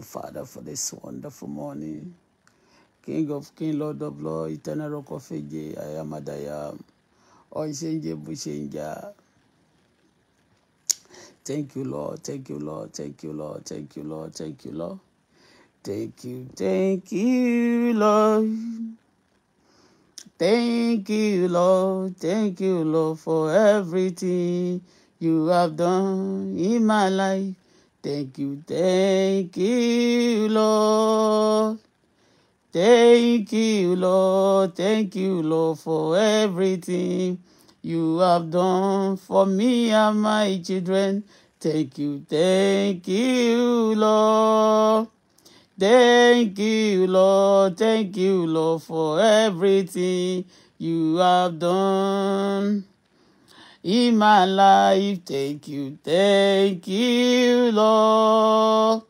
you, Father, for this wonderful morning. King of King, Lord of Lord, Eternal Rock of Ages, I am that I am. Unchangeable changer. Thank you, Lord. Thank you, Lord. Thank you, Lord. Thank you, Lord. Thank you, Lord. Thank you, thank you, Lord. Thank you, Lord. Thank you, Lord, for everything you have done in my life. Thank you, thank you, Lord. Thank you, Lord. Thank you, Lord, for everything you have done for me and my children. Thank you, thank you, Lord. Thank you, Lord. Thank you, Lord, for everything you have done. in my life. Thank you, thank you, Lord.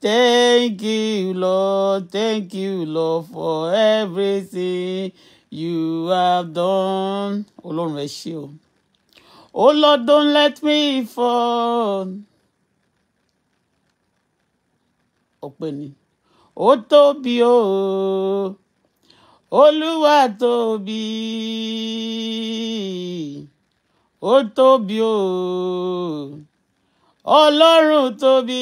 Thank you, Lord. Thank you, Lord, for everything you have done. Ọlọ́run ẹ ṣé o. Oh Lord, don't let me fall. Ọpẹ́ ni. Ó tóbi o. Olúwa tóbi. ó tóbi o ọlọ́run tóbi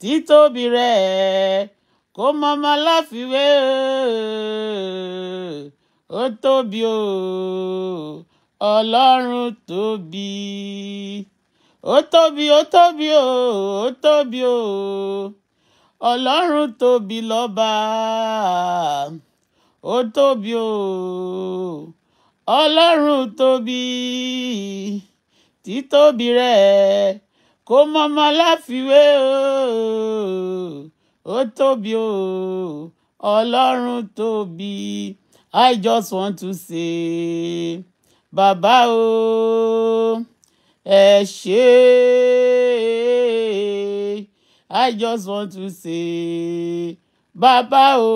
títóbi rẹ̀ kó mọ́mọ́ láfiwé ó tóbi o ọlọ́run tóbi ó tóbi ó tóbi o ó tóbi o ọlọ́run tóbi lọ́ba ó tóbi o. ọlọ́run tóbi títóbi rẹ̀ kò mọ́mọ́ láfiwé o ó tóbi o ọlọ́run tóbi i just want to say bàbá o ẹ ṣé i just want to say bàbá o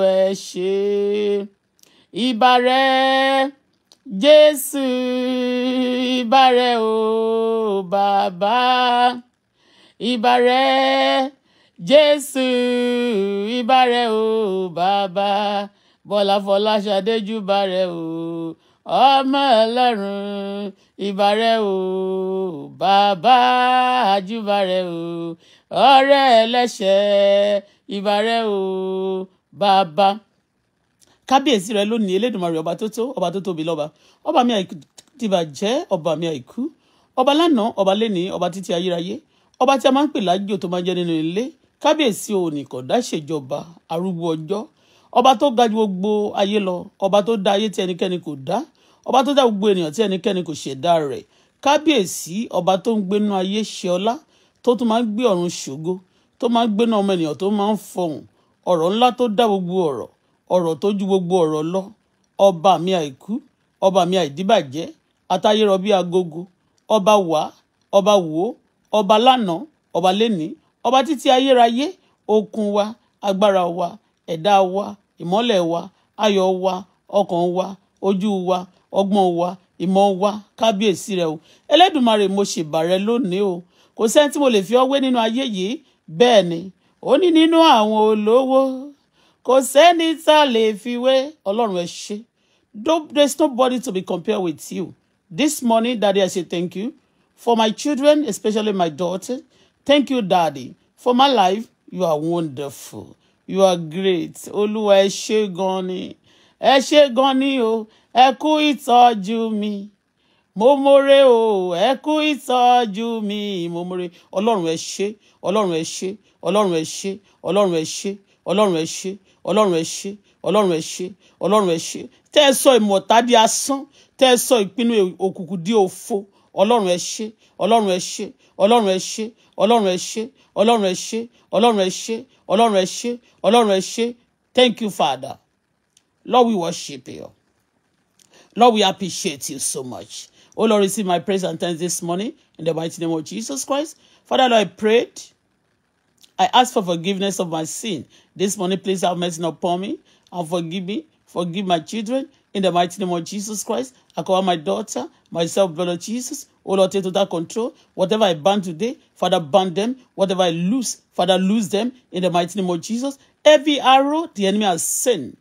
ẹ ṣé ìbà rẹ jésù ìbà rẹ o bàbá ìbà rẹ jésù ìbà rẹ o bàbá bọ́lá fọláṣadé júbà rẹ o ọmọ ọlọ́run ìbà rẹ o bàbá àjúbà rẹ o ọ̀rẹ́ ẹlẹ́ṣẹ̀ ìbà rẹ o bàbá kábíyèsí rẹ lónìí elédùnmarè ọba tó tó ọba tó tóbi lọ́ba ọba mi àìkú dìbà jẹ́ ọba mi àìkú ọba lánàá ọba lẹ́ni ọba títí ayérayé ọba tí a máa ń pè lájò tó máa jẹ́ nínú ilé kábíyèsí onìkan dáṣèjọba arúgbó ọjọ́ ọba tó ga ju gbogbo ayé lọ ọba tó dá ayé tí ẹnikẹ́ni kò dá ọba tó dá gbogbo ènìyàn tí ẹnikẹ́ni kò ṣẹ̀dá rẹ̀ kábíyèsí ọba tó ń gbénú ayé ṣe ọlá tó tún máa ń gbé ọ̀run ṣògo tó máa ń gbénú ọmọ ènìyàn tó máa ń fọhùn ọ̀rọ̀ ńlá tó dá gbogbo ọ̀rọ̀ ọ̀rọ̀ tó ju gbogbo ọ̀rọ̀ lọ ọba mi àìkú ọba mi àìdíbàjẹ́ atayérọbí agogo ọba wá ọba wò ọba lánàá ọba lénìí ọba títí ayérayé okun wa agbára wa ẹ̀dá wa ìmọ́lẹ̀ wa ayọ̀ wa ọkàn wa ojú wa ọgbọ́n wa ìmọ̀ wa kábíyèsí rẹ o ẹlẹ́dùnmarè mo ṣèbà rẹ lónìí o kò sẹ́ni tí mo lè fi ọ́ wé nínú ayé yìí bẹ́ẹ̀ ni ó ní nínú àwọn olówó kò sẹ́ni tá a lè fi ọlọ́run ẹ ṣé there is nobody to be compared with you this morning daddy i say thank you for my children especially my daughter thank you daddy for my life you are wonderful you are great olúwa ẹ ṣé gan ni ẹ ṣé gan ni o ẹ kú ìtọ́jú mi mo o ẹ kú ìtọ́jú mi mo ọlọ́run ẹ ṣé ọlọ́run ẹ ṣé ọlọ́run ẹ ṣé ọlọ́run ẹ ṣé ọlọ́run ẹ ṣé ọlọ́run ẹ ṣé ọlọ́run ẹ ṣé ọlọ́run ẹ ṣé tẹ́ ẹ sọ ìmọ̀ta di asán tẹ́ ẹ sọ ìpinnu òkùnkùn di òfo ọlọ́run ẹ ṣé ọlọ́run ẹ ṣé ọlọ́run ẹ ṣé ọlọ́run ẹ ṣé ọlọ́run ẹ ṣé ọlọ́run ẹ ṣé ọlọ́run ẹ ṣé ọlọ́run ẹ ṣé thank you father lord we worship you lord we appreciate you so much O lord receive my praise and thanks this morning in the mighty name of jesus christ father lord i prayed. I ask for forgiveness of my sin. This morning, please have mercy upon me and forgive me. Forgive my children. In the mighty name of Jesus Christ, I call my daughter, myself, brother Jesus. Oh Lord, take total control. Whatever I ban today, Father, ban them. Whatever I lose, Father, lose them. In the mighty name of Jesus. Every arrow the enemy has sent,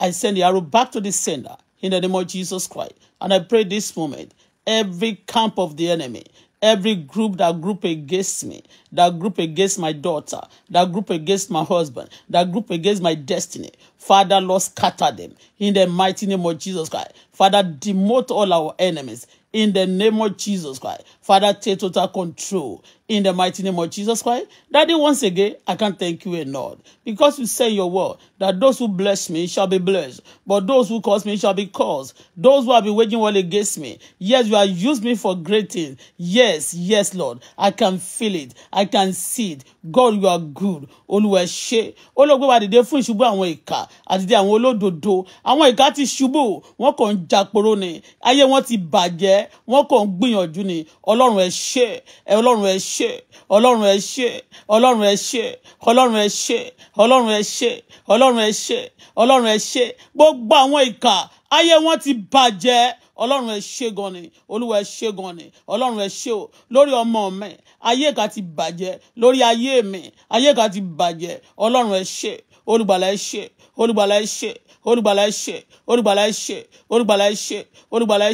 I send the arrow back to the sender. In the name of Jesus Christ. And I pray this moment, every camp of the enemy every group that group against me, that group against my daughter, that group against my husband, that group against my destiny. Father, Lord, scatter them in the mighty name of Jesus Christ. Father, demote all our enemies in the name of Jesus Christ. Father, take total control in the mighty name of Jesus Christ. Daddy, once again, I can't thank you enough because you say your word that those who bless me shall be blessed, but those who curse me shall be cursed. Those who have been waging war against me, yes, you have used me for great things. Yes, yes, Lord, I can feel it. I can see it. God, you are good. Olúwa ṣe. Olóògbé wa dìde fún ìṣubú àwọn ìkà àti dìde àwọn olódodo. Àwọn ìkà ti ṣubú, wọ́n kàn ń jàporó ni. Ayé wọn ti bàjẹ́, wọ́n kàn ń gbìyànjú ni. Ọlọ́run ẹ ṣé, Ọlọ́run ẹ ṣé ṣé ọlọ́run ẹ ṣé ọlọ́run ẹ ṣé ọlọ́run ẹ ṣé ọlọ́run ẹ ṣé ọlọ́run ẹ ṣé ọlọ́run ẹ ṣé gbogbo àwọn ìkà ayé wọn ti bàjẹ́ ọlọ́run ẹ ṣé gan ni olúwa ẹ ṣé gan ni ọlọ́run ẹ ṣé o lórí ọmọ mi ayé ìkà ti bàjẹ́ lórí ayé mi ayé ìkà ti bàjẹ́ ọlọ́run ẹ ṣé olùgbàlà ẹ ṣé olùgbàlà ẹ ṣé olùgbàlà ẹ̀ṣẹ̀ olùgbàlà ẹ̀ṣẹ̀ olùgbàlà ẹ̀ṣẹ̀ olùgbàlà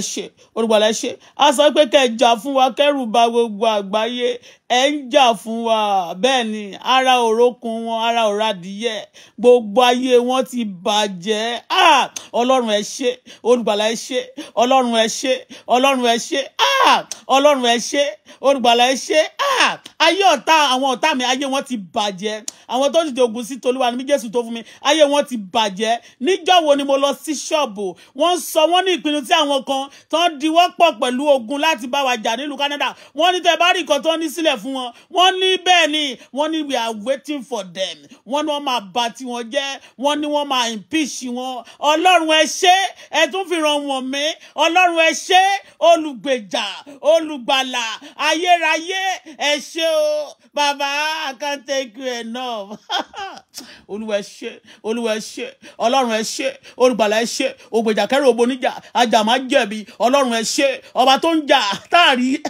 ẹ̀ṣẹ̀ olùgbàlà ẹ̀ṣẹ̀ a sọ pé kẹjà fún wa kẹrù ba gbogbo àgbáyé ẹ ń jà fún wa bẹ́ẹ̀ ni ara òrókun wọn ara òrà adìyẹ gbogbo ayé wọn ti bàjẹ́ ah! ọlọ́run ẹ ṣé olùgbàlà ẹ ṣé ọlọ́run ẹ ṣé ọlọ́run ẹ ṣé ah! ọlọ́run ẹ ṣé olùgbàlà ẹ ṣé ah! ayé ọ̀tá àwọn ọ̀tá mi ayé wọn ti bàjẹ́ àwọn tó dìde ogun sí tolúwa ní jésù tó fún mi ayé wọn ti bàjẹ́ níjọ́ wo ni mo lọ sí ṣọ́ọ̀bù wọ́n sọ wọ́n ní ìpinnu tí àwọn kan tó diwọ́ pọ̀ pẹ̀lú ogun láti bá wa jà nílùú Canada wọ́n ní tẹ́ bá rí nǹkan tó ní sílẹ̀ sílẹ̀ fún wọn wọ́n ní bẹ́ẹ̀ ni wọ́n ní we are waiting for them wọ́n ní wọ́n máa bà tiwọn jẹ́ wọ́n ní wọ́n máa impeach wọn ọlọ́run ẹ ṣé ẹ tún fi ràn wọ́n mí ọlọ́run ẹ ṣé olùgbèjà olùgbàlà ayérayé ẹ ṣé o bàbá I can't take you enough olúwa ẹ ṣé olúwa ẹ ṣé ọlọ́run ẹ ṣé olùgbàlà ẹ ṣé ògbèjà kẹrù ògbóníjà ajàmájẹ̀bi ọlọ́run ẹ ṣé ọba tó ń jà táàrí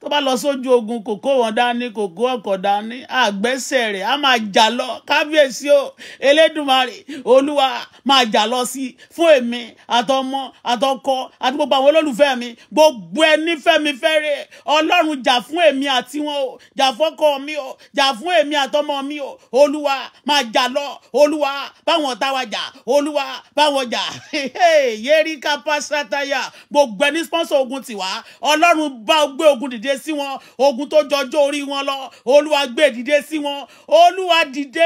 tó bá lọ sójú ogun kò kó wọn dání kò kó ọkọ̀ dání àgbẹ́sẹ̀ rẹ̀ á máa jà lọ kábíyèsí o elédùnmarè olúwa máa jà lọ sí fún èmi àtọmọ àtọkọ àti gbogbo àwọn olólùfẹ́ mi gbogbo ẹni fẹ́mi fẹ́rẹ̀ ọlọ́run jà fún èmi àti wọn o jà fọ́kọ mi o jà fún èmi àtọmọ mi o olúwa máa jà lọ olúwa báwọn táwa jà olúwa báwọn jà yérí kápá gbogbo ẹni sponsor ogun tiwa ọlọ́run bá gbé ogun dìde dìde sí wọn ogun tó jọjọ́ orí wọn lọ olúwa gbé dìde sí wọn olúwa dìde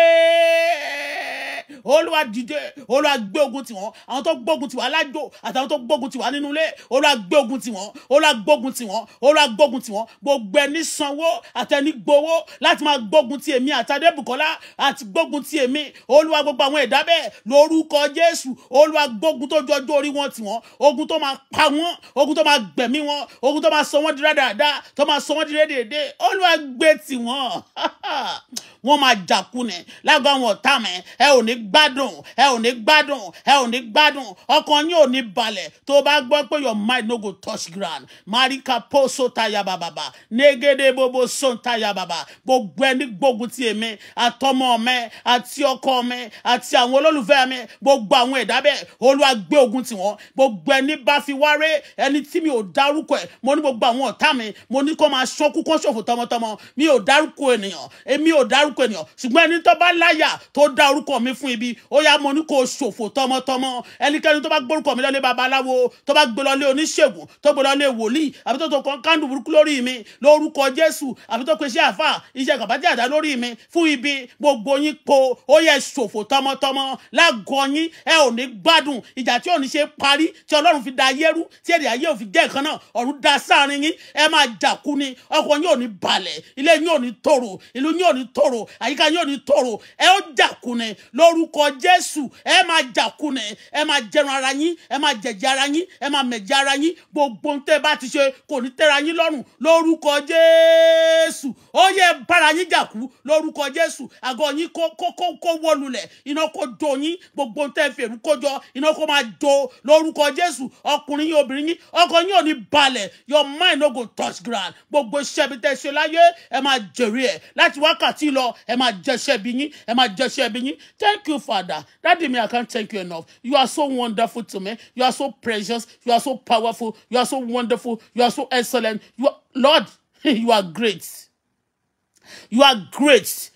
olúwa dìde olúwa gbé ogun tiwọn àwọn tó gbógun tiwa alájò àtàwọn tó gbógun tiwa nínú ilé olúwa gbé ogun tiwọn olúwa gbógun tiwọn olúwa gbógun tiwọn gbogbo ẹni sanwó àtẹni gbowó láti máa gbógun ti èmi àtàdébùkọ́lá àti gbógun ti èmi olúwa gbogbo àwọn ẹ̀dá bẹ́ẹ̀ lórúkọ jésù olúwa gbógun tó jọjú orí wọn tiwọn ogun tó máa pa wọn ogun tó máa gbẹ̀mí wọn ogun tó máa sọ wọn di rádaràda tó máa sọ wọ́n di rédèédé olúwa gbé tiwọn wọ́n máa jàkulẹ̀ lágọ̀ àwọn ọ̀tá mi ẹ ò ní gbádùn ẹ ò ní gbádùn ẹ ò ní gbádùn ọkàn yín ò ní balẹ̀ tó bá gbọ́ pé your mind no go touch ground marika poso taya bababa negede bobo so taya baba gbogbo ẹni gbógun ti èmi àtọmọ mi àti ọkọ mi àti àwọn olólùfẹ́ mi gbogbo àwọn ẹ̀dá bẹ́ẹ̀ olúwa gbé ogun tiwọn gbogbo ẹni bá fi wáré ẹni tí mi ò dárúkọ ẹ̀ mo ní gbogbo àwọn ọ̀tá mi mo mo ní kó máa ṣókú kó ṣòfò tọmọtọmọ mi ò dárúkọ ènìyàn èmi ò dárúkọ ènìyàn ṣùgbọ́n ẹni tó bá láyà tó dá orúkọ mi fún ibi ó yá mo ní kó ṣòfò tọmọtọmọ ẹnikẹ́ni tó bá gbórúkọ mi lọ́lé babaláwo tó bá gbé lọ́lé oníṣègùn tó gbé lọ́lé wòlíì àbí tó tó kan kándù burúkú lórí mi lórúkọ jésù àbí tó pe iṣẹ́ àfà iṣẹ́ kàbájẹ́ àdá lórí mi fún ibi gbogbo yín po ó yẹ ṣòfò tọmọtọmọ lágọọ yín ẹ ò ní gbádùn ìjà tí ò ní ṣe parí tí ọlọ́run fi da ayé rú tí èdè ayé ò fi jẹ́ ìkan náà ọ̀run da sáàrin kú ni ọkọ̀ yín ò ní balẹ̀ ilé yín ò ní tòrò ìlú yín ò ní tòrò àyíká yín ò ní tòrò ẹ ó jàkúnẹ lórúkọ Jésù ẹ máa jàkúnẹ ẹ máa jẹran ara yín ẹ máa jẹ̀jẹ̀ ara yín ẹ máa mẹ̀jẹ̀ ara yín gbogbo ohun tẹ́ bá ti ṣe kò ní tẹ́ra yín lọ́rùn lórúkọ Jésù ó yẹ bára yín jàkú lórúkọ Jésù àgọ́ yín kó wọlulẹ̀ iná kó do yín gbogbo ohun tẹ́ fèrú kójọ iná kó máa do lórúkọ Jésù ọkùnrin yín obìnrin yín ọkọ yín ò ní balẹ̀ your mind no go touch ground. Jordan gbogbo iṣẹ́ ibi tẹ́ ṣe láyé ẹ máa jèrè ẹ̀ láti wákàtí lọ ẹ máa jẹṣẹ́ bí yín ẹ máa jẹṣẹ́ bí yín thank you father daddy mi I can thank you enough you are so wonderful to me you are so precious you are so powerful you are so wonderful you are so excellent you are lord you are great you are great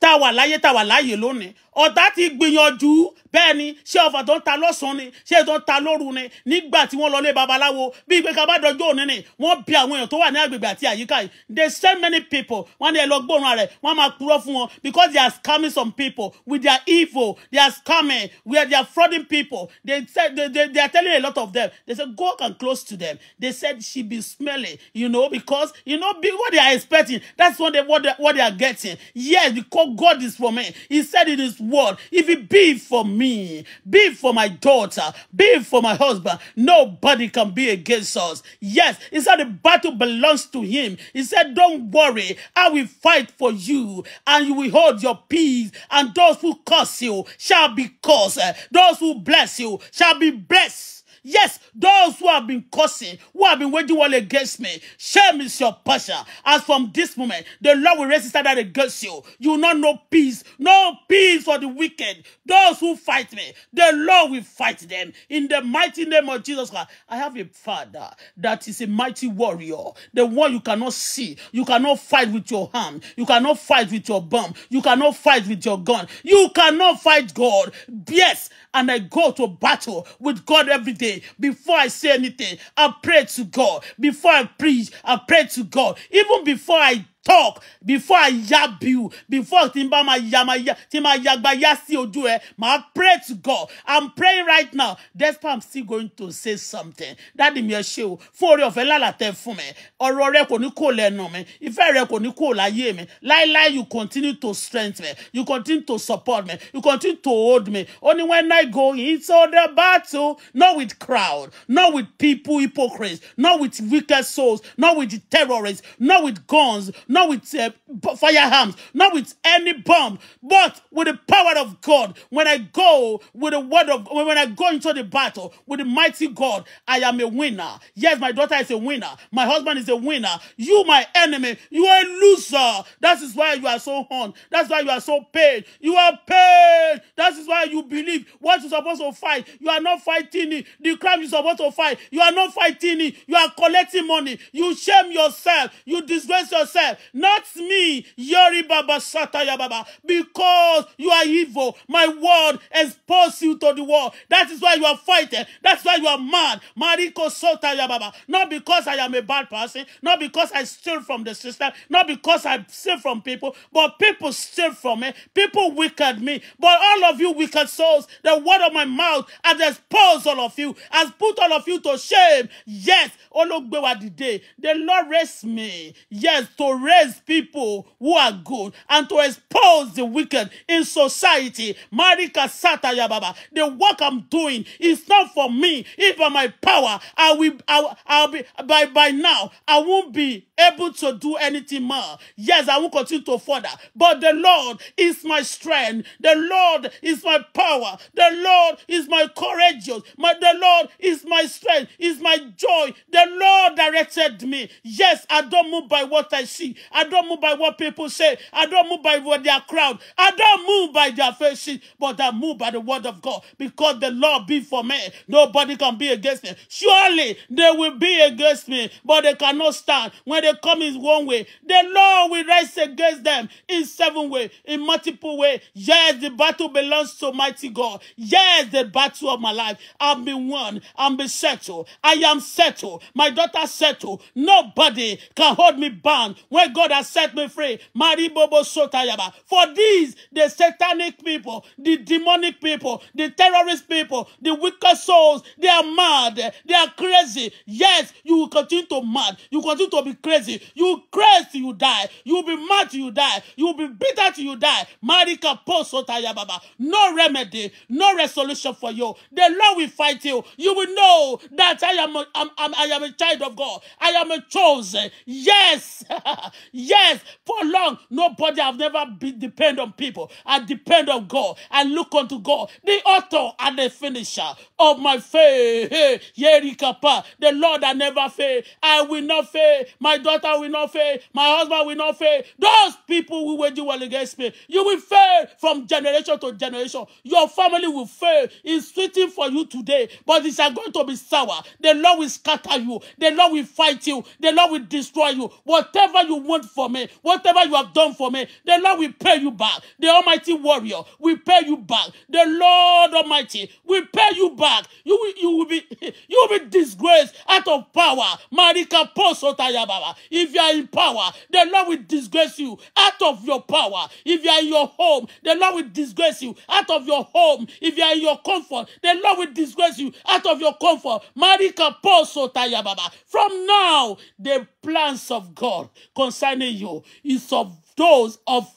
tá a wà láyé tá a wà láyé lónìí ọ̀tá ti gbìyànjú bẹ́ẹ̀ ni ṣé ọfà tó ń ta lọ́sàn-án ni ṣé tó ń ta lóru ni nígbà tí wọ́n lọlé babaláwo bíi pé ká bá dọjọ́ òní ni wọ́n bí àwọn èèyàn tó wà ní agbègbè àti àyíká yìí they send many people wọ́n ní ẹ lọ gbóòórùn rẹ̀ wọ́n máa purọ́ fún wọn because they are scamming some people with their evil they are scamming where they are frauding people they say they, they, they are telling a lot of them they say go and close to them they said she be smelly you know because you know be what they are expecting that's what they what they, what they are getting yes because God is for me he said it is word, if it be for me, be for my daughter, be for my husband, nobody can be against us. Yes, he said the battle belongs to him. He said, Don't worry, I will fight for you, and you will hold your peace, and those who curse you shall be cursed, those who bless you shall be blessed. Yes, those who have been cursing, who have been waging war against me, shame is your portion. As from this moment, the Lord will raise his hand against you. You will not know peace. No peace for the wicked. Those who fight me, the Lord will fight them. In the mighty name of Jesus Christ, I have a father that is a mighty warrior. The one you cannot see. You cannot fight with your hand. You cannot fight with your bomb. You cannot fight with your gun. You cannot fight God. Yes, and I go to battle with God every day before I say anything, I pray to God. Before I preach, I pray to God. Even before I talk before I yab you, before Timba ma ya ma ya, Timba yagba yasi si eh. ẹ, ma pray to God. I'm praying right now. Despite I'm still going to say something. Daddy mi ẹ ṣé o, of oore ọ̀fẹ́ lálàtẹ̀ fún mi, ọ̀rọ̀ rẹ kò ní kò lẹ́nu mi, ìfẹ́ rẹ kò ní kò láyé mi, láíláí you continue to strengthen me, you continue to support me, you continue to hold me. Only when I go into the battle, not with crowd, not with people hypocrites, not with wicked souls, not with terrorists, not with guns, not with uh, fire arms, not with any bomb, but with the power of God. When I go with the word of when I go into the battle with the mighty God, I am a winner. Yes, my daughter is a winner. My husband is a winner. You, my enemy, you are a loser. That is why you are so horned. That's why you are so paid. You are paid. That is why you believe what you're supposed to fight. You are not fighting it. The crime you're supposed to fight. You are not fighting it. You are collecting money. You shame yourself. You disgrace yourself. Not me, Yori Baba Sataya Baba, because you are evil. My word exposes you to the world. That is why you are fighting. That's why you are mad. Mariko Sataya Baba. Not because I am a bad person, not because I steal from the system, not because I steal from people, but people steal from me. People wicked me. But all of you wicked souls, the word of my mouth has exposed all of you, has put all of you to shame. Yes, Ologbewa dide. The Lord raised me. Yes, to raise raise people who are good and to expose the wicked in society. Marika Sataya Baba. The work I'm doing is not for me. If by my power, I will I, I'll be by by now, I won't be able to do anything more. Yes, I will continue to further. But the Lord is my strength. The Lord is my power. The Lord is my courageous. My, the Lord is my strength, is my joy. The Lord directed me. Yes, I don't move by what I see. I don't move by what people say. I don't move by what their crowd. I don't move by their faces, but I move by the word of God because the Lord be for me. Nobody can be against me. Surely they will be against me, but they cannot stand. When they come in one way, the Lord will rise against them in seven way, in multiple way. Yes, the battle belongs to mighty God. Yes, the battle of my life. I've been won. i am been settled. I am settled. My daughter settled. Nobody can hold me bound when God has set me free. Maribobo Sotayaba. For these, the satanic people, the demonic people, the terrorist people, the wicked souls, they are mad. They are crazy. Yes, you will continue to mad. You continue to be crazy. You crazy you die. You will be mad you die. You will be bitter till you die. Marika Posotayababa. No remedy, no resolution for you. The Lord will fight you. You will know that I am a, I'm, I'm, I am a child of God. I am a chosen. Yes. Yes, for long, nobody have never been depend on people. I depend on God. I look unto God, the author and the finisher of my faith. The Lord I never fail. I will not fail. My daughter will not fail. My husband will not fail. Those people who wage well against me, you will fail from generation to generation. Your family will fail. It's sweeting for you today, but it's going to be sour. The Lord will scatter you. The Lord will fight you. The Lord will destroy you. Whatever you want for me, whatever you have done for me, the Lord will pay you back. The Almighty Warrior will pay you back. The Lord Almighty will pay you back. You will, you will be you will be disgraced out of power. Marika Posotayababa. If you are in power, the Lord will disgrace you out of your power. If you are in your home, the Lord will disgrace you out of your home. If you are in your comfort, the Lord will disgrace you out of your comfort. Marika Posotayababa. From now, the plans of God concerning you is of those of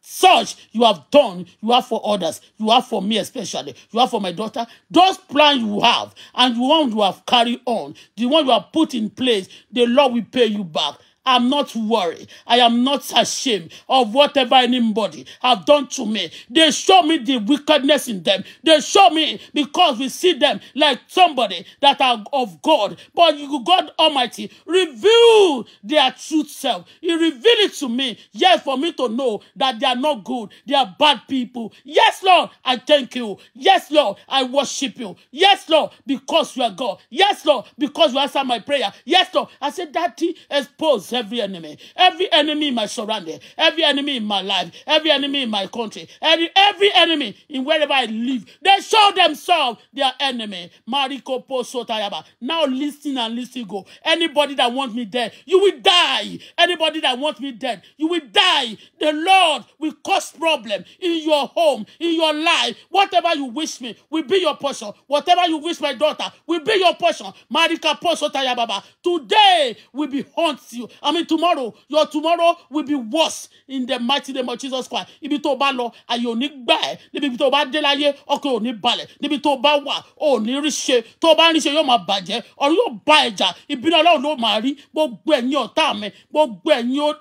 such you have done, you are for others, you are for me especially, you are for my daughter. Those plans you have and the one you have carried on, the one you have put in place, the Lord will pay you back. I'm not worried. I am not ashamed of whatever anybody have done to me. They show me the wickedness in them. They show me because we see them like somebody that are of God. But God Almighty reveal their true self. He revealed it to me. Yes, for me to know that they are not good. They are bad people. Yes, Lord, I thank you. Yes, Lord, I worship you. Yes, Lord, because you are God. Yes, Lord, because you answer my prayer. Yes, Lord. I said, Daddy, expose against every enemy, every enemy in my surrounding, every enemy in my life, every enemy in my country, every, every enemy in wherever I live. They show themselves their enemy. Mariko Posotayaba. Now listen and listen go. Anybody that wants me dead, you will die. Anybody that wants me dead, you will die. The Lord will cause problem in your home, in your life. Whatever you wish me will be your portion. Whatever you wish my daughter will be your portion. Marika Posotayababa. Today will be haunt you I mean, tomorrow, your tomorrow will be worse in the mighty name of Jesus Christ. Ibi tó bá lọ, ayé ò ní gbà ẹ́. Níbi tó bá dé láyé, ọkàn ò ní balẹ̀. Níbi tó bá wà, ò ní rí ṣe. Tó bá rí ṣe yóò máa bàjẹ́. Ọ̀run yóò bá ẹ̀jà. Ìbínú Ọlọ́run ló máa rí. Gbogbo ah, ọ̀tá mi. Gbogbo ẹ̀yin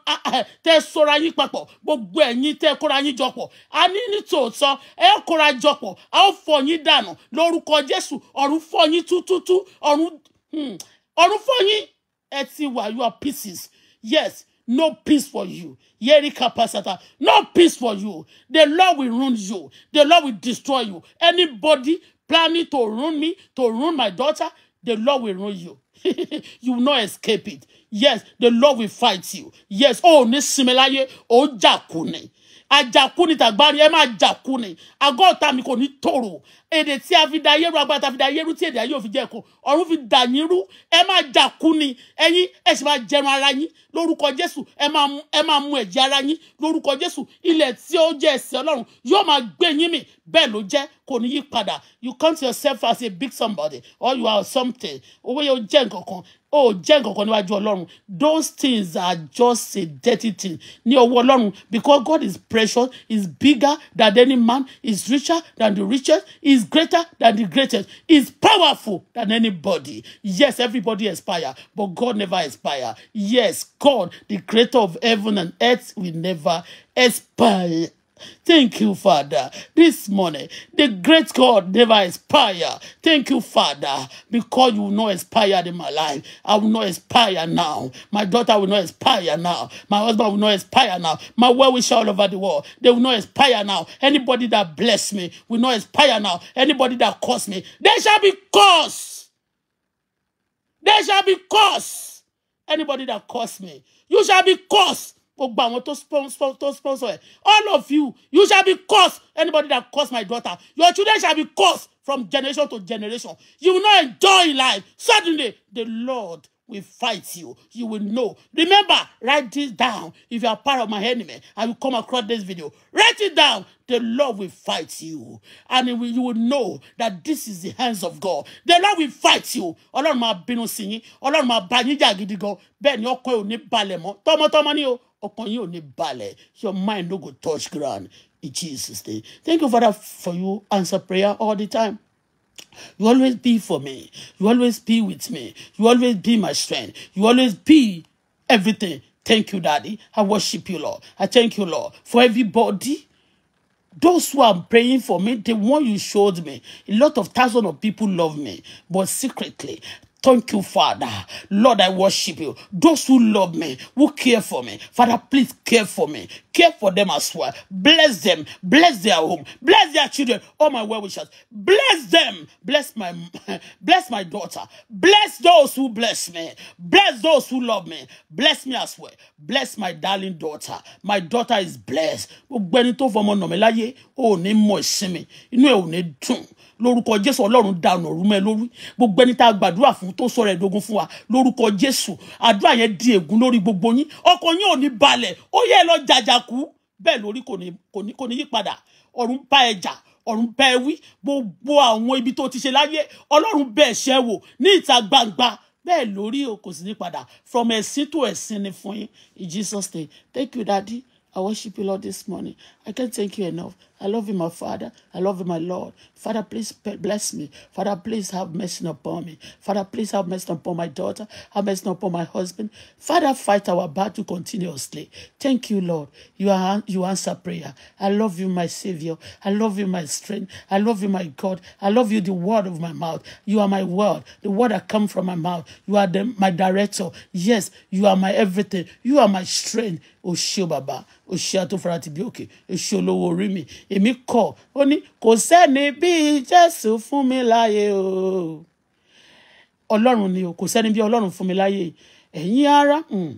tẹ́ sọ́ra yín papọ̀. Gbogbo ẹ̀yin tẹ́ kóra yín jọpọ̀. A ní ní tòótọ́, ẹ kóra jọpọ̀. A ó fọ yín dànù lórúkọ Jésù. Ọ̀run fọ yín tútútú. Ọ̀run hmm, ọ̀run fọ yín ẹ ti wà your pieces Yes, no peace for you. No peace for you. The Lord will ruin you. The Lord will destroy you. Anybody planning to ruin me, to ruin my daughter, the Lord will ruin you. you will not escape it. Yes, the Lord will fight you. Yes, oh, ní sinmi láyé, Jakune àjàkú ni tàgbárí ẹ máa jàkú ni àgọ́ ọ̀tá mi kò ní tòrò èdè tí a fi da ayéru agbára ta fi da ayéru tí èdè ayé ò fi jẹ́ ẹ̀kọ́ ọ̀run fi dà yín ẹ máa jàkú ni ẹ̀yin ẹ sì máa jẹran ara yín lórúkọ jésù ẹ máa mu ẹ̀jẹ̀ ara yín lórúkọ jésù ilẹ̀ tí ó jẹ́ ẹ̀sìn ọlọ́run yóò máa gbé yín mì bẹ́ẹ̀ ló jẹ́ kò ní yí padà you count yourself as a big somebody or you are something owó yóò jẹ́ nǹkan kan Oh, jẹ́ nǹkan kan níwájú ọlọ́run those things are just a dirty thing ní ọwọ́ ọlọ́run because God is precious is bigger than any man is richer than the richest is greater than the greatest is powerful than anybody yes everybody expire but God never expire yes God the creator of heaven and earth will never expire. Thank you, Father. This morning, the great God never expire. Thank you, Father, because you will not expire in my life. I will not expire now. My daughter will not expire now. My husband will not expire now. My well wisher all over the world, they will not expire now. Anybody that bless me will not expire now. Anybody that curse me, they shall be cursed. They shall be cursed. Anybody that curse me, you shall be cursed gbogbo àwọn tó sponsor tó sponsor ẹ all of you you shall be cursed anybody that curse my daughter your children shall be cursed from generation to generation you will not enjoy life suddenly the lord will fight you you will know remember write this down if you are part of my enemy i will come across this video write it down the lord will fight you and will, you will know that this is the hands of god the lord will fight you ọlọ́run máa bínú sí yín ọlọ́run máa bá yín jà gidi gan bẹ́ẹ̀ ni ọkọ ò ní balẹ̀ mọ́ tọmọtọmọ ni o ọkàn you ò ní balẹ̀ your mind no go touch ground in Jesus name thank you father for you answer prayer all the time. You always be for me. You always be with me. You always be my strength. You always be everything. Thank you, Daddy. I worship you, Lord. I thank you, Lord, for everybody. Those who are praying for me, the one you showed me, a lot of thousands of people love me, but secretly, Thank you, Father. Lord, I worship you. Those who love me, who care for me, Father, please care for me. Care for them as well. Bless them. Bless their home. Bless their children. All my well wishers. Bless them. Bless my bless my daughter. Bless those who bless me. Bless those who love me. Bless me as well. Bless my darling daughter. My daughter is blessed lórúkọ jésù ọlọ́run da ọ̀nà rú mẹ́ lórí gbogbo ẹni tá a gbàdúrà fún tó sọ rẹ̀ dogun fún wa lórúkọ jésù àdúrà yẹn di ègún lórí gbogbo yín ọkàn yín ò ní balẹ̀ ó yẹ lọ jàjàkú bẹ́ẹ̀ lórí kò ní kò ní yí padà ọ̀run bá ẹ jà ọ̀run bá ẹ wí gbogbo àwọn ibi tó ti ṣe láyé ọlọ́run bẹ́ẹ̀ ṣẹ́ wò ní ìta gbangba bẹ́ẹ̀ lórí o kò sì ní padà from ẹ̀sìn to ẹ̀sìn ni fún yín in Jesus name thank you daddy I worship you Lord this morning I can't thank you enough I love you, my Father. I love you, my Lord. Father, please bless me. Father, please have mercy upon me. Father, please have mercy upon my daughter. Have mercy upon my husband. Father, fight our battle continuously. Thank you, Lord. You are you answer prayer. I love you, my Savior. I love you, my strength. I love you, my God. I love you, the word of my mouth. You are my word, the word that come from my mouth. You are the, my director. Yes, you are my everything. You are my strength. Oshio Baba. Oshia to Farati Bioki. Oshio Lowo Rimi. èmi kọ̀ ó ní kò sẹ́ni bíi jésù fún mi láyé o ọlọ́run ni o kò sẹ́ni bíi ọlọ́run fún mi láyé ẹ̀yin ara hmm.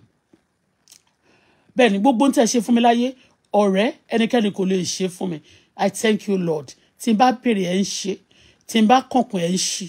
bẹ́ẹ̀ ni gbogbo ń tẹ̀ ṣe fún mi láyé ọ̀rẹ́ ẹnikẹ́ni kò lè ṣe fún mi i thank you lord tí n bá béèrè ẹ̀ ń ṣe tí n bá kọ̀kùn ẹ̀ ń ṣí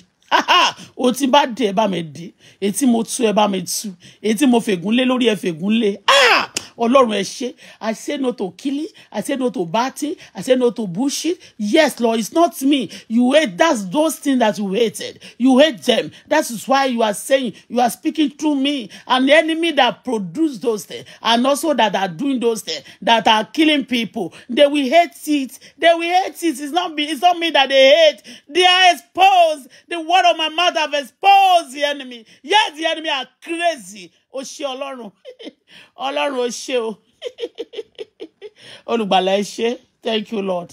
o tí n bá dé ẹ bá mi dé etí mo tú ẹ bá mi tú etí mo fègún lé lórí ẹ fègún lé ah ọlọ́run ẹ ṣé i say no to killing i say no to batting i say no to bullshit yes lord it's not me you hate that's those things that you hated you hate them that is why you are saying you are speaking through me and the enemy that produce those things and also that are doing those things that are killing people they will hate it they will hate it it's not me it's not me that they hate they are exposed the word of my mouth have exposed the enemy yes the enemy are crazy ó ṣe ọlọ́run ọlọ́run ó ṣe o olùgbàlà ẹ ṣe thank you lord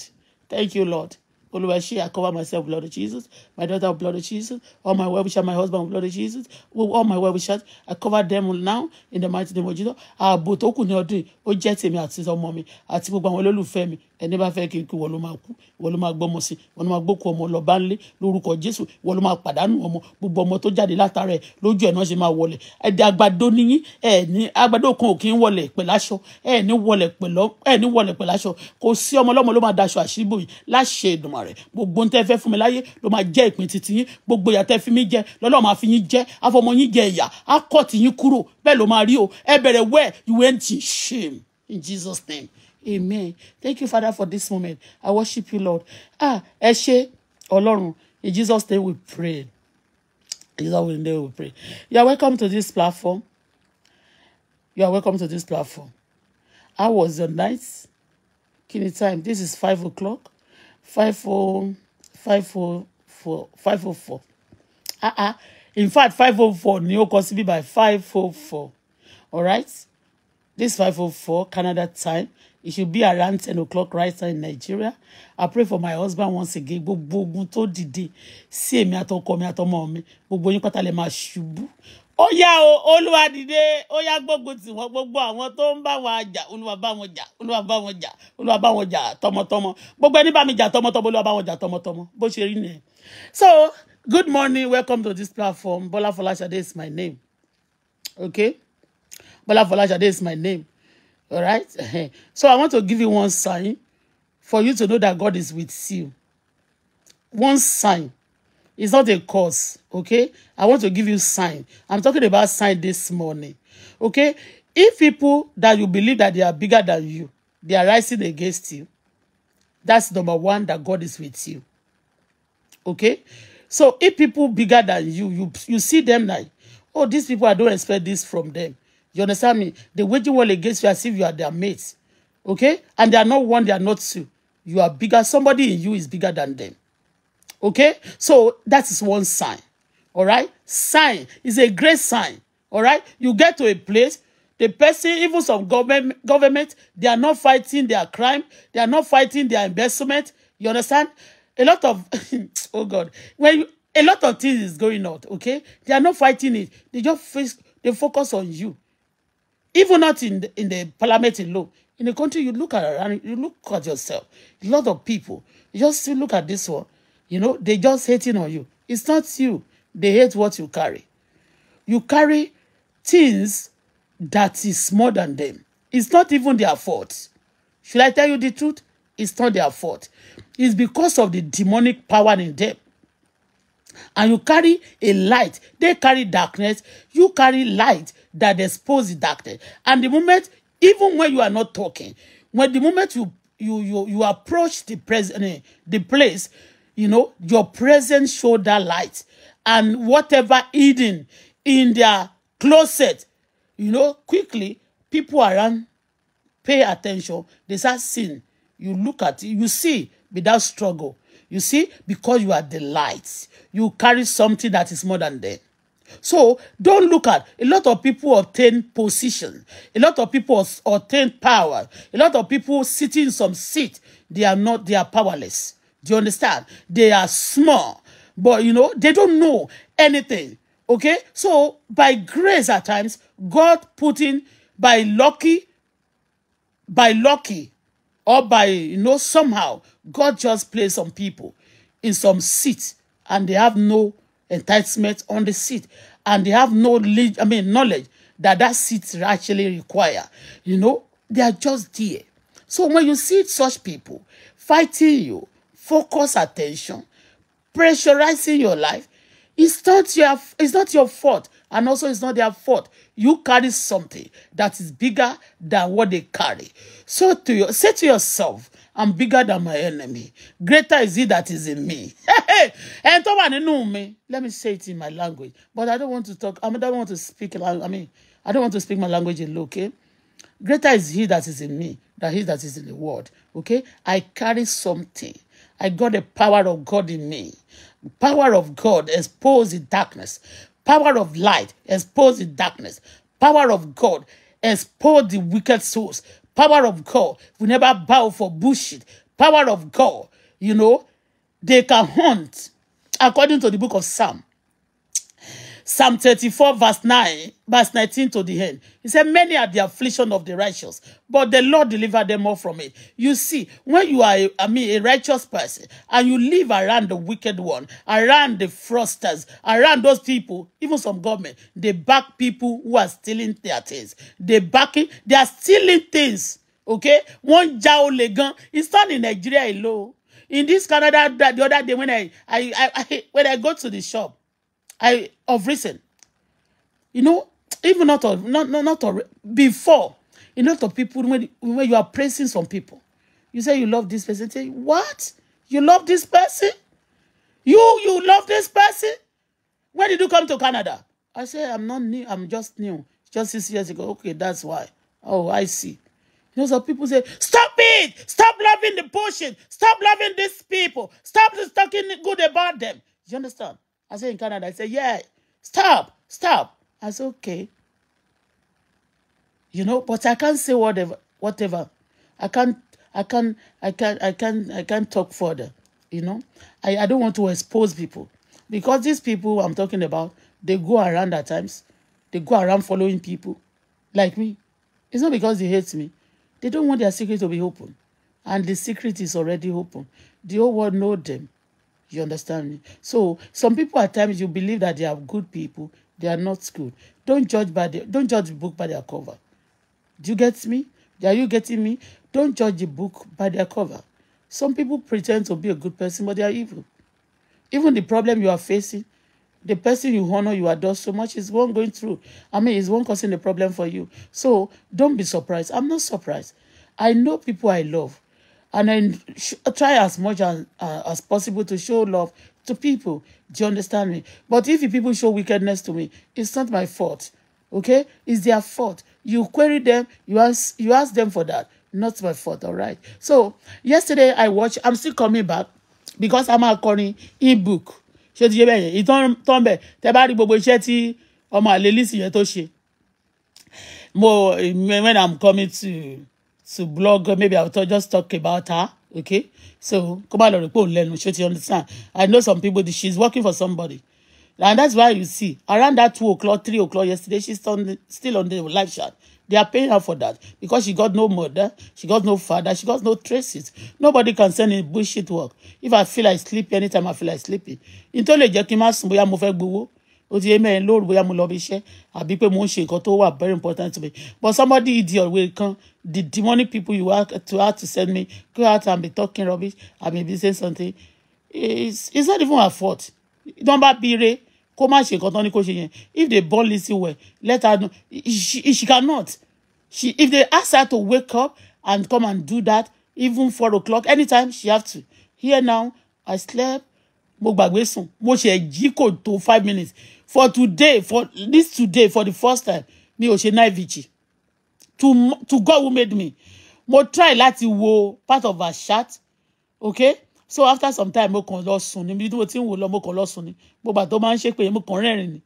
thank you lord. Oluwashi, I cover myself blood of Jesus, my daughter blood of Jesus, all my well wishers, my husband blood of Jesus, all my well wishers, I cover them now in the mighty name of Jesus. Ààbò tó kù ní ọdún yìí, ó jẹ́ tèmi àti ọmọ mi àti gbogbo àwọn olólùfẹ́ mi. Ẹni bá fẹ́ kí n kú, wọ́n ló máa kú, wọ́n ló máa gbọ́mọ sí, wọ́n ló máa gbókù ọmọ lọ bá ń lé lórúkọ Jésù, wọ́n ló máa pàdánù ọmọ, gbogbo ọmọ tó jáde látara ẹ̀ lójú ẹ̀ náà ṣe máa wọlẹ̀. Ẹ̀dẹ̀ àgbàdo níyín, ẹ̀ ní àgbàdo kan ò kí ń wọlẹ̀ pẹ̀láṣọ, ẹ̀ ní wọlẹ̀ pẹ̀láṣọ, kò sí ọmọ ọlọ́mọ ló máa daṣọ àṣíbò yìí láṣẹ ìdùnmọ̀ rẹ̀ gbogbo ní tẹ́ fẹ́ fún mi láyé ló máa jẹ́ ìpín titi yín gbogbo ìyà tẹ́ fi mí jẹ lọ́lọ́run máa fi yín jẹ afọmọ yín jẹ ìyà á kọ́ ti yín kúrò bẹ́ẹ̀ ló máa rí o ẹ bẹ̀rẹ̀ wẹ́ẹ̀ you went in shame in Jesus name amen thank you father for this moment i worship you lord ah ẹ ṣé ọlọ́run in Jesus name we pray in Jesus name we pray you are welcome to this platform you are welcome to this platform how was your night kini time this is five o'clock five oh five oh four five oh four ah ah in fact five oh four ni ó by five oh four alright this five oh four Canada time it should be around ten o'clock right time in Nigeria I pray for my husband once again gbogbo ogun tó dìde sí èmi àtọkọ mi àtọmọ Me. gbogbo yín pátá lè máa ṣubú ó yá o olúwa dìde ó yá gbógun tì wọ́n gbogbo àwọn tó ń bá wọn jà olúwa bá wọn jà olúwa bá wọn jà olúwa bá wọn jà tọmọtọmọ gbogbo ẹni bá mi jà tọmọtọmọ olúwa bá wọn jà tọmọtọmọ bó ṣe rí nìyẹn so good morning welcome to this platform Bola Folashade is my name okay Bola Folashade is my name all right so i want to give you one sign for you to know that God is with you one sign It's not a cause, okay? I want to give you sign. I'm talking about sign this morning, okay? If people that you believe that they are bigger than you, they are rising against you, that's number one, that God is with you, okay? So if people bigger than you, you, you see them like, oh, these people, I don't expect this from them. You understand me? They waging war against you as if you are their mates, okay? And they are not one, they are not two. You are bigger. Somebody in you is bigger than them. Okay? So that is one sign. All right? Sign is a great sign. All right? You get to a place, the person, even some government, government, they are not fighting their crime. They are not fighting their investment. You understand? A lot of, oh God, when you, a lot of things is going on, okay? They are not fighting it. They just face, they focus on you. Even not in the, in the parliament alone. In the country, you look at around, you look at yourself. A lot of people. You just look at this one. You know, they just hating on you. It's not you. They hate what you carry. You carry things that is more than them. It's not even their fault. Should I tell you the truth? It's not their fault. It's because of the demonic power in them. And you carry a light. They carry darkness. You carry light that exposes darkness. And the moment, even when you are not talking, when the moment you you you, you approach the present eh, the place, you know, your presence show that light. And whatever hidden in their closet, you know, quickly, people around pay attention. They start seeing. You look at it, you see without struggle. You see, because you are the light, you carry something that is more than them. So don't look at a lot of people obtain position, a lot of people obtain power, a lot of people sitting in some seat, they are not, they are powerless. Do you understand? They are small, but you know, they don't know anything. Okay? So, by grace at times, God put in by lucky, by lucky, or by, you know, somehow, God just placed some people in some seat and they have no entitlement on the seat and they have no, I mean, knowledge that that seat actually require. You know, they are just there. So when you see such people fighting you, focus attention, pressurizing your life. It's not your, it's not your fault. And also, it's not their fault. You carry something that is bigger than what they carry. So to your, say to yourself, I'm bigger than my enemy. Greater is he that is in me. And tó bá nínú let me say it in my language. But I don't want to talk, I don't want to speak, I mean, I don't want to speak my language in okay? Greater is he that is in me than he that is in the world. Okay? I carry something I got the power of God in me. Power of God expose the darkness. Power of light expose the darkness. Power of God expose the wicked souls. Power of God we never bow for bullshit. Power of God, you know, they can hunt according to the book of Psalm. Psalm 34, verse 9, verse 19 to the end. He said, Many are the affliction of the righteous, but the Lord delivered them all from it. You see, when you are, a, I mean, a righteous person, and you live around the wicked one, around the fraudsters, around those people, even some government, they back people who are stealing their things. They backing, they are stealing things. Okay? One Jao Legan, it's not in Nigeria alone. In this Canada, the other day when I, I, I, I when I go to the shop, I of reason. You know, even not of, not not, not of, before, a lot of people when when you are praising some people, you say you love this person. Say what? You love this person? You you love this person? When did you come to Canada? I say I'm not new. I'm just new. Just six years ago. Okay, that's why. Oh, I see. You know, some people say, stop it! Stop loving the bullshit! Stop loving these people! Stop talking good about them! You understand? I said, in Canada. I said, yeah, stop, stop. I said, okay. You know, but I can't say whatever, whatever. I can't, I can't, I can't, I can't, I can't talk further. You know, I, I don't want to expose people because these people I'm talking about, they go around at times. They go around following people like me. It's not because they hate me. They don't want their secret to be open. And the secret is already open. The whole world know them. You understand me? So some people at times you believe that they are good people, they are not good. Don't judge by the don't judge the book by their cover. Do you get me? Are you getting me? Don't judge the book by their cover. Some people pretend to be a good person, but they are evil. Even the problem you are facing, the person you honor, you adore so much is one going through. I mean, is one causing the problem for you. So don't be surprised. I'm not surprised. I know people I love and then sh- try as much as, uh, as possible to show love to people. Do you understand me? But if the people show wickedness to me, it's not my fault. Okay? It's their fault. You query them, you ask you ask them for that. Not my fault, all right? So yesterday I watched, I'm still coming back because I'm akọrin ebook. Ṣé ti ṣe bẹ́ẹ̀ yẹn? Ìtàn tán bẹ̀ tẹ́ bá rí gbogbo iṣẹ́ tí ọmọ àlè Lizzy yẹn tó ṣe. Mo when I'm coming to to blog maybe i will just talk about her okay so come on, report, rò pé òun lẹ́nu understand i know some people she is working for somebody and that's why you see around that two o'clock three o'clock yesterday she still still on the live chat they are paying her for that because she got no mother she got no father she got no traces nobody can send in bullshit work if i feel like sleepy anytime i feel like sleeping ó ti yé mẹ́rin lóru bóyá mo lọ bí iṣẹ́ àbí pé mo ń ṣe nǹkan tó wà very important to me but somebody idiot wey kan the demonic people you have to have to send me go out and be talking rubbish and be saying something it's, it's not even her fault nọmba bire kó má ṣe nǹkan tán ní kó ṣe yẹn if they born Lizzy well let her know she, she cannot she if they ask her to wake up and come and do that even four o'clock anytime she have to here now I slept mo gbàgbé sùn mo ṣe jí kò tó five minutes for today for this today for the first time mi ò ṣe night vigil to to God who made me mo try lati wo part of her shirt. okay so after some time mo kàn lọ sùn ni bí mo ti ń wò lọ mo kàn lọ sùn ni gbogbo àtọ́ máa ń ṣe pé mo kàn rẹ́rìn ni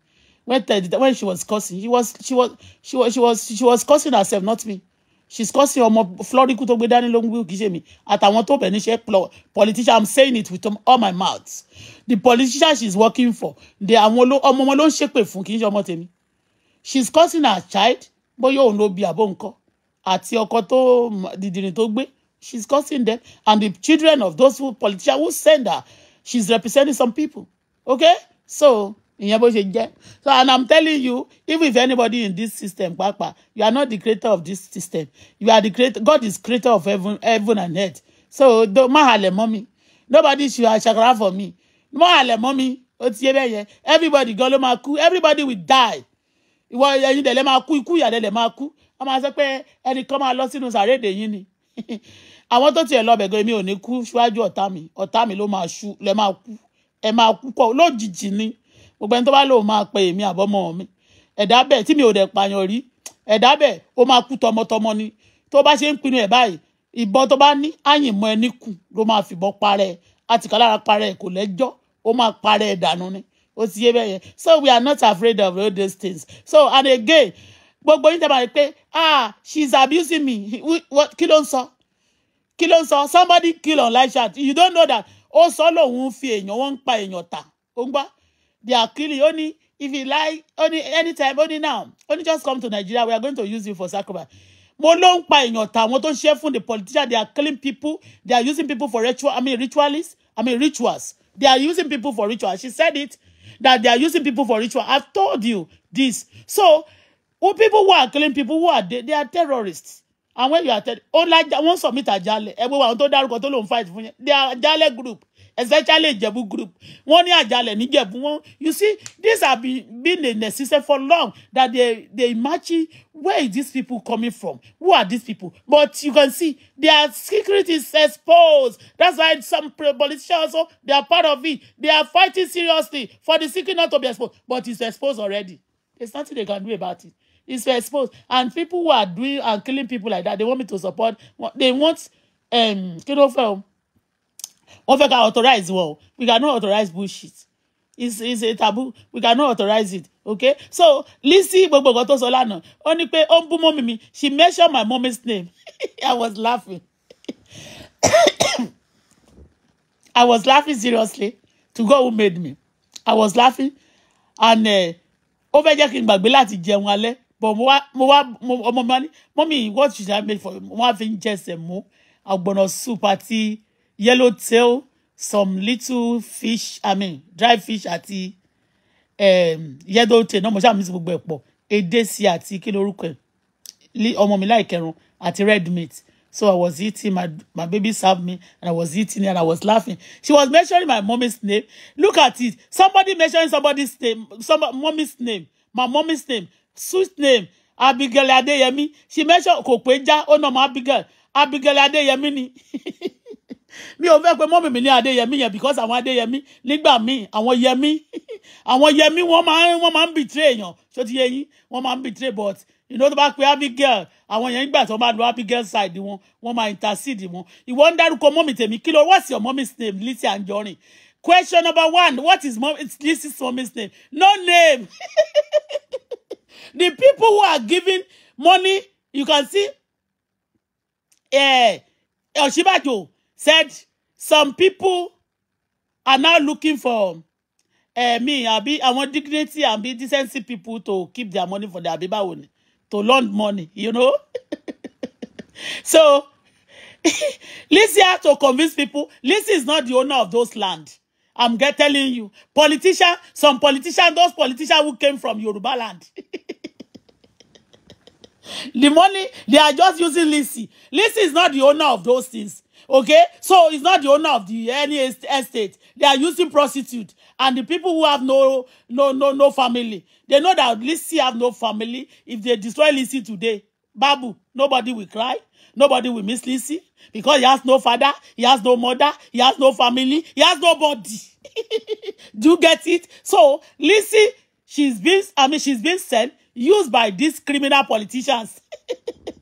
when when she was cursing she was she was she was she was she was cursing herself not me she's causing ọmọ floriku tó gbé dání ló ń gbé kìí ṣe mi àtàwọn tó bẹ̀ níṣẹ́ politician i'm saying it with all my mouth the politician she's working for the àwọn ọmọ wọn ló ń ṣépè fún kìí ṣe ọmọ tèmi she's causing her child bóyá òun ló bí àbó nǹkan ati ọkọ tó dìdìrín tó gbé she's causing them and the children of those who politicians who send her she's representing some people okay so ìyẹn bó ṣe jẹ́ so and i'm telling you even if anybody in this system pàápàá you are not the creator of this system you are the creator god is creator of heaven heaven and earth so do má halẹ̀ mọ́ mi nobody should ṣàkàrà for me má halẹ̀ mọ́ mi ó ti yé bẹ́ẹ̀ yẹn everybody gan ló máa kú everybody will die ìwọ ẹ̀yin dẹ̀lẹ́ máa kú ikú ìyàdẹ̀ lẹ̀ máa wọ́n máa sọ pé ẹnìkan máa lọ sínú sàrédè yín ni àwọn tó tiẹ̀ lọ bẹ̀gẹ́ mi ò ní kú síwájú ọ̀tá mi ọ̀tá mi ló máa ṣú lẹ́ máa kú ẹ máa kú pọ̀ lójijì ni gbogbo ẹni tó bá lòun máa pe èmi àbọ́mọ mi ẹ̀dá bẹ́ẹ̀ tí mi ò dẹ̀ pààyàn rí ẹ̀dá bẹ́ẹ̀ ó máa kú tọmọtọmọ ni tó bá ṣe ń pinnu ẹ̀ báyìí ìbọn tó bá ní àyìnmọ́ ẹni kù ló máa fìbọn parẹ́ ẹ̀ àtìkà lára kò lẹ́jọ́ ó máa parẹ́ dànù ni ó ti yé bẹ́ẹ̀ so we are not afraid of all these things so and again gbogbo yín tẹ̀bà rẹ̀ pé ah she is abusing me kí ló ń sọ kí ló ń sọ somebody kill on live chat you don't know that ó sọ lòun fi èèyàn wọn ń pa èèyàn ta ó ń gbá they are killing ó ní if you like only ní anytime only now only just come to Nigeria we are going to use you for sacrifice mo ló ń pa èèyàn tàwọn tó ń share fún the politician they are killing people they are using people for ritual I mean ritualists I mean rituals they are using people for ritual she said it that they are using people for ritual I've told you this so who people who are killing people who are they, they are terrorists and when you are terrorists ó lájà wọ́n submit àjálẹ̀ ẹgbẹ́ wa àwọn tó dárúkọ tó to fight they are àjálẹ̀ group especially ìjẹ̀bú group One year, àjálẹ̀ níjẹ̀bú wọn you see these have been, been a necessity for long that they they imagine where is these people coming from who are these people but you can see their secret is exposed that's why some politicians also oh, they are part of it they are fighting seriously for the secret not to be exposed but it's exposed already there's nothing they can do about it it's exposed and people who are doing and killing people like that they want me to support they want um you know fẹ́ wọ́n fẹ́ authorize wọ́n we cannot authorize bullshit it's it's a taboo we cannot authorize it okay so Lizzy gbogbo nǹkan tó sọ lánàá ó ní pe ó ń bú mi she mentioned my mommy's name i was laughing i was laughing seriously to God who made me i was laughing and eh, ó fẹ́ jẹ́ kí n gbàgbé láti jẹun alẹ́ but mo wá mo wá ọmọ mi wá what should i make for mo wá fi ń jẹsẹ̀ mú àgbọ̀nà soup àti yellow tail some little fish i mean dry fish ati. um, yellow tail No, mo ṣáà mi sí gbogbo ẹ̀ pọ̀ edé sí àti kí lorúkọ ẹ̀ mi láì kẹrun àti red meat so i was eating my my baby served me and i was eating and i was laughing she was mentioning my mommy's name look at it somebody mentioning somebody's name somebody mommy's name my mommy's name sweet name abigail adeyemi she mentioned kò Oh no, my abigail abigail adeyemi ni mi ò fẹ́ pé mọ́mì mi ní adéyẹmí yẹn because àwọn adéyẹmí nígbà míì àwọn yẹmí àwọn yẹmí wọ́n máa ń wọ́n máa ń bìtírè èèyàn ṣó ti yé yín wọ́n máa ń bìtírè but ìnáwó tó bá pe abigail àwọn yẹn nígbà tó bá lo abigail side wọn wọ́n máa intercede wọn ìwọ ń dárúkọ mọ́mì tèmi kí ló what's your mommy's name Lizzy Anjorin question number one what is mom it's Lizzy's mommy's name no name the people who are giving money you can see eh, Ọ̀ṣínbàjò said some people are now looking for uh, me I want dignity and be decency people to keep their money for their àbí báwo to lend money you know so Lizzie to convince people Lizzie is not the owner of those land I'm get telling you politician some politician those politician who came from Yoruba land the money they are just using Lizzie Lizzie is not the owner of those things Okay, so he's not the owner of the any estate. They are using prostitute and the people who have no no no no family. They know that Lizzy have no family. If they destroy Lizzy today, Babu, nobody will cry. Nobody will miss Lizzy because he has no father, he has no mother, he has no family, he has nobody. Do you get it? So Lizzy, she's been I mean she's been sent used by these criminal politicians.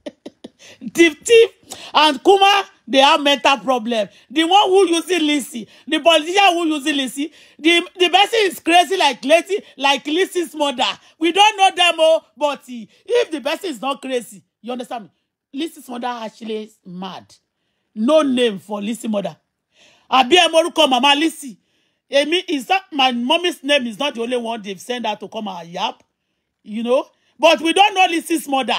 Tif Tif and Kuma, they have mental problem. The one who uses Lissy, the politician who uses Lissy, the, the person is crazy like Lissy, like Lissy's mother. We don't know them all, oh, but if the person is not crazy, you understand me? Lissy's mother actually is mad. No name for Lissy's mother. Abi Emoruko Mama Lizzy. Emi is that my mommy's name is not the only one they've sent her to come and yap, you know. But we don't know Lissy's mother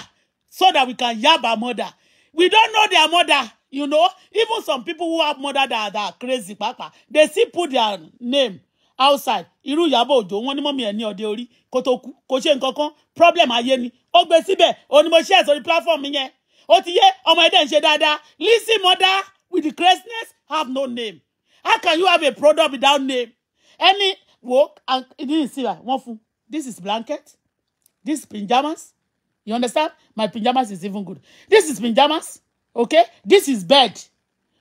so that we can yab our mother. We don't know their mother, you know. Even some people who have mother that, that are crazy, papa, they still put their name outside. Iru Ìyábọ̀ ojo, oni ní mọ́mí ẹ̀ ní ọdẹ orí, kò problem ayé ni. Ó gbé síbẹ̀, òun mo share sórí platform minye Ó ti yé ọmọ dada. Listen mother with the craziness have no name. How can you have a product without name? Any wo, and it didn't see that, wọ́n fún, this is blanket, this is pajamas, You understand? My pajamas is even good. This is pajamas. Okay? This is bed.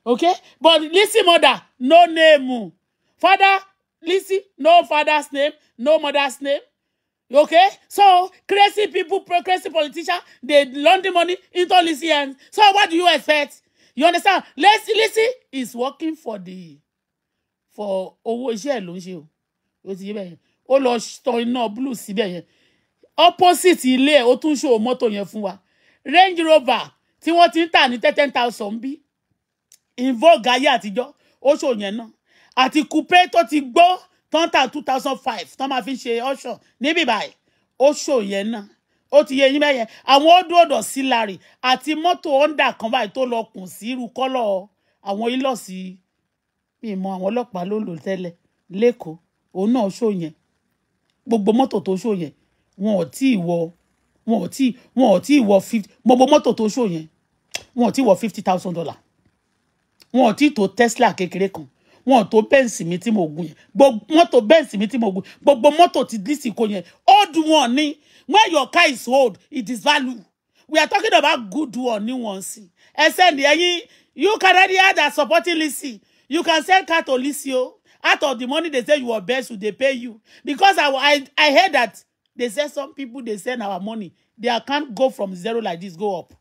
Okay? But listen, mother, no name. Father, listen, no father's name, no mother's name. Okay? So, crazy people, crazy politician, they launder money into Lizzie hands. So, what do you expect? You understand? Lizzie, Lizzie is working for the, for owó iṣẹ́ ló ń ṣe o. O ti yé bẹ́ẹ̀ yẹn. Ó lọ tọ blue síbẹ̀ opposite ilé ẹ̀ ó tún ṣòwò mọ́tò yẹn fún wa Range Rover tí wọ́n ti ń tà ní ten thousand bí invogue ayé àtijọ́ ó ṣòwò yẹn náà àti coupe tó ti gbó tó tà two thousand five tó máa fi ń ṣe auction níbí báyìí ó ṣòwò yẹn náà ó ti yẹ yín bẹ́yẹn àwọn ódòdó sílárì àti mọ́tò honda kan báyìí tó lọ kùn sí irú kọ́lọ̀ àwọn ilọ̀sí mímọ àwọn ọlọ́pàá ló lò tẹ́lẹ̀ lẹ́kọ̀ọ́ òun náà ṣó yẹn gbogbo mọ́tò tó ṣó yẹn wọn ò tí ì wọ wọn ò tí wọn ò tí ì wọ fifty gbogbo mọ́tò tó ṣò yẹn wọn ò tí ì wọ fifty thousand dollar wọn ò tí ì tó Tesla kékeré kan wọn ò tó bẹ́ǹsì mi tí mo gùn yẹn gbogbo mọ́tò bẹ́ǹsì mi tí mo gùn gbogbo mọ́tò ti dísì kò yẹn old one ni when your car is old it is value we are talking about good one new one. sí ẹsẹ ni ẹyin you can already add that supporting lisi. you can sell car to lisi o out of the money they say you were best to dey pay you because I, I, I heard that They say some people, they send our money. Their account go from zero like this, go up.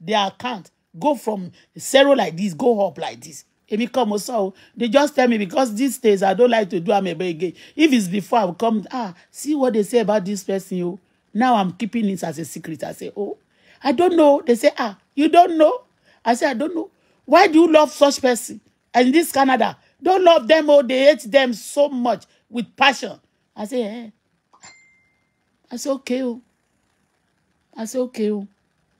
Their account go from zero like this, go up like this. Èmi you come sọ o. They just tell me because these days I don't like to do amebe again. If it's before I come, ah, see what they say about this person you. Oh. Now I'm keeping it as a secret. I say, oh, I don't know. They say, ah, you don't know? I say, I don't know. Why do you love such person? And this Canada, don't love them oh, they hate them so much with passion. I say, eh, I say, okay, oh. I say, okay, oh.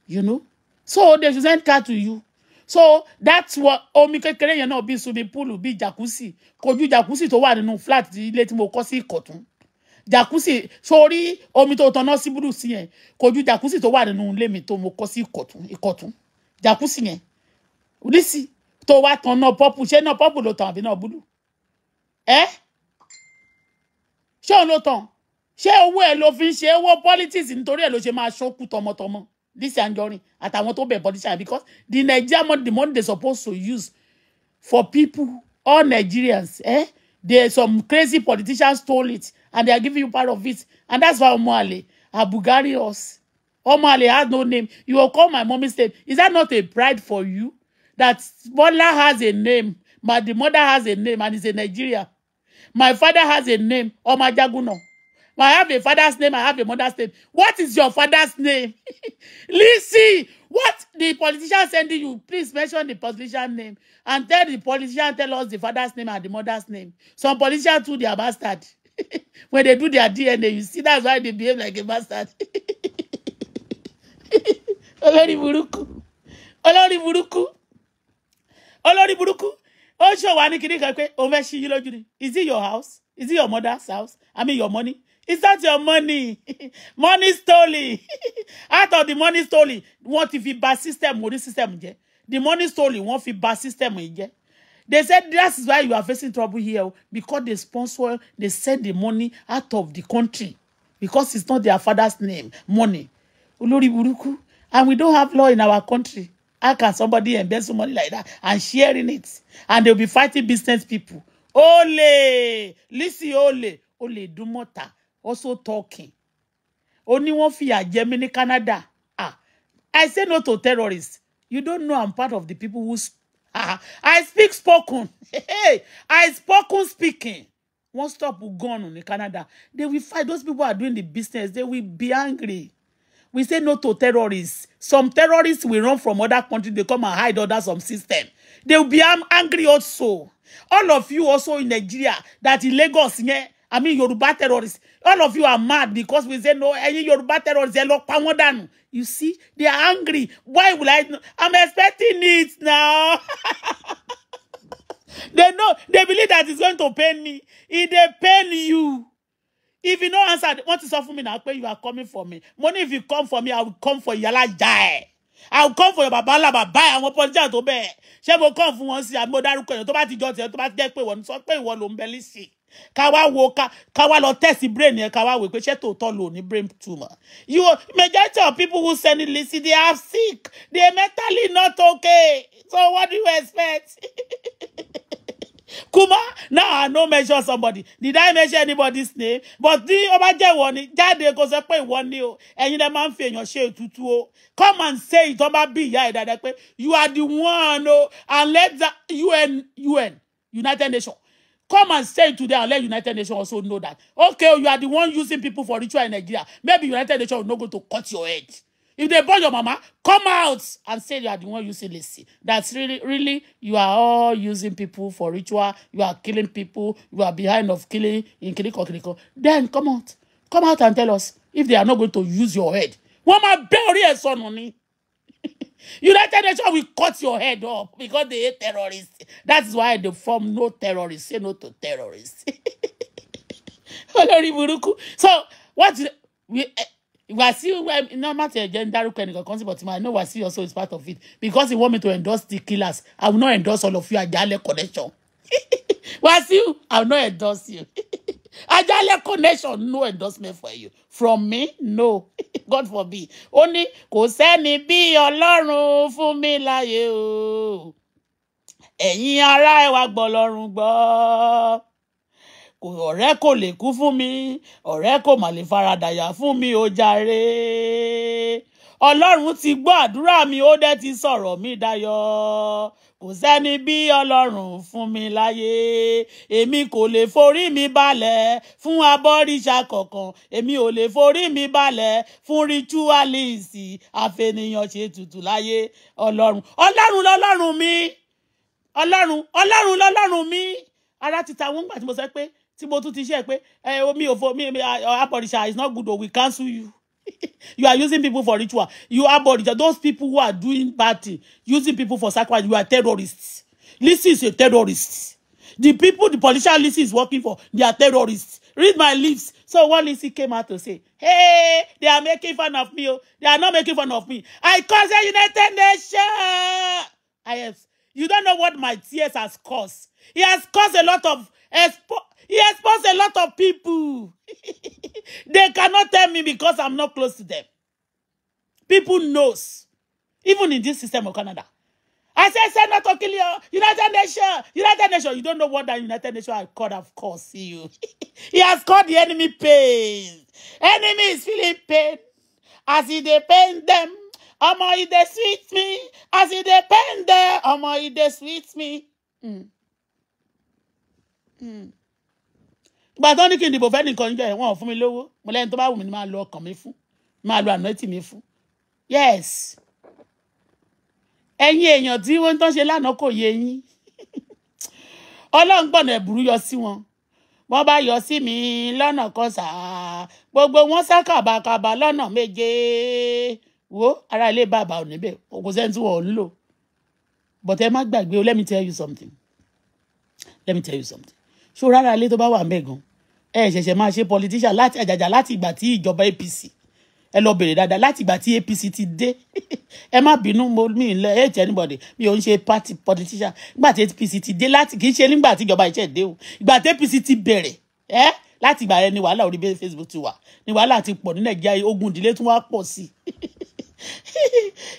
You know? So they should send car to you. So that's what omi kékeré yẹn náà bíi swimming pool bíi jacuzzi kojú jacuzzi tó wà no flat ilé tí mo kọ́ sí jacuzzi Sorry. omi tó tanná sí búrú sí yẹn kojú jacuzzi tó wà nínú ilé mi to mo kọ́ sí Ìkọ̀tún jacuzzi yẹn lísì tó wá tan náà pọ́pù ṣé náà pọ́pù ló tàn àbí náà búlù ẹ́ ṣé òun ṣé owó ẹ ló fi ń ṣe owó politics nítorí ẹ ló ṣe máa ṣókú tọmọtọmọ Lizzy Anjorin àtàwọn tó bẹ̀ politician because the Nigeria money the money they supposed to use for people all Nigerians eh there some crazy politicians stole it and they are giving you part of it and that's why Omoale are Bulgari us Omoale has no name you will call my mommy's name is that not a pride for you that Bola has a name my the mother has a name and is a Nigeria my father has a name Omajaguno. I have a father's name, I have a mother's name. What is your father's name? Listen, what the politician sending you, please mention the politician name and tell the politician, tell us the father's name and the mother's name. Some politicians too, they are bastard. When they do their DNA, you see, that's why they behave like a bastard. Olori Buruku, Olori Buruku, Olori Buruku. Ó ṣòwò àníkìní kan pé òun fẹ́ ṣí yín lójú ni. Is it your house? Is it your mother's house? I mean your money? Is that your money? money stolen. Out of the money stolen, what if it bad system orí system The money stolen wọ́n fi bad system They said that is why you are facing trouble here oh, because they sponsor, they send the money out of the country because it's not their father's name, money. Olórí burúkú. And we don't have law in our country. How can somebody embezzle money like that and sharing it? And they'll be fighting business people. Ole Lisi ole ole do mọ́ta also talking only one wọ́n fìyà jẹ Canada ah I say no to terrorists you don't know I'm part of the people who ah I speak spoken hey I spoken speaking One stop gun ní Canada they will fight those people are doing the business they will be angry we say no to terrorists some terrorists will run from other countries they come and hide under some system they will be angry also all of you also in Nigeria that in Lagos yeah, I mean Yoruba terrorists. All of you are mad because we say no, any Yoruba terrorists, they look power than You see, they are angry. Why will I? I'm expecting it now. they know, they believe that it's going to pain me. It they pain you. If you don't answer, what is offer me now? When you are coming for me. Money, if you come for me, I will come for Yala Jai. I will come for your baba la baba àwọn pọnjá tó bẹ́ẹ̀ ṣé mo kàn fún wọn sí àmì mo dárúkọ èèyàn tó bá ti jọ tiẹ̀ tó bá ti jẹ́ pé ìwọ ni sọ pé ìwọ ló ń bẹ lísì ká wá wo ká wá lọ test brain yẹn ká wá wò pé to tòótọ́ lò ní brain tumor you majority of people who send it listen they are sick they are mentally not okay so what do you expect. Kuma, now I no measure somebody. Did I measure anybody's name? But the ọba jẹ́ ìwọ ni jáde kó sọ pé ìwọ ni o. Ẹ̀yin lẹ máa ń fi èèyàn ṣe ètùtù o. Come and say it ọba bí ìyá ẹ̀ dáadáa pé you are the one o and let the UN UN United Nations come and say it today and let United Nations also know that. Okay, oh, you are the one using people for ritual in Nigeria. Maybe United Nations will not go to cut your head. If they burn your mama, come out and say you are the one using Lisi. That's really, really, you are all using people for ritual. You are killing people. You are behind of killing in Kiriko Kiriko. Then come out. Come out and tell us if they are not going to use your head. Wọ́n máa bẹ́ son ẹ̀ sọnù United Nations will cut your head off because they hate terrorists. That's why they form no terrorists. Say no to terrorists. So what we eh, Wasiu normal to dárúkọ ẹnìkan kan sí but I know see also is part of it because he want me to endorse the killers. I will not endorse all of you Ajale connection. you? I will not endorse you. ajálẹ̀ connection no endorsement for you from me no god forbid ó ní kò sẹ́ni bí ọlọ́run fún mi láyé o ẹ̀yin ará ẹ wá gbọ́ lọ́rùn gbọ́ ọ̀rẹ́ kò lè kú fún mi ọ̀rẹ́ kò mà lè faradàyà fún mi ó jàre ọlọ́run ti gbọ́ àdúrà mi ó dẹ̀ ti sọ̀rọ̀ mi dayọ̀ kò sẹ́ni bí ọlọ́run fún mi láyé èmi kò lè forí mi balẹ̀ fún abọ́rìṣà kọ̀ọ̀kan èmi ò lè forí mi balẹ̀ fún ritualisi àfẹnìyàn ṣe tutù láyé ọlọ́run ọlọ́run lọ́lọ́run mi ọlọ́run ọlọ́run lọ́lọ́run mi ara ti ta wọ́n gbà tí mo sọ pé tí mo tún ti ṣe pé omi ò fo mi abọ́rìṣà is not good o we cancel you you are using people for ritual you are body those people who are doing party, using people for sacrifice you are terrorists Lizzy is a terrorist the people the politician Lizzy is working for they are terrorists read my lips so one Lizzy came out to say hey they are making fun of me oh they are not making fun of me I cause the United Nations I have you don't know what my tears has caused He has caused a lot of expo He exposed a lot of people. they cannot tell me because I'm not close to them. People knows. Even in this system of Canada. I said, Senator Kilio, United Nations, United Nations. You don't know what that United Nations I called, of course, you. he has called the enemy pain. Enemy is feeling pain as he depend them. Omo, e he sweet me as he depend them. Omo, e he sweet me. Mm. Mm ìgbà tó ní kí n dìbò fẹ́ nìkan jẹ́ wọn ò fún mi lówó mo lẹ́yìn tó bá wù mí ni máa lo ọkàn mi fún máa lo ànátì mi fún yes ẹ̀yin èèyàn tí wọ́n ń tán ṣe lánàá kò yé yín ọlọ́run gbọ̀nà ẹ̀bùrú yọ sí wọn wọ́n bá yọ sí mi lọ́nà kan sá gbogbo wọn sá kàbàkàbà lọ́nà méje wo ara ilé bàbá ò níbẹ̀ kò sẹ́ni tí ń lò but ẹ má gbàgbé o let me tell you something let me tell you something ṣó rárá ilé tó bá wà ńbẹ̀ gan ẹ ṣẹ̀ṣẹ̀ máa ṣe politician láti àjàjà láti ìgbà tí ìjọba APC ẹ lọ bèrè dáadáa láti ìgbà tí APC ti dé ẹ má bínú mo mi ń lọ hate anybody mi ò ń ṣe party politician nígbà tí APC ti dé láti kì í ṣe nígbà tí ìjọba ìṣẹ̀ dé o ìgbà tí APC ti bẹ̀rẹ̀ ẹ́ láti ìgbà yẹn ni wàhálà orí Facebook ti wà ni wàhálà ti pọ̀ ní Nàìjíríà ogun ìdílé tún wá pọ̀ sí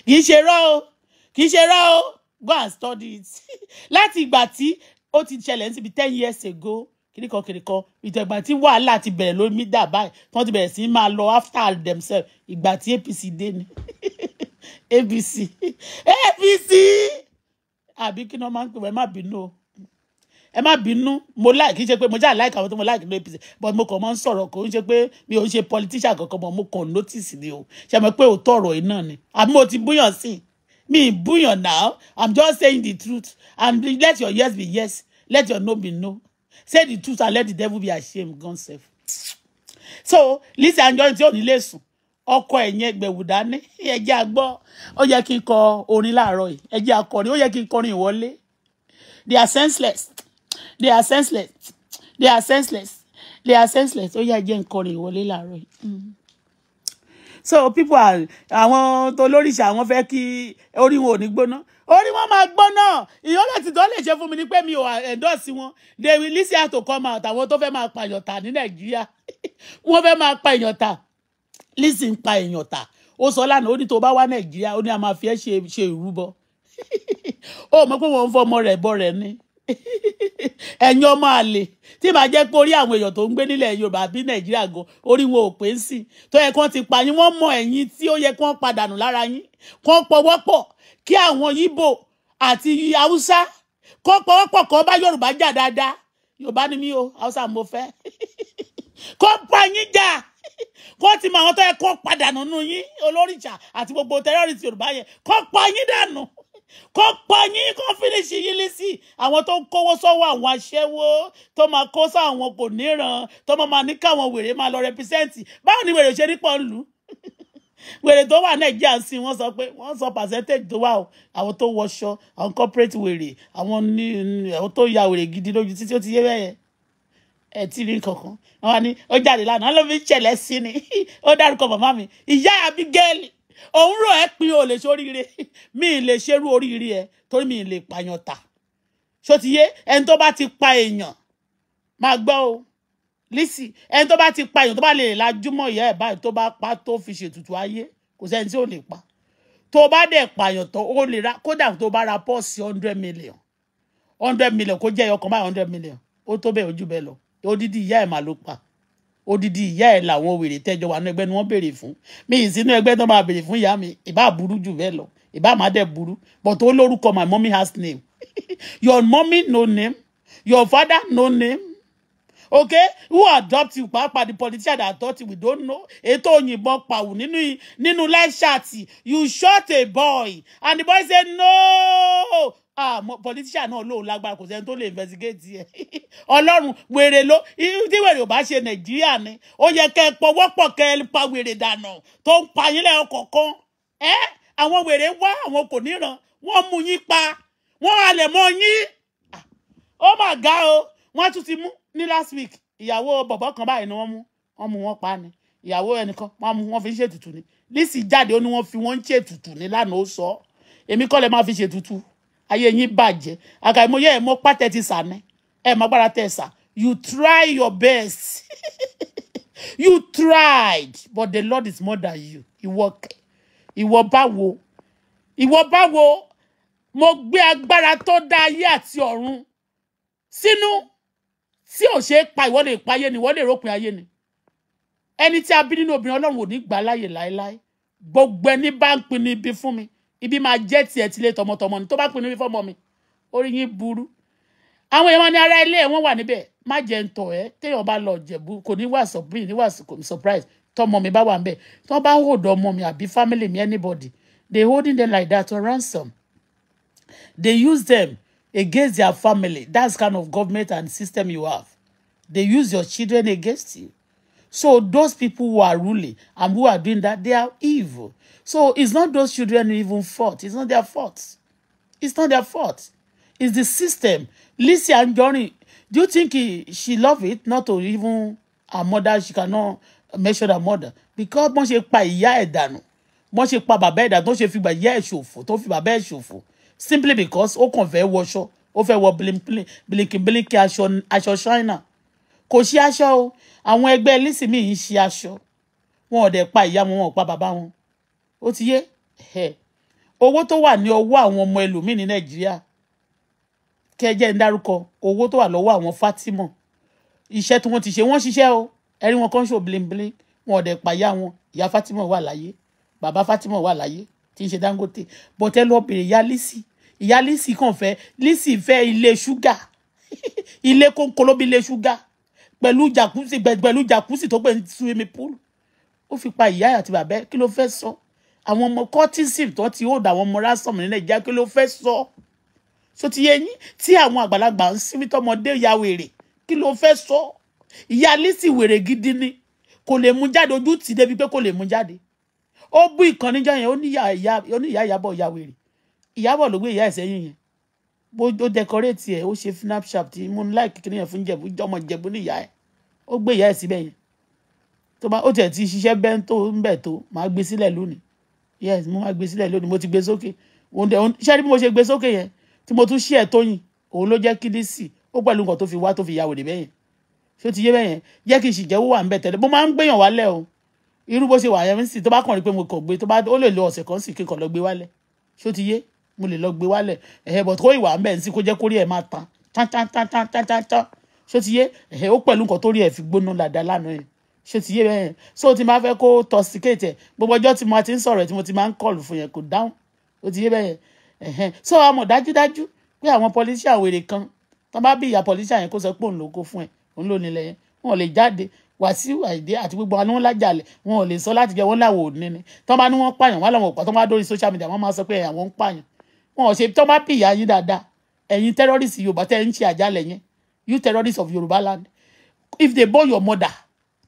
kì í ṣe rọ́ o kì í ṣe rọ́ o go and study it láti ìgbà tí ó ti ṣẹlẹ̀ níbi ten years ago kìnìkan kìnìkan ìjọba tí wàhálà ti bẹ̀rẹ̀ lórí mídà báyìí tí wọ́n ti bẹ̀rẹ̀ sí máa lọ after themselves ìgbà tí APC dé ni APC APC àbí kí ni wọ́n máa ń pè wọ́n ẹ má bínú o ẹ má bínú mo láì kí n ṣe pé mo já láìka àwọn tó mo láì kí n lo APC but mo kàn máa ń sọ̀rọ̀ kò ń ṣe pé mi ò ń ṣe politician kankan mọ̀ mo kàn notice ni o ṣe mọ̀ pé òótọ́ ọ̀rọ̀ yìí náà ni àbí mo ti búyàn sí i Me booyah now. I'm just saying the truth. And let your yes be yes. Let your no be no. Say the truth and let the devil be ashamed. God save. So, listen, Anjorin tí ò ní lè sùn. Ọkọ ẹ̀yìn ẹgbẹ̀wò dání. Ẹ jẹ́ àgbọ́. Ó yẹ kí n kọ orin láàárọ̀ yìí. Ẹ jẹ́ akọrin. Ó yẹ They are senseless. They are senseless. They are senseless. They are senseless. Ó yẹ jẹ́ n kọrin ìwọlé láàárọ̀ yìí. Mm so people are àwọn tó lóríṣà àwọn fẹ́ kí orí wọn ò ní gbóná orí wọn máa gbóná ìyọ́lẹ̀ tí tó lè ṣe fún mi ni pé mi ò endorse wọn they will listen how to come out àwọn tó fẹ́ máa pa èèyàn ta ní nàìjíríà wọ́n fẹ́ máa pa èèyàn ta listen pa èèyàn ta ó sọ lánàá ó ní tó bá wá nàìjíríà ó ní a máa fi ẹ́ ṣe ìrúbọ ó mọ̀ pé wọ́n ń fọmọ rẹ̀ bọ rẹ̀ ni ẹ̀yin ọmọ àlè tí màá jẹ́ pé orí àwọn èèyàn tó ń gbé nílẹ̀ yorùbá bí nàìjíríà gan orí wọn ò pé sí tó yẹ kán ti pa yín wọ́n mọ ẹ̀yin tí ó yẹ kán padànù lára yín kán pọwọ́pọ̀ kí àwọn yíbò àti haúsá kán pọwọ́pọ̀ kán bá yorùbá jà dáadáa yorùbá ni mí o haúsá mo fẹ́ kán pa yín jà kán ti mọ àwọn tó yẹ kán padànù nù yín olórìṣà àti gbogbo tẹ́rọ̀rìsì yorùbá yẹn kán pa yín dànù kó pa yín kó fínísì yín lísì àwọn tó ń kówó sọ́wọ́ àwọn aṣẹ́wó tó máa kó sáwọn kò níran tó máa máa ní káwọn wèrè máa lọ rẹpísẹ́ǹtì báwo ni wèrè ṣe ní pọ́ńlù wèrè tó wà nàìjíríà ń sìn wọ́n sọ pé wọ́n sọ percentage tó wà o àwọn tó wọṣọ àwọn corporate wèrè àwọn ní àwọn tó ya wèrè gidi lójú títí ó ti yé bẹ́yẹn ẹ tí rí kankan wọn ni ó jáde lánàá ló fi ń ṣẹlẹ̀ sí ni ó dárúkọ màmá mi ìyá àbí gẹ́ẹ̀lì òun rò ẹ́ pin ò lè ṣe oríire mi ì lè ṣerú oríire ẹ torí mi lè pààyàn ta ṣó ẹni tó bá ti pa èèyàn máa gbọ́ o lisi ẹni tó bá ti pa èèyàn tó bá lè lajúmọ̀ ìyá ẹ̀ báyìí tó bá pa tó fi ṣètùtù ayé kò sẹ́ni tí ò lè pa tó bá dẹ̀ pààyàn tán ó lè ra kódà tó bá ra pọ́ọ̀sì hundred million hundred million kó jẹ́ ẹyọ kan báyìí hundred million ó tó bẹ́ẹ̀ ojú bẹ́ẹ̀ lọ odidi ìyá ẹ̀ máa ló pa odidi ìyá ẹ̀ làwọn wèrè tẹ́jọ wà nú ẹgbẹ́ ni wọ́n béèrè fún mi ì sínú ẹgbẹ́ tó máa béèrè fún ìyá mi ìbá burú jù bẹ́ẹ̀ lọ ìbá má dẹ̀ burú but ó lórúkọ my mommy has name your mommy no name your father no name okay who adopt you pàápàá the politician that adopt you we don't know ètò òyìnbọn pàwù nínú nínú life chat you shot a boy and the boy say no Ah, politician náà lóun lágbára kò sẹ́ni tó lè investigate ẹ̀ ọlọ́run wèrè ló tí wèrè ò bá ṣe nàìjíríà ni ó yẹ kẹ́ ẹ pọwọ́pọ̀ kẹ́ ẹ pa wèrè dànù tó ń pa yín lẹ́yìn kọ̀ọ̀kan ẹ́ àwọn wèrè wá àwọn kò níran wọ́n mú yín pa wọ́n halẹ̀ mọ́ yín ó mà ga o wọ́n tún ti mú ní last week ìyàwó bọ̀bọ̀ kan báyìí ni wọ́n mú wọ́n mú wọn pa ni ìyàwó ẹnìkan wọ́n mú wọn fi ń ṣètùtù ni lísì jáde ó ní wọ́n fi wọ́n ń ṣètùtù ni lánàá ó sọ èmi kọ́ lẹ máa fi ṣètùtù ayé yín bàjẹ́ àkàìmọye ẹ̀ mọ pátẹ́ ti sà ní ẹ̀ mọ agbára tẹ̀ sà you try your best you tried but the Lord is more than you ìwọ kẹ ìwọ báwo ìwọ báwo mo gbé agbára tó dá ayé àti ọ̀run sínú tí ò ṣe é pa ìwọ lè pa ayé ni ìwọ lè rópin ayé ni ẹni tí a bí nínú obìnrin ọlọ́run ò ní gbà láàyè láéláé gbogbo ẹni bá ń pinnu ibi fún mi ibi máa jẹ́ tiẹ̀ tilé tọmọtọmọ ni tó bá pinnu fọmọ mi orí yín burú àwọn èèyàn ní ara ilé wọn wà níbẹ̀ má jẹ́ ń tọ̀ ẹ́ téèyàn bá lọ jẹ̀bú kò ní wà surprise ní wà surprise tọmọ mi bá wà níbẹ̀ tí wọ́n bá hòdò ọmọ mi àbí family mi anybody they holding them like that on ransom they use them against their family that's kind of government and system you have they use your children against you So those people who are ruling and who are doing that, they are evil. So it's not those children even fault. It's not their fault. It's not their fault. It's the system. and Johnny, do you think he, she love it? Not to even her mother, she cannot measure her mother. Because when she pa ìyá ẹ̀ dànù. Wọ́n ṣe pa bàbá ẹ̀ dànù. Wọ́n ṣe fi ìyá ẹ̀ ṣòfò. Tó fi bàbá ẹ̀ Simply because ó kàn fẹ́ wọṣọ. Ó fẹ́ wọ blinking blinking aṣọ China kò ṣe aṣọ o àwọn ẹgbẹ́ Lizzy mi ń ṣe aṣọ wọn ò dẹ̀ pa ìyá wọn wọn ò pa bàbá wọn ó ti yé owó tó wà ní ọwọ́ àwọn ọmọ ẹlòmíì ní Nàìjíríà kẹjẹ ń dárúkọ owó tó wà lọ́wọ́ àwọn Fatima iṣẹ́ tí wọ́n ti ṣe wọ́n ṣiṣẹ́ o ẹ̀rí wọn kan ṣò blinblin wọn ò dẹ̀ pa ìyá wọn ìyá Fatima wà láyé bàbá Fatima wà láyé tí ń ṣe Dangote bọ́tẹ́ lọ bèrè ìyá Lizzy ìyá Lizzy kàn fẹ́ Lizzy fẹ́ ilé ṣúgà ilé kónkólóbí ilé ṣúgà pẹ̀lú jacuzzi pẹ̀lú jacuzzi tó pè ní swimming pool ó fi pa ìyá àti bàbá kí ló fẹ́ sọ àwọn ọmọ cortisone tó ti hold àwọn ọmọ ransom ní nàìjíríà kí ló fẹ́ sọ so ti yé yín tí àwọn àgbàlagbà ń sinmi tọmọdé ya wèrè kí ló fẹ́ sọ ìyá Lizzy wèrè gidi ni kò lè mú jáde ojú tì débi pé kò lè mú jáde ó bú ìkànnìjọ yẹn ó ní ìyá ìyàbọ̀ ya wèrè ìyàbọ̀ ló gbé ìyá ẹ̀sẹ̀ yín yẹn bó ó decorate ẹ̀ ó ṣe snapchat tí mo ń láì kékeré yẹn fún jẹ̀bú jọmọ jẹ̀bú níyà ẹ̀ ó gbé ìyá ẹ̀ síbẹ̀ yẹn tó bá ó tiẹ̀ ti ṣiṣẹ́ bẹ́ńtò ń bẹ̀ tó máa gbé sílẹ̀ lónìí yes mo máa gbé sílẹ̀ lónìí mo ti gbé sókè òun dẹ̀ ṣé bí mo ṣe gbé sókè yẹn tí mo tún ṣí ẹ̀ tóyìn òun ló jẹ́ kí ní sì ó pẹ̀lú nǹkan tó fi wá tó fi yàwòrè bẹ́yẹn ṣé ó ti yé bẹ́yẹn jẹ́ kí n sì jẹ́wọ́ wà ń bẹ̀ tẹ́lẹ̀ mo máa ń gbéyàn wálẹ̀ o irú bó ṣe wà yẹn sì tó bá kàn rí pé mo kàn gbé tó bá ó lè lo ọ̀sẹ̀ kan sì kí n kàn lọ gbé wálẹ̀ ṣé ti yé mo lè lọ gbé wálẹ̀ ẹ̀hẹ́ bọ̀ tó ìwà ń bẹ̀ ń sí kó jẹ́ kórìí ẹ̀ máa tan tán tán tán tán tán tán ṣé ti yé ẹ̀ ó pẹ̀lú nǹkan tó rí ẹ̀ fi gbóná làdá lánàá yẹn ṣé ti yé bẹ́ẹ̀ so ti máa fẹ́ kó tọ́síkéètì ẹ̀ gbogbo ọjọ́ tí mo ti ń sọ̀rọ̀ tí mo ti máa ń kọlù fún yẹn kò dáhùn ó ti yé bẹ́ẹ̀ so a mọ̀ dájúdájú pé àwọn politician wèrè kan tó bá bí ìyá politician yẹn kó sọ pé òun ló kó fún ẹ òun ló nílẹ̀ yẹn wọn ò lè jáde Wàsíù Àyìndé àti gbogbo àwọn alájàlẹ̀ wọn ò lè sọ láti jẹ wọn láwọn ò ni tó bá ní wọn pààyàn wọn làwọn ò pa tó bá dórí social media wọn máa sọ pé àwọn ń pààyàn wọn ò ṣe tó bá bí ìyá yín dáadáa ẹ̀yin tẹ́rọ́rìsì Yorùbá tẹ́ ń ṣe àjálẹ̀ yẹn you terrorists of Yoruba land if they born your mother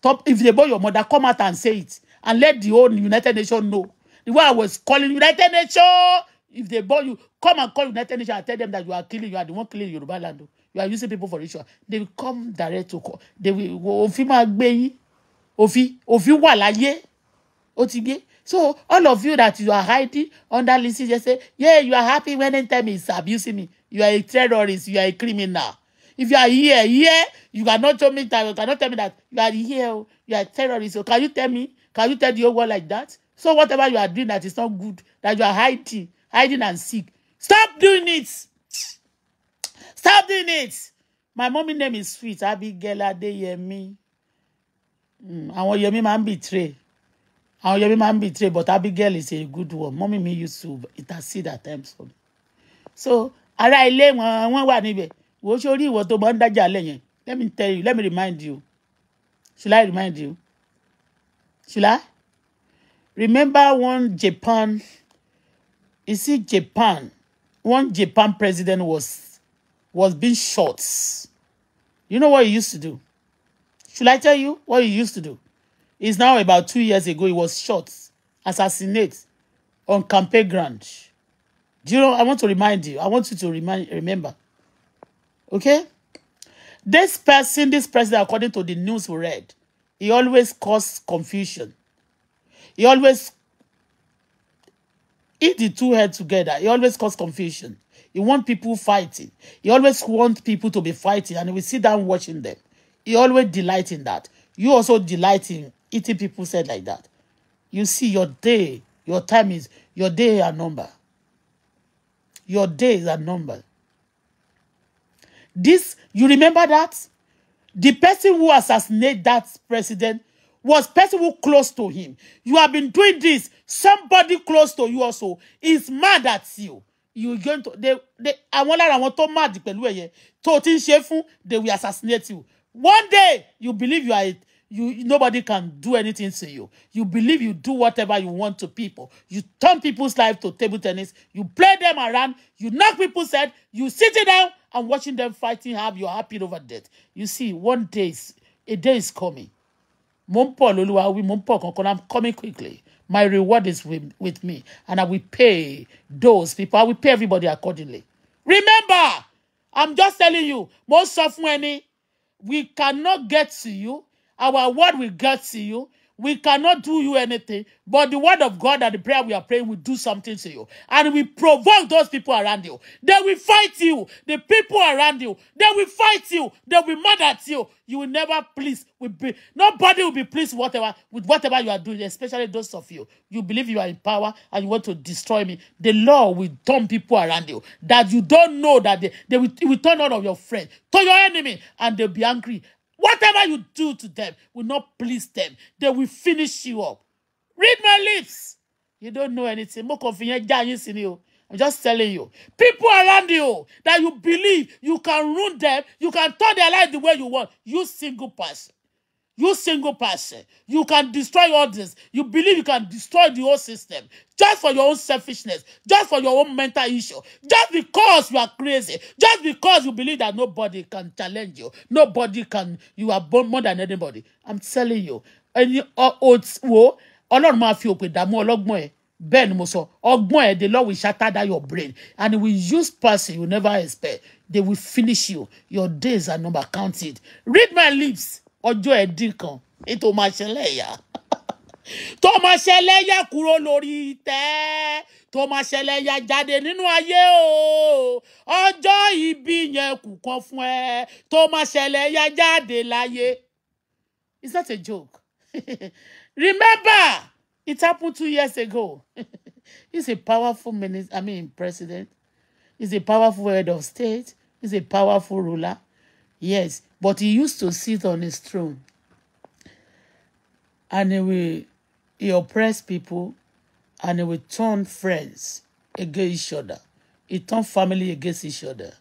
top if they born your mother come out and say it and let the whole United Nations know the way I was calling United Nations if they born you come and call United Nations and tell them that you are killing you are the one killing Yoruba land you are using people for ritual they will come direct to call they will òfin máa gbé yín òfin òfin wà láyé ó ti gbé so all of you that you are hiding under Lizzy just say yeah you are happy when anytime he is abusing me you are a terrorist you are a criminal If you are here, here, you cannot tell me that. You cannot tell me that you are here. Oh, you are terrorist. So oh. can you tell me? Can you tell the whole world like that? So whatever you are doing that is not good, that you are hiding, hiding and sick. Stop doing it. Stop doing it. My mommy name is sweet. Abigail Adeyemi. Hmm, àwọn Yemi máa ń betray. Àwọn Yemi máa ń betray but Abigail is a good one. Mommy me used to intercede at times for me. So ará ilé one one one. níbẹ̀ wò ó sórí ìwọ tó máa ń dájà lẹ̀ let me tell you let me remind you should I remind you should I remember one Japan you see Japan one Japan president was was being shot you know what he used to do should I tell you what he used to do it's now about two years ago he was shot assassinate on campaign ground do you know I want to remind you I want you to remind remember Okay? This person, this president, according to the news we read, he always caused confusion. He always eat the two heads together. He always cause confusion. He want people fighting. He always want people to be fighting, and we sit down watching them. He always delight in that. You also delight in eating people said like that. You see, your day, your time is your day are number. Your day is a number. This, you remember that? The person who assassinated that president was person who close to him. You have been doing this. Somebody close to you also is mad at you. You going to they they àwọn lára àwọn tó mad pẹ̀lú ẹ̀yẹ tó ti ń ṣe fún they will assassinate you. One day you believe you are a you nobody can do anything to you you believe you do whatever you want to people you turn people's life to table tennis you play them around you knock people's head you sit down and watching them fighting have you're happy over death you see one day is a day is coming Mumpo, ń pọ̀ lóluwa wí i'm coming quickly my reward is with, with me and i will pay those people i will pay everybody accordingly remember i'm just telling you Most of money, we cannot get to you our word will get to you We cannot do you anything, but the word of God and the prayer we are praying will do something to you. And we provoke those people around you. They will fight you. The people around you, they will fight you. They will be mad at you. You will never please. Will be, nobody will be pleased whatever, with whatever you are doing, especially those of you. You believe you are in power and you want to destroy me. The law will turn people around you that you don't know that they, they will, will turn all of your friends, turn your enemy, and they'll be angry Whatever you do to them will not please them. They will finish you up. Read my lips. You don't know anything. More convenient fi yẹn já I'm just telling you. People around you that you believe you can ruin them, you can turn their life the way you want. You single person. You single person, you can destroy all this. You believe you can destroy the whole system just for your own selfishness, just for your own mental issue, just because you are crazy, just because you believe that nobody can challenge you, nobody can, you are born more than anybody. I'm telling you. Ẹni wo Ọlọ́run máa fi òpè dààmú ọlọ́gbọ́n ẹ̀ bẹ́ẹ̀ ni mo sọ ọgbọ́n ẹ̀ the Lord will shatter down your brain and he will use person you never expect they will finish you your days are number counted read my lips ọjọ́ ẹ̀ dín kan ètò máa ṣẹlẹ̀ yá tó máa ṣẹlẹ̀ yá kúrò lórí tẹ́ tó máa ṣẹlẹ̀ yá jáde nínú ayé o ọjọ́ ìbí yẹn kù kan fún ẹ tó máa ṣẹlẹ̀ yá jáde láyé is that a joke remember it happened two years ago he's a powerful minister i mean president he's a powerful head of state he's a powerful ruler Yes, but he used to sit on his throne. And he will he oppress people and he will turn friends against each other. He turned family against each other.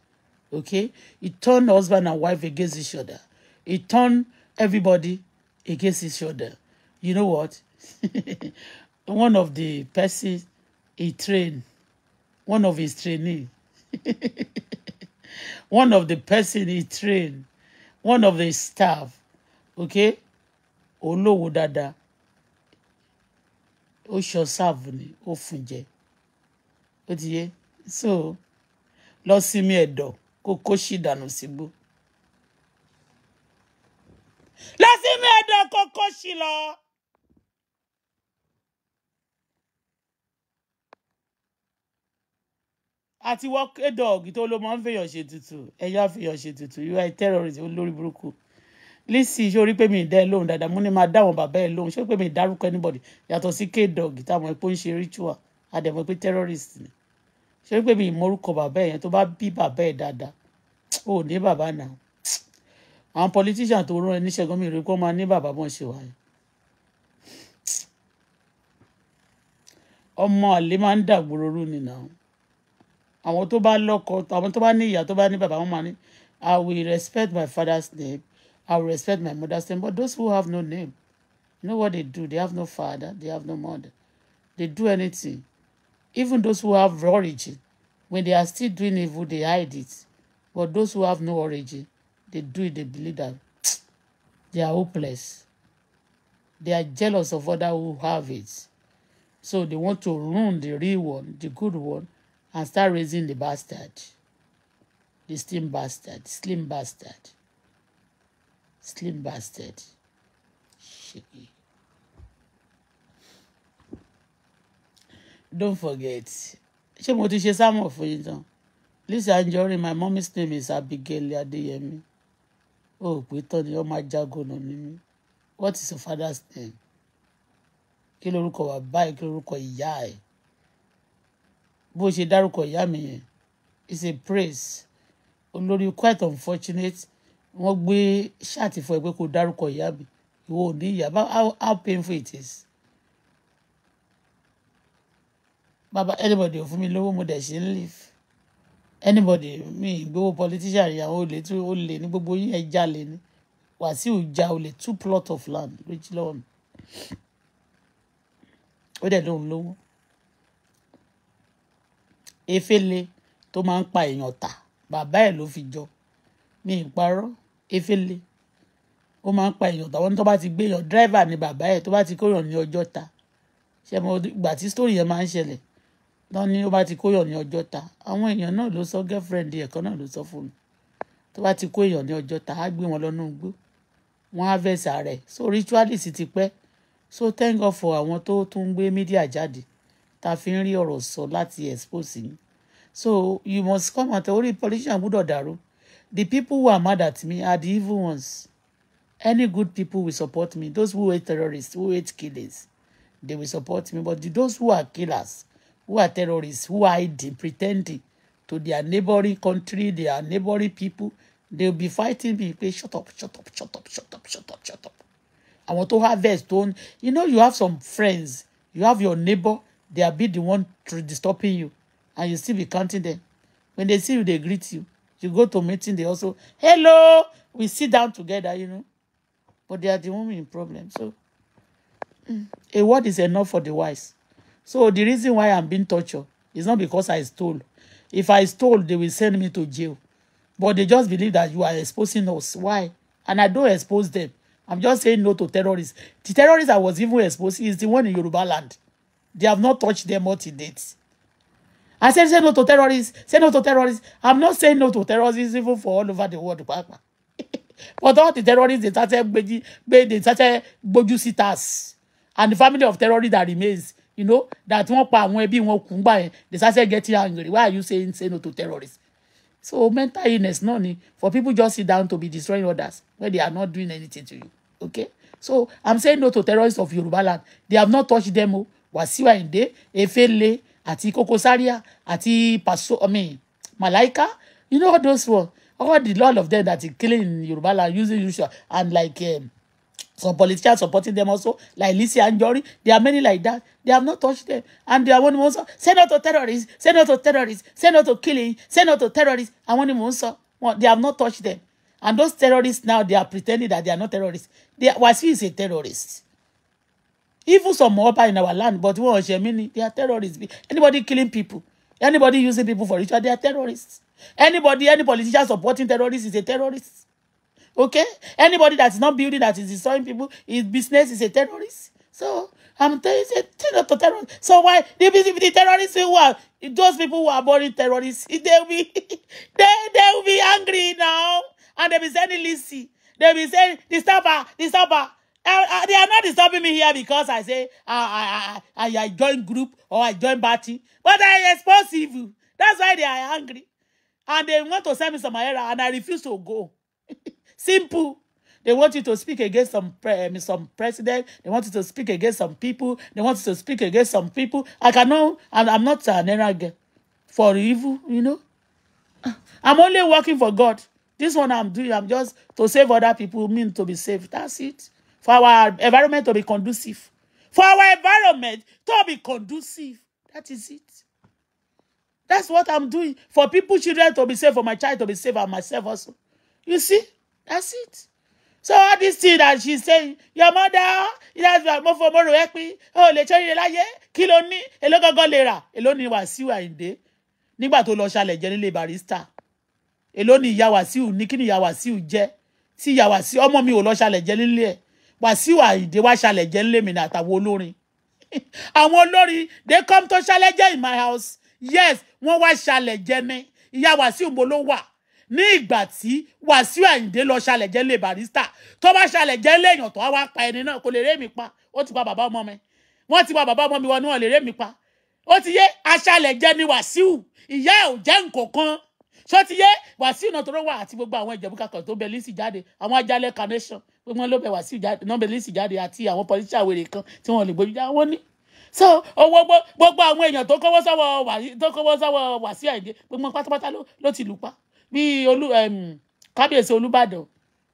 Okay? He turned husband and wife against each other. He turned everybody against each other. You know what? one of the persons he trained, one of his trainees. one of the person he trained one of the staff okay olówó dáadáa ó sọ sáàbù ni ó fún jẹ ó ti yé so lọ sinmi ẹ̀dọ̀ kó kó sì dànù sígbó lọ sinmi ẹ̀dọ̀ kó kó sì lọ. àti wọ́n kéde dog. tó ló máa ń fèèyàn ṣe tutù ẹ̀yà fèèyàn ṣe tutù you are a terrorist olórí burúkú lisi ṣé orí pé mi ìdá ẹ lóhùn dáadáa mo ní máa dáwọn bàbá ẹ lóhùn ṣé pé mi ìdárúkọ anybody yàtọ̀ sí kéde ọ̀gì táwọn epo ń ṣe ritual àdẹ̀mọ̀ pé terrorist ni ṣé pé mi ìmọ̀rúkọ bàbá ẹ yẹn tó bá bí bàbá ẹ dáadáa ò ní bàbá náà àwọn politician tó rán ẹ níṣẹ́ gómìnà rẹ kó máa ní bàbá bọ́n ṣe wáyé ọmọ àlè máa ń dàgbòrò rú nìyàwó àwọn tó bá lọ́kọ àwọn tó bá ní ìyá tó bá ní bàbá wọn máa ní i will respect my father's name i will respect my mother's name but those who have no name you know what they do they have no father they have no mother they do anything even those who have origin when they are still doing evil they hide it but those who have no origin they do it they believe that they are hopeless they are jealous of others who have it so they want to ruin the real one the good one and start raising the bastard the slim bastard slim bastard slim bastard shaky. don't forget she mo ti ṣe sámọ̀ fún yín tán Lizzy Anjorin my mommy's name is Abigail Adeyemi Oh, we pé tán ni ọmọ ajagunà ni what is your father's name kí lorúkọ bàbá ẹ kí lorúkọ bó ṣe dárúkọ ìyá mi yẹn it's a praise olórí quite unfortunate wọ́n gbé ṣáàtì fún ẹ pé kò dárúkọ ìyá mi ìwọ ò ní ìyá how how painful it is. baba anybody ò fún mi lówó mo dẹ̀ ṣe ń live anybody mi ìgbówó politician rí àwọn olè tí ó lè ní gbogbo yín ẹ jalè ní Wàsíù ja olè two plot of land ló jí lọ́wọ́ mi ó dẹ̀ lóun lówó efele tó máa ń pa èèyàn tà bàbá ẹ̀ ló fi jọ mi ì efele ó máa ń pa èèyàn tà wọ́n tó bá ti gbé èèyàn dírẹ́fà ni bàbá ẹ̀ tó bá ti kóyàn ní ọjọ́ ta ṣe mo gbà tí sítórì yẹn máa ń ṣẹlẹ̀ tán ni ó bá ti kóyàn ní ọjọ́ ta àwọn èèyàn náà ló sọ girlfriend ẹ̀ kan náà ló sọ fún mi tó bá ti kó èèyàn ní ọjọ́ ta á gbé wọn lọ́nà igbó wọn á fẹsẹ̀ rẹ̀ so ritualist ti pẹ́ so thank God for àwọn tó tún gbé mídíà jáde tá a fi ń rí ọ̀rọ̀ sọ láti expose mi so you must come out orí politician gbúdọ̀ dàrú the people who are mad at me are the evil ones any good people will support me those who hate terrorists who hate killers they will support me but those who are killers who are terrorists who are hiding pretending to their neighboring country their neighboring people they will be fighting me pé shut up shut up shut up shut up shut up shut up àwọn tó harvest tó you know you have some friends you have your neighbor they are be the one disturbing you and you still be counting them when they see you they greet you you go to meeting they also hello we sit down together you know but they are the women in problem so mm, a word is enough for the wise so the reason why i'm being tortured is not because i stole if i stole they will send me to jail but they just believe that you are exposing us why and i don't expose them i'm just saying no to terrorists the terrorists i was even exposing is the one in yoruba land They have not touched them up to date. I said, say no to terrorists. Say no to terrorists. I'm not saying no to terrorists even for all over the world. but all the terrorists, they started, they started gbójú síta. And the family of terrorists that remains, you know, that one part àwọn being one kumba they started getting angry. Why are you saying say no to terrorists? So mental illness no ni for people just sit down to be destroying others when they are not doing anything to you. Okay? So I'm saying no to terrorists of Yoruba land. They have not touched them. Oh wàsíù àyìndé efele àti Kokosaria, sáríà àti pàṣọ i mean malaika you know all those ones all the lot of them that he killing in yoruba land using usual and like um, some politicians supporting them also like Lizzy Anjorin there are many like that they have not touched them and they are one of them. say no to terrorists say no to terrorists say no to killing say no to terrorists àwọn ni mò ń sọ they have not touched them and those terrorists now they are pretending that they are not terrorists they are Wasiu is a terrorist even some ọba in our land but wọn ò ṣe they are terrorists anybody killing people anybody using people for ritual they are terrorists anybody any politician supporting terrorists is a terrorist okay anybody that is not building that is destroying people his business is a terrorist so i'm telling you say no to terrorists so why the the terrorists who are those people who are born terrorists They'll be they they'll be angry now and they'll be sending lisi they'll be saying disturb her Uh, uh, they are not disturbing me here because I say I I I, I join group or I join party, but I expose evil. That's why they are angry, and they want to send me some error, and I refuse to go. Simple. They want you to speak against some pre some president. They want you to speak against some people. They want you to speak against some people. I cannot. I'm, I'm not an error girl for evil. You know, I'm only working for God. This one I'm doing. I'm just to save other people. Mean to be saved. That's it for our environment to be conducive for our environment to be conducive that is it that's what i'm doing for people children to be safe for my child to be safe and myself also you see that's it so all this thing that she's saying your mother it has been mo for moro epi o lè ṣe rere láyé kí ló ní èló gangan lè look èló ni Wàsíù Àyìndé nígbà tó lọ ṣalẹ̀ jẹ nílé barista èló ni ìyá Wàsíù ní kí ni ìyá Wàsíù jẹ tí ìyá Wàsíù ọmọ mi ò lọ ṣalẹ̀ jẹ nílé ẹ̀ Wàsíù Àyìndé wá ṣàlẹ̀jẹ́ ńlẹ̀mí àtàwọn olórin àwọn olórin they come to ṣàlẹ̀jẹ́ in my house yes wọ́n wá ṣàlẹ̀jẹ́ mi ìyá Wàsíù mo ló wà ní ìgbà tí Wàsíù Àyìndé lọ ṣàlẹ̀jẹ́ lé barista tó bá ṣàlẹ̀jẹ́ léèyàn tó wá pa ẹni náà kò lè rémi pa ó ti pa bàbá ọmọ mi wọ́n ti pa bàbá ọmọ mi wọn ni wọ́n lè rémi pa ó ti yé aṣàlẹ̀jẹ́ ni Wàsíù ìyá ẹ̀ ò jẹ́ nǹkankan ṣó ti yé Wàsíù náà tó rọ́ wà àti gbogbo àwọn ìjẹ̀bú kakàn tó bẹ lísì jáde àwọn ajálẹ̀ carnation pé wọ́n ló bẹ̀ wá sí ìjáde nọ́bẹ̀lì sì jáde àti àwọn pọlítíà wèrè kan tí wọ́n lè gbójú já wọ́n ní. so owó gbogbo àwọn èèyàn tó kọ́wọ́ sọ́wọ́ wà tó kọ́wọ́ sọ́wọ́ wà sí àìdè gbogbo pátápátá ló ti lù pa bíi olú kábíyèsí olúbàdàn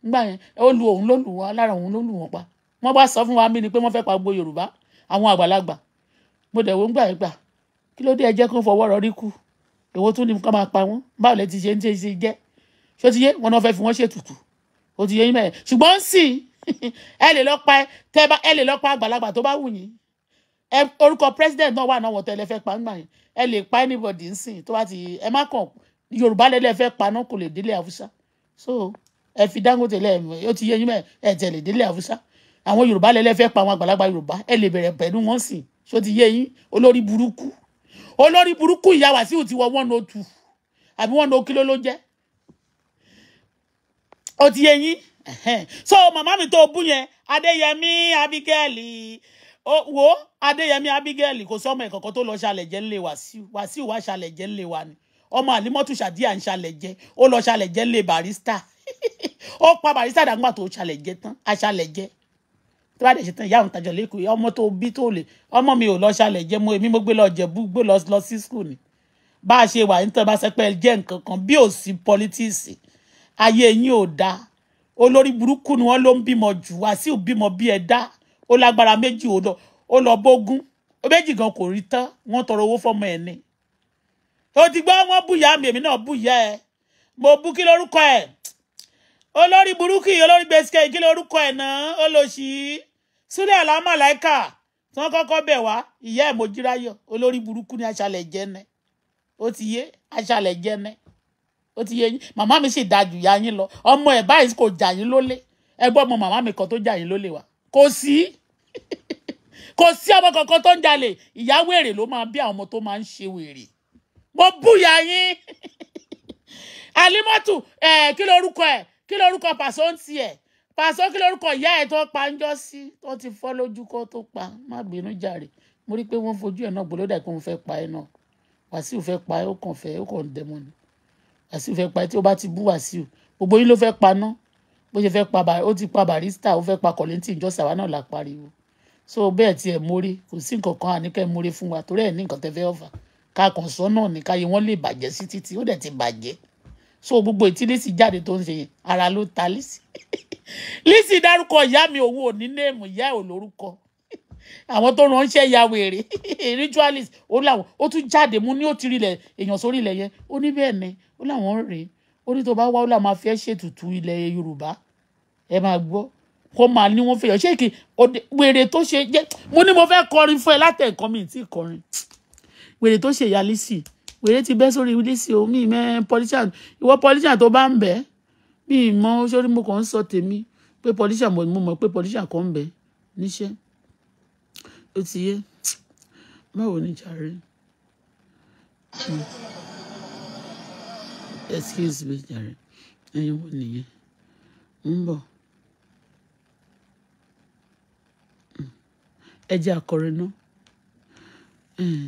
ngbà yẹn ó lu òun ló lù wọn lára òun ló lù wọn pa wọ́n bá sọ fún wa mí ni pé wọ́n fẹ́ pa gbogbo yorùbá àwọn àgbàlagbà mo dẹ̀ wọ́n gbà gbà kí ló dé ẹ jẹ́ kó fọwọ́ rọrí kù èwo tún ni ká máa pa wọ́n báwo lẹ ti ṣe ń ṣe jẹ́ ṣó ti yé wọn náà fẹ́ fi wọ́n ṣètùtù ó ti yẹ yín bẹ́ẹ̀ ṣùgbọ́n sì ẹ lè lọ pa tẹ bá ẹ lè lọ pa àgbàlagbà tó bá wù yín ẹ orúkọ president náà wà náà wọ̀tẹ́ lẹ́fẹ́ pa nígbà yẹn ẹ lè pa anybody ń sìn tó bá ti ẹ má kàn yorùbá lẹ́lẹ́fẹ́ pa náà kò lè délé haúsá so ẹ fi dangote lẹ ó ti yẹ yín bẹ́ẹ̀ ẹ tẹ̀lé délé haúsá àwọn yorùbá lẹ́lẹ́fẹ́ pa àwọn àgbàlagbà yorùbá ẹ lè bẹ̀rẹ̀ pẹ̀lú wọn sìn so ti yé yín olórí burúkú olórí burúkú ìyá wàsíù ti wọ one oh two àbí one oh kilo ló jẹ́ Odi ti yẹ so mama mi tó bú yẹn adéyẹmí abigail wo adéyẹmí abigail kò sí ọmọ ìkọ̀kọ̀ tó lọ ṣàlẹ̀jẹ́ wasi wàsíù wàsíù wá ṣàlẹ̀jẹ́ ńlẹ̀ wa ni ọmọ àlímọ́tù ṣàdíà ń ṣàlẹ̀jẹ́ ó lọ ṣàlẹ̀jẹ́ ńlẹ̀ barista o pa barista dàgbà tó ṣàlẹ̀jẹ́ tán aṣàlẹ̀jẹ́ tó bá dẹ̀ ṣe tán ìyá òun tàjọ lẹ́kọ̀ọ́ ọmọ tó bí tó lè ọmọ mi ò lọ ṣàlẹ̀jẹ́ mo èmi mo gbé lọ jẹ̀bú lo lọ sí school ni bá a ṣe wà ní tán bá sẹ́pẹ́ jẹ́ nǹkan kan bí ò sí politics ayé yín ò dáa olórí burúkú ni wọ́n ló ń bímọ jù wàsíù bímọ bí ẹ dá ó lágbára méjì ò lọ ó lọ bógún ó méjì gan kò rí tán wọ́n tọrọ owó fọmọ ẹ̀ ni ó ti gbọ́ wọ́n bùyà mi èmi náà bùyà ẹ mo bú kí lórúkọ ẹ olórí burúkú yìí olórí gbèsè kí lórúkọ ẹ náà ó lọ sí sílẹ̀ àlámàláìkà tí wọ́n kọ́kọ́ bẹ̀ wá ìyá ẹ̀ mojíráyọ̀ olórí burúkú ni aṣálẹ̀ jẹ́nẹ́ ó ti yé aṣálẹ̀ jẹ́nẹ́ ó ti yé yín màmá mi sì da jù ya yín lọ ọmọ ẹ̀ báyìí kò jà yín lólè ẹ gbọ́ ọmọ màmá mi kan tó jà yín lólè wa kò sí kò sí ọmọ kankan tó ń jalè ìyá wèrè ló máa bí àwọn ọmọ tó máa ń ṣe wèrè mo búya yín alimọ́tù ẹ̀ kí lorúkọ ẹ̀ kí lorúkọ pàṣọ ń tiẹ̀ pàṣọ kí lorúkọ ìyá ẹ̀ tó pa ń jọ sí tó ti fọ́ lójú kó tó pa má bínú jàre mo rí i pé wọ́n fojú ẹ̀ náà gbọ́dọ̀ dà pé wọ́n fẹ́ pa ẹ̀ náà wàsíù fẹ́ pa ẹ̀ ó kàn fẹ́ ó kàn dẹ́mọ́ ni Wàsíù fẹ́ pa tí ó bá ti bú Wàsíù gbogbo yín ló fẹ́ paná bó ṣe fẹ́ pa ó ti pa Barrister ó fẹ́ pa Kollington ìjọsà wa náà la pariwo so bẹ́ẹ̀ tiẹ̀ mórí kò sí nǹkan kan àníkẹ́ mórí fún wa torí ẹ̀ ní nǹkan tẹ́ fẹ́ ọ̀fà ká kàn sọ náà ní káyé wọ́n lè bàjẹ́ sí títí ó dẹ̀ ti bàjẹ́ so gbogbo ètí Lizzy jáde tó ń ṣe ara ló ta Lizzy Lizzy dárúkọ ìyá mi òun ò ní néèmù ìyá ò lórúkọ àwọn tó ránṣẹ́ ya wèrè ritualist ó láwọn ó tún jáde mú ní ó ti rilẹ̀ èèyàn sórí ilẹ̀ yẹn ó ní bẹ́ẹ̀ ni ó láwọn rèé ó ní tó bá wá ó láwọn máa fẹ́ ṣètùtù ilẹ̀ Yorùbá ẹ máa gbọ́ kó máa ní wọ́n fẹ́yàn ṣéèkì wèrè tó ṣe jẹ́ mo ní mo fẹ́ kọrin fún ẹ látẹ̀kọ́ mi tí kọrin wèrè tó ṣe ìyá Lizzy wèrè ti bẹ́ sórí Lizzy o mi mẹ́ politician ìwọ politician tó bá ń bẹ́ mi mọ́ sórí mo kàn ń sọ tèmi pé politician mo mọ̀ pé politician kan ń bẹ níṣẹ́ ó ti yé báwo ni jàre hmm. excuse me jàre ẹyin wo nìyẹn ń bọ̀ hmm. ẹ jẹ́ àkọrin náà hmm.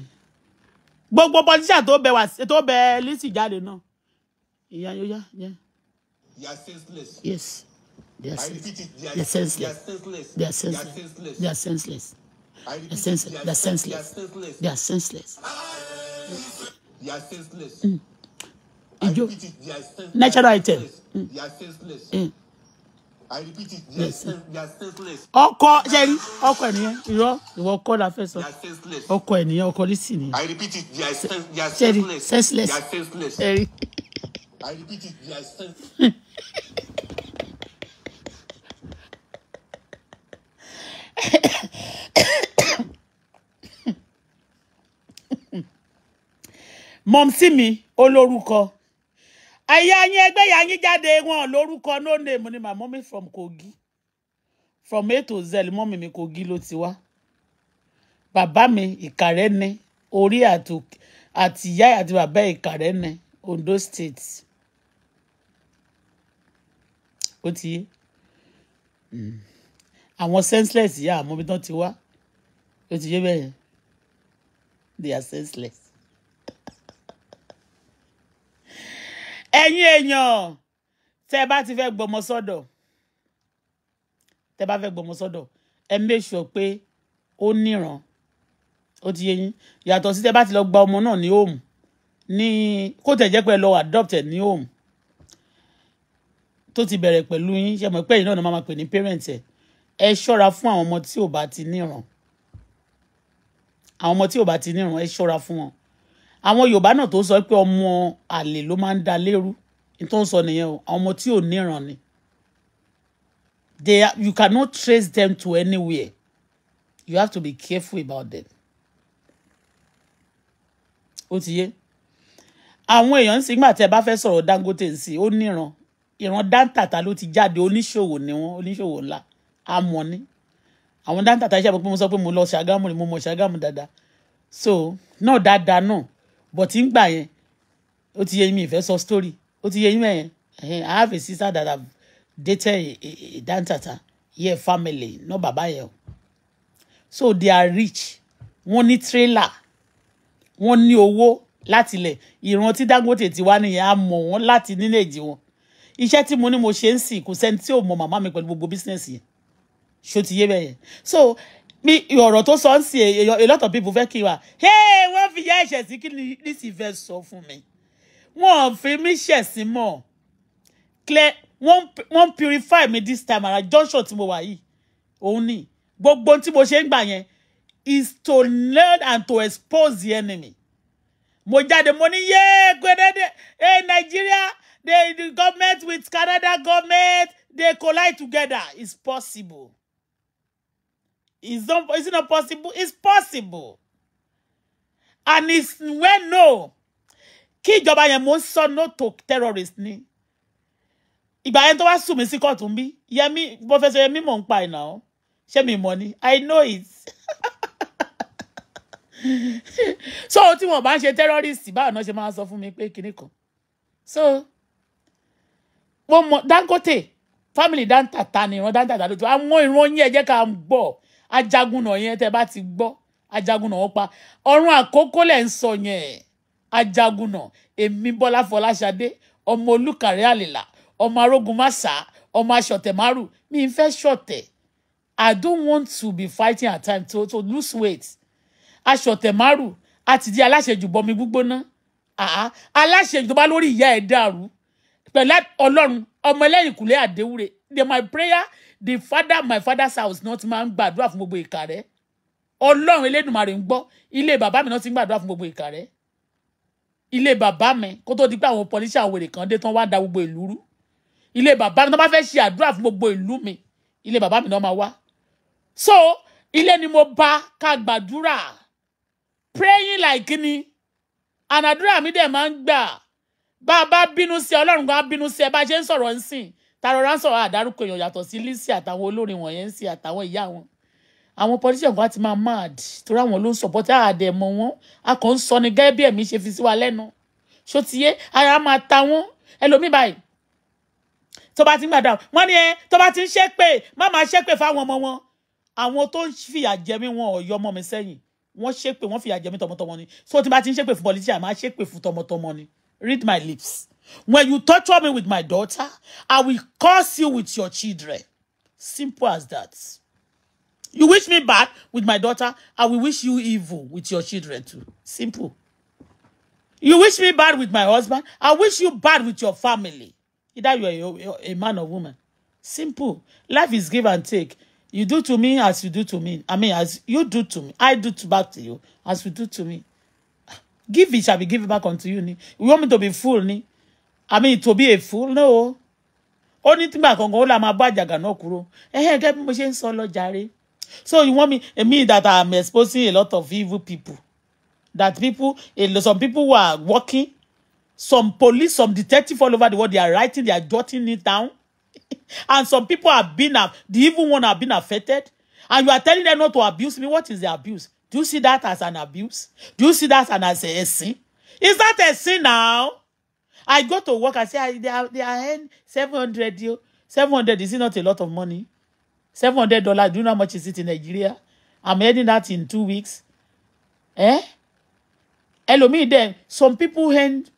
gbogbo pọtíṣà tó bẹ wá tó bẹ lísì jáde náà ìyá yóò yá yẹ. they are senseless. yes they are senseless. they are senseless. they are senseless. they are senseless. They're senseless. They're senseless. They are senseless. They are senseless. Mm. Enjoy. Natural item. Mm. They are mm. senseless. Mm. I repeat it. They yes. Sen they are senseless. Ọkọ Jerry, ọkọ ènìyàn, irọ́, call ọkọ first fẹ́ sọ. senseless. Oko ọkọ Oko listen. I repeat it. They are, sen they senseless. senseless. They are senseless. Jerry. I repeat it. They are senseless. mọ̀mísí mi ó lórúkọ àyà yín ẹgbẹ́ ìyá yín jáde wọn lórúkọ no name ni màmá mi from Kogi from A to Z mọ́mí mi Kogi ló ti wá bàbá mi ìkàrẹ́ ni orí àti ìyá àti bàbá ìkàrẹ́ ni Ondo State ó ti yé hmm. àwọn senseless yà àmọ́ bí wọ́n ti wá ó ti yé bẹ́ẹ̀ they are senseless. ẹ̀yin èèyàn tẹ́ ẹ bá ti fẹ́ gbọmọ sọ́dọ̀ tẹ́ ẹ bá fẹ́ gbọmọ sọ́dọ̀ ẹ make pé ó níran ó ti yé yín yàtọ̀ sí tẹ́ ẹ bá ti lọ gba ọmọ náà ní home ní kó tẹ̀ jẹ́ pé ẹ lọ adopted ní home tó ti bẹ̀rẹ̀ pẹ̀lú yín ṣe mọ̀ pé ẹ̀yin náà ni máa pè ní parent ẹ̀ ẹ ṣọ́ra fún àwọn ọmọ tí ò bá ti níran àwọn ọmọ tí ò bá ti níran ẹ ṣọ́ra fún wọn àwọn yorùbá náà tó sọ pé ọmọ àlè ló máa ń da lérú ní tó ń sọ nìyẹn o àwọn ọmọ tí ò níran ni they are, you cannot trace them to anywhere you have to be careful about them ó ti yé àwọn èèyàn sì gbà tí ẹ bá fẹ́ sọ̀rọ̀ Dangote sí ó níran ìran dáńtàtà ló ti jáde oníṣòwò ni wọn oníṣòwò ńlá àmọ́ ni àwọn dáńtàtà iṣẹ́ mi pé mo sọ pé mo lọ Ṣàgámù ni mo mọ Ṣàgámù dáadáa so náà dáadáa náà but in gbà yẹn ó ti yẹ mi ìfẹ́ sọ story ó ti yẹ yín mẹ́yẹn I have a sister that have dated a, a, a dantata here family no Baba yẹn so they are rich wọ́n ní trailer wọ́n ní owó lati le. ìran tí Dangote ti wá nìyẹn á mọ̀ Lati láti nílé ìjì wọn iṣẹ́ tí mo ní mo ṣe ń sìn kò sẹ́ni tí ò mọ màmá mi pẹ̀lú gbogbo bísíǹsì yẹn ṣó ti yé bẹ́ẹ̀ so ní ọ̀rọ̀ tó sọ ń sìn èèyàn a lot of people fẹ́ kí wa wọ́n fi yá ẹ̀ṣẹ̀ sí kí ní sì fẹ́ sọ fún mi wọ́n fi mí ṣẹ̀ sí mọ́ wọ́n purify me this time ara junction tí mo wà yìí òun ni gbogbo tí mo ṣe ń gbà yẹn is to learn and to expose the enemy mo jáde mo ní yéé gbẹdẹdẹ ẹ Nàìjíríà the government with Canada government they collide together it's possible. Is not is it not possible? It's possible. And it's well no. Ki joba yẹn mo ń no to terrorist ni. Ìgbà yẹn tó wá sùn mí sí kóòtù ń bí. Yẹmí Professor Yẹmí mò ń pa ìnà ọ́. Ṣé mi mọ̀ I know it. so tí wọn bá ń ṣe terrorist báwo náà ṣe máa sọ fún mi pé kinní kan. So mo mọ Dangote family dan tatani ìran Dantata ló ti wá àwọn ìran yín ẹ jẹ́ ajagunà yẹn tẹ́ bá ti gbọ́ ajagunà wọn pa ọ̀run àkókò lẹ̀ ń sọ yẹn ajagunà èmi bọ́lá fọláṣadé ọmọ olùkàrẹ́ àlèlà ọmọ arógun ọmọ aṣọ̀tẹ̀ márù mi ń fẹ́ ṣọ̀tẹ̀ i don't want to be fighting at time to to lose weight aṣọ̀tẹ̀ márù àti di aláṣejù bọmi gbígbóná aláṣejù tó bá lórí ìyá ẹ̀ dàrú pẹ̀lú ọlọ́run ọmọ ẹlẹ́yìn kùlé àdéhùrẹ́ my prayer the father my father's house not man máa ń gbàdúrà fún gbogbo ìkà rẹ ọlọ́run elédùnmarè ń gbọ́ ilé bàbá mi náà ti ń gbàdúrà fún gbogbo ìkà rẹ ilé bàbá mi kó tó di pé àwọn police wèrè kan dé tán wá da gbogbo ìlú rú ilé Baba mi náà bá fẹ́ ṣe àdúrà fún gbogbo ìlú mi ilé bàbá mi náà máa wá so ilé ni mo bá ká gbàdúrà praying like ni ànàdúrà mi dẹ̀ máa ń gbà bá a bá bínú sí ọlọ́run kan á bínú sí ẹ bá a ṣe tarọra ń sọ̀rọ̀ àdárúkọ èèyàn yàtọ̀ sí Lizzy àtàwọn olórin wọ̀nyẹn ń sí àtàwọn ìyá wọn àwọn politician kan ti máa mad torí àwọn ló ń support àdẹ̀ mọ́ wọn a kàn ń sọ ni gẹ́gẹ́ bí ẹ̀mí ṣe fi sí wa lẹ́nu ṣó ti yé ara máa ta wọn ẹlòmíì báyìí tó bá ti ń gbàdá wọn ni ẹ tó bá ti ń ṣépè má máa ṣépè fáwọn ọmọ wọn àwọn tó ń fìyà jẹ mí wọn ò ọmọ mi sẹ́yìn wọ́n ṣépè wọ́n fìyà jẹ tọmọtọmọ ni so tí bá ti ń ṣépè fún politician máa ṣépè fún tọmọtọmọ ni read my lips When you torture me with my daughter, I will curse you with your children. Simple as that. You wish me bad with my daughter, I will wish you evil with your children too. Simple. You wish me bad with my husband, I wish you bad with your family. Either you are a, man or woman. Simple. Life is give and take. You do to me as you do to me. I mean, as you do to me, I do to back to you as you do to me. Give it shall be given back unto you. Ni. You want me to be full, ni? I mean to be a fool no Only ní tìgbà kankan ó là máa bá àjàgà náà kúrò ẹ̀hẹ́ gẹ́gẹ́ bí mo ṣe ń sọ so you want me me that I'm exposing a lot of evil people that people some people who are working some police some detective all over the world they are writing they are jotting it down and some people have been the evil one have been affected and you are telling them not to abuse me what is the abuse do you see that as an abuse do you see that as a sin is that a sin now. I go to work, I say, I, they, are, they are earn 700 deal. 700 is it not a lot of money. $700, do you know how much is it in Nigeria? I'm earning that in two weeks. Eh? Hello, me then, some people hand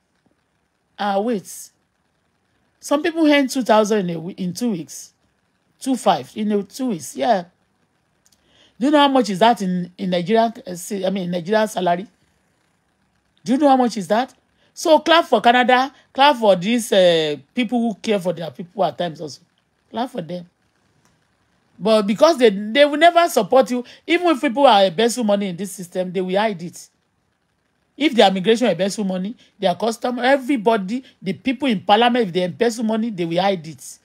uh, wait. Some people earn 2,000 in, in two weeks. Two five in a, two weeks, yeah. Do you know how much is that in, in Nigeria, uh, I mean, Nigerian salary? Do you know how much is that? So clap for Canada, clap for these uh, people who care for their people at times also. Clap for them. But because they they will never support you, even if people are a embezzling money in this system, they will hide it. If their immigration embezzle money, their customer, everybody, the people in parliament, if they embezzle money, they will hide it.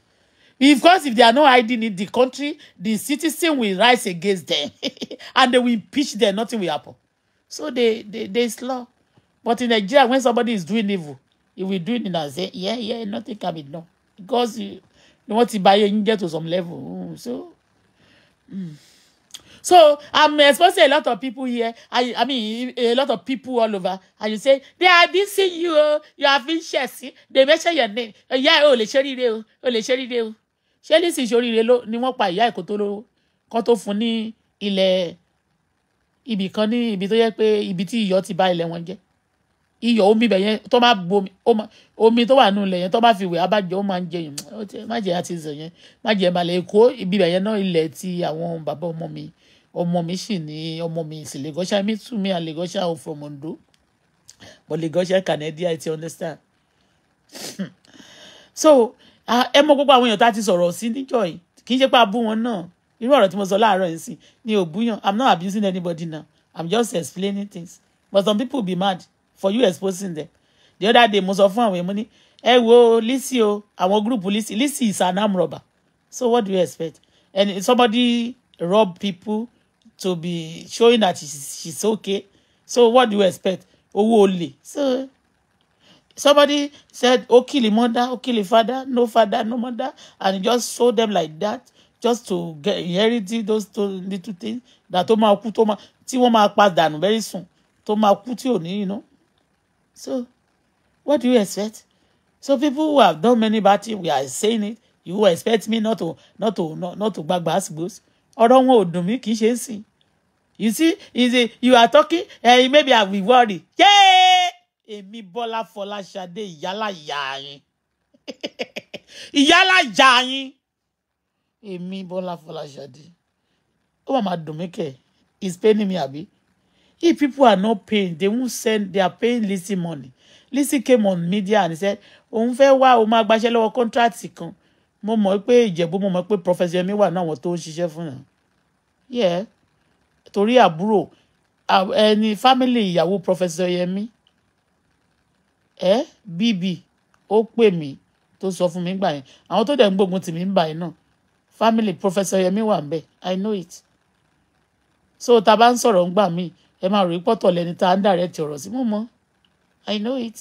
Because if they are not hiding it, the country, the citizen will rise against them. and they will impeach them, nothing will happen. So they, they, they slow. But in Nigeria, when somebody is doing evil, if we do it and say, yeah, yeah, nothing can be done. Because you, you want to buy you get to some level. Mm, so, mm. So I'm exposing a lot of people here. I, I mean, a lot of people all over. And you say, they are dissing you. Oh, you have been sharing. They mention your name. Uh, yeah, oh lè cherry oríire oh Ó cherry ṣe oríire o. Ṣé lè sì ni wọ́n pa ìyá Èkó tó lówó. Kan tó fún ní ilẹ̀ ibì kan ní ibi tó yẹ ibi ti bà ilẹ̀ wọn jẹ́ iyọ̀ omi bẹ̀ yẹn tó máa bomi omi tó wà nù lẹ̀ yẹn tó máa fi wẹ̀ abájọ ó máa ń jẹ yẹn má jẹ́ àti ìzọ̀ yẹn má jẹ́ balẹ̀ èkó ibi bẹ̀ yẹn náà ilẹ̀ ti àwọn bàbá ọmọ mi ọmọ mi sì ní ọmọ mi sì lẹ́gọ́ṣà mi tún mi àlẹ́gọ́ṣà ò from Ondo but lẹ́gọ́ṣà Canada I ti understand so ẹ mọ gbogbo àwọn èèyàn tá a ti sọ̀rọ̀ sí níjọ́ yìí kì í ṣe pé a bú wọn náà irú ọ̀rọ̀ tí mo sọ láàárọ̀ yìí sí ni ò I'm not abusing anybody now I'm just explaining things but some people be mad for you exposing them the other day most sọ fún money. Hey, ní ẹ wo Lizzy o group Lizzy Lizzy is an arm robber so what do you expect and somebody rob people to be showing that she's, she's okay so what do you expect Oh, only. so somebody said "Oh, kill the mother oh, kill the father no father no mother and just show them like that just to get inherit those two little things that tó máa kú tó máa very soon tó máa kú tí you know So, what do you expect? So people who have done many bad things, we are saying it. You expect me not to not to not, not to back basketballs. Ọ̀rọ̀ wọn ò dùn mí kì í ṣe You see, is it, you are talking, eh, maybe I will worry. Yeah! Èmi Bọ́lá Fọláṣadé ìyálà yala yín. Ìyálà ìyá yín. Èmi Bọ́lá Fọláṣadé. Ó máa dùn mí kẹ̀. It's paining me àbí. If people are not paying, they won't send, they are paying Lizzy money. Lizzy came on media and said, òun fẹ́ wá òun máa gbaṣẹ́ contract. kọ́ńtrátì kan. Mo mọ̀ pé Ìjẹ̀bú mo mọ̀ pé Prọfẹ̀sì Yẹmí wà náà àwọn tó ń Yeah. Torí àbúrò ẹni fámìlì ìyàwó Prọfẹ̀sì Yẹmí. Ẹ Eh, ó pè mí tó sọ fún mi gbà yẹn. Àwọn tó dẹ̀ ń gbógun tì mí ń bà yẹn náà. Fámìlì Prọfẹ̀sì I know it. So Taban a bá ń ẹ máa rò pọ́tọ̀ lẹ́ni tá à ń direct ọ̀rọ̀ sí mọ́ mọ́ i know it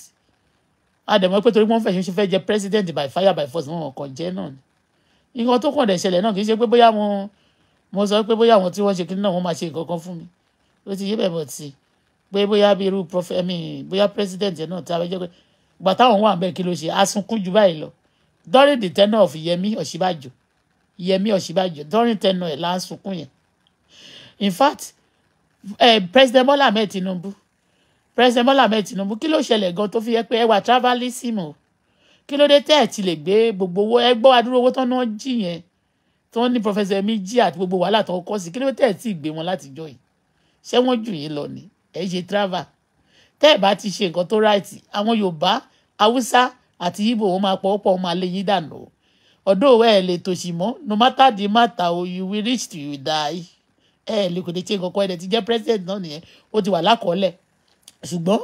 àdèmọ́ pé torí wọ́n fẹ́ ṣe fẹ́ jẹ president by fire by force wọn kàn jẹ́ náà ni nǹkan tó kàn dẹ̀ ṣẹlẹ̀ náà kì í ṣe pé bóyá mo mo sọ pé bóyá àwọn tí wọ́n ṣe kinní náà wọ́n máa ṣe nǹkan kan fún mi ó ti yé bẹ̀ bọ̀ sí pé bóyá bí irú prọfẹ́mì bóyá president yẹn náà tí a fẹ́ jẹ́ pé gbà táwọn wà bẹ́ẹ̀ kí ló ṣe asunkún jù báyìí lọ during the tenure of Yẹmi Ọ̀ṣínbàjò Yẹmi Ọ̀ṣínbàjò during tenure ẹ̀ là ń yẹn in fact eh, president Bola Ahmed Tinubu president Bola Ahmed Tinubu kí ló ṣẹlẹ̀ gan tó fi yẹ pé ẹ wà travelism o kí ló dé tẹ́ ẹ̀ ti lè gbé gbogbo owó ẹ gbọ́ owó tán náà jì yẹn tó ń ní professor emi jí àti gbogbo wàhálà tó kọ́ sí kí ló dé tẹ́ ẹ̀ ti gbé wọn láti jọ yìí ṣé wọ́n jù yín lọ ni ẹ ṣe travel tẹ́ ẹ̀ bá ti ṣe nǹkan tó ráìtì àwọn Yorùbá Haúsá àti Ìgbò wọn máa pọ̀ pọ̀ wọn máa lé yín dànù ọ̀dọ́ òwe ẹ̀ lè tòṣì mọ́ no matter the matter o you will reach till you die ẹ lè kò lè ṣe nǹkan kan ẹ̀ ti jẹ́ president náà nìyẹn ó ti wà lákọọ́lẹ̀ ṣùgbọ́n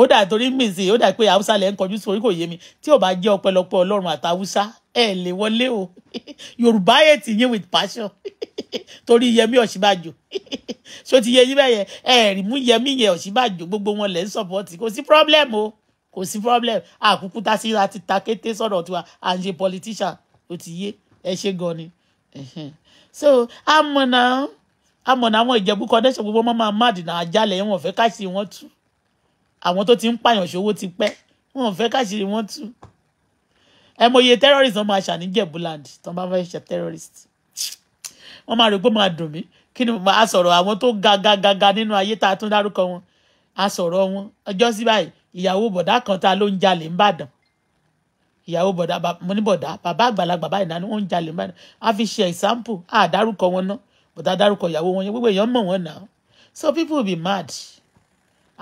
ó dà torí mi sí ó dà pé haúsá lẹ ń kọjú sórí kò yé mi tí ò bá jẹ́ ọpẹ́lọpẹ́ ọlọ́run àtàwùsá ẹ lè wọlé o yorùbá ètì yín with passion torí yẹmí ọ̀ṣínbàjò so ti yẹ yín bẹ́ẹ̀ yẹn ẹ rí mú yẹmí yẹn ọ̀ṣínbàjò gbogbo wọn lẹ́ ń sọ̀pọ̀tì kò sí problem o kò sí problem àkúkú tá sí ra ti ta kété sọ̀rọ̀ tiwa à ń ṣe politician ó ti yé ẹ ṣe gan ni so amọ̀nà amọ̀nà àwọn ìjẹ̀bú connection gbogbo wọn máa má dìnnà àjálẹ̀ wọn fẹ́ káṣí wọn tú àwọn tó ti ń pààyàn ṣòwò ti pẹ́ wọn fẹ́ káṣí wọn tú ẹ mọ iye terrorist wọn máa ṣà ní jẹ̀búland tó bá fẹ́ ṣe terrorist wọn máa rò pé máa dùn mí kí ni a sọ̀rọ̀ àwọn tó ga ga ga ga nínú ayé tá a tún dárúkọ wọn a sọ̀rọ̀ wọn ọjọ́ sí báyìí ìyàwó bọ̀dá kan ta ló ń jalè ńbàdàn ìyàwó bọ̀dá mo ní bọ̀dá bàbá àgbàlagbà báyìí náà ni wọ́n ń jalè báyìí a fi ṣe example a dárúkọ wọn náà bọ̀dá dárúkọ ìyàwó wọn yẹn gbogbo èèyàn mọ̀ wọn náà so people will be mad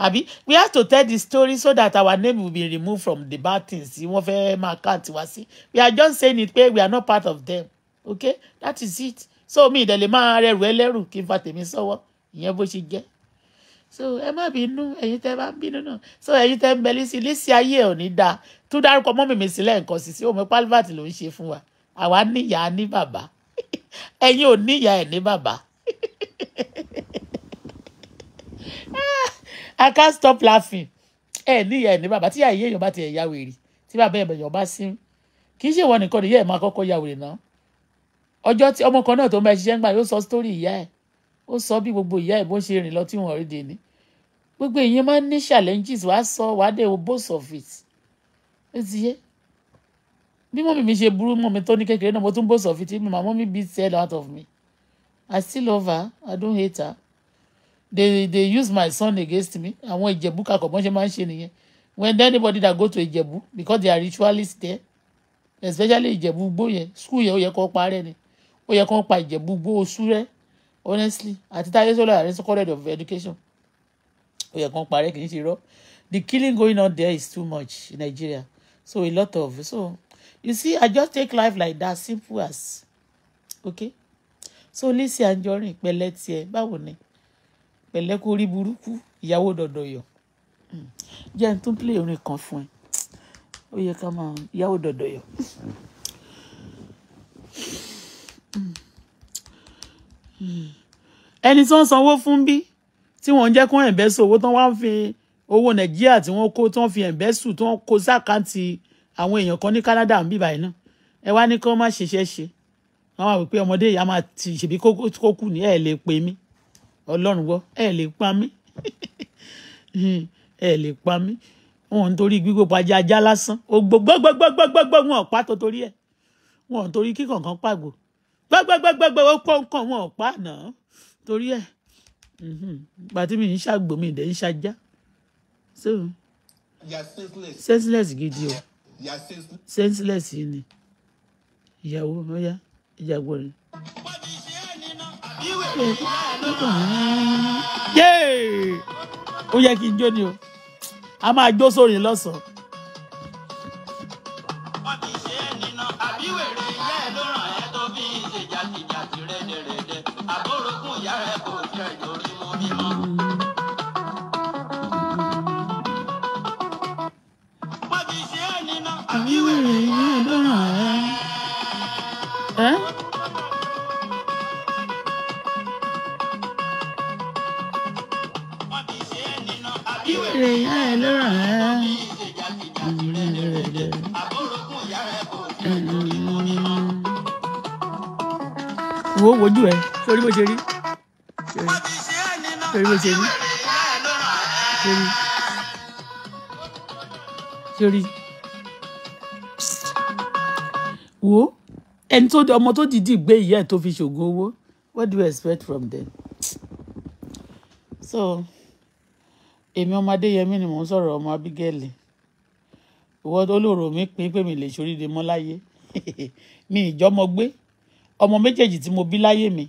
àbí we have to tell the story so that our name will be removed from the bad things tí wọ́n fẹ́ máa kà tiwa sí we are just saying it pé we are not part of them okay that is it so mi ìdẹ̀lẹ̀ máa rẹrù ẹlẹ́rù kí n fa tèmi sọ́wọ́ ìyẹn bó ṣe jẹ́ so ẹ má bínú ẹ̀yin tẹ́ bá ń bínú náà so ẹ̀yin tẹ́ ń bẹ lísì lísì ayé ẹ̀ ò ní dáa tún dárúkọ mọ́mì mi sílẹ̀ nǹkan sì sí òun pé pálífàtì ló ń ṣe fún wa àwa níyà á ní bàbá ẹ̀yin ò níyà ẹ̀ ní bàbá I can't stop laughing ẹ̀ níyà ẹ̀ ní bàbá tíyà ìyé èèyàn bá ti ẹ̀ ya wèrè tí bàbá ẹ̀ bẹ̀yàn bá sí kì í ṣèwọ nìkan nìyẹn ẹ̀ máa kọ́kọ́ ya wèrè náà ọjọ́ tí ọmọ kan náà tó ń bá ṣiṣẹ́ ń gbà yóò sọ ó sọ bí gbogbo ìyá ẹ̀ bó ṣe rìn lọ tí wọ́n rí dèní gbogbo èèyàn máa ń ní challenges wàá sọ wàá dẹ̀ wo both of it ó ti yé bí mọ́mí mi ṣe burú mọ́mí tó ní kékeré náà mo tún both of it mi màmá mi beat hell out of me I still love her I don't hate her they they use my son against me àwọn ìjẹ̀bú kakọ̀ bọ́n ṣe máa ń ṣe nìyẹn when anybody that go to ìjẹ̀bú because they are ritualists there especially ìjẹ̀bú gbó yẹn school yẹn ó yẹ kó parẹ́ ni ó yẹ kó pa ìjẹ̀bú gbó oṣù rẹ̀ honestly àti táyé sọlá àrẹ sọkọrẹ of education ó yẹ kán parẹ́ kì í ṣe irọ́ the killing going on there is too much in Nigeria so a lot of so you see I just take life like that simple as okay so Lizzy Anjorin pẹ̀lẹ́ tiẹ̀ báwo ni pẹ̀lẹ́ kò rí burúkú ìyàwó dọ̀dọ̀yọ̀ hmm. jẹ́ n tún play orin kan fún ẹ ó yẹ ká máa ìyàwó dọ̀dọ̀yọ̀. Mm ẹni tó ń sanwó fún bí tí wọ́n ń jẹ́ kó ẹ̀ǹbẹ́sù owó tán wá ń fi owó nàìjíríà tí wọ́n kó tán fi ẹ̀ǹbẹ́sù tán kó sákàǹtì àwọn èèyàn kan ní Canada ń bíbáyìí náà ẹ wá ní kí wọ́n má ṣiṣẹ́ ṣe wọ́n máa wí pé ọmọdé ìyá máa ti ṣèbí kó kù ní ẹ̀ lè pè mí ọlọ́run wọ́ ẹ̀ lè pa mí ẹ̀ lè pa mí wọn nítorí gbígbó pàjá ajá lásán ògbó gbọgbọgbọgbọgbọ wọn ò pàtó torí ẹ wọn ò torí kíkànkan pàgbò gbẹgbẹgbẹgbẹ ó pọ nǹkan wọn ò pa àná torí ẹ mhm, gbàtí mi ń ṣàgbò mi ń ṣajá so senseless gidi o senseless yìí ni ìyàwó ọyá ìjàgbọ ni. ó yẹ kí n jó ni o a máa jó sórin lọ́sàn-án. wo wojú ẹ sórí bó ṣe rí sórí bó ṣe rí sórí sórí wo ẹni tó ọmọ tó dìídì gbé ìyá ẹ tó fi ṣògùn owó what do you expect from them so èmi ọmọ adéyẹmí ni mò ń sọ̀rọ̀ ọmọ abígẹ́lì ìwọ olóró mi pín pé mi lè ṣoríire mọ́ láyé mi ìjọ́mọ gbé ọmọ méjèèjì tí mo bí láyé mi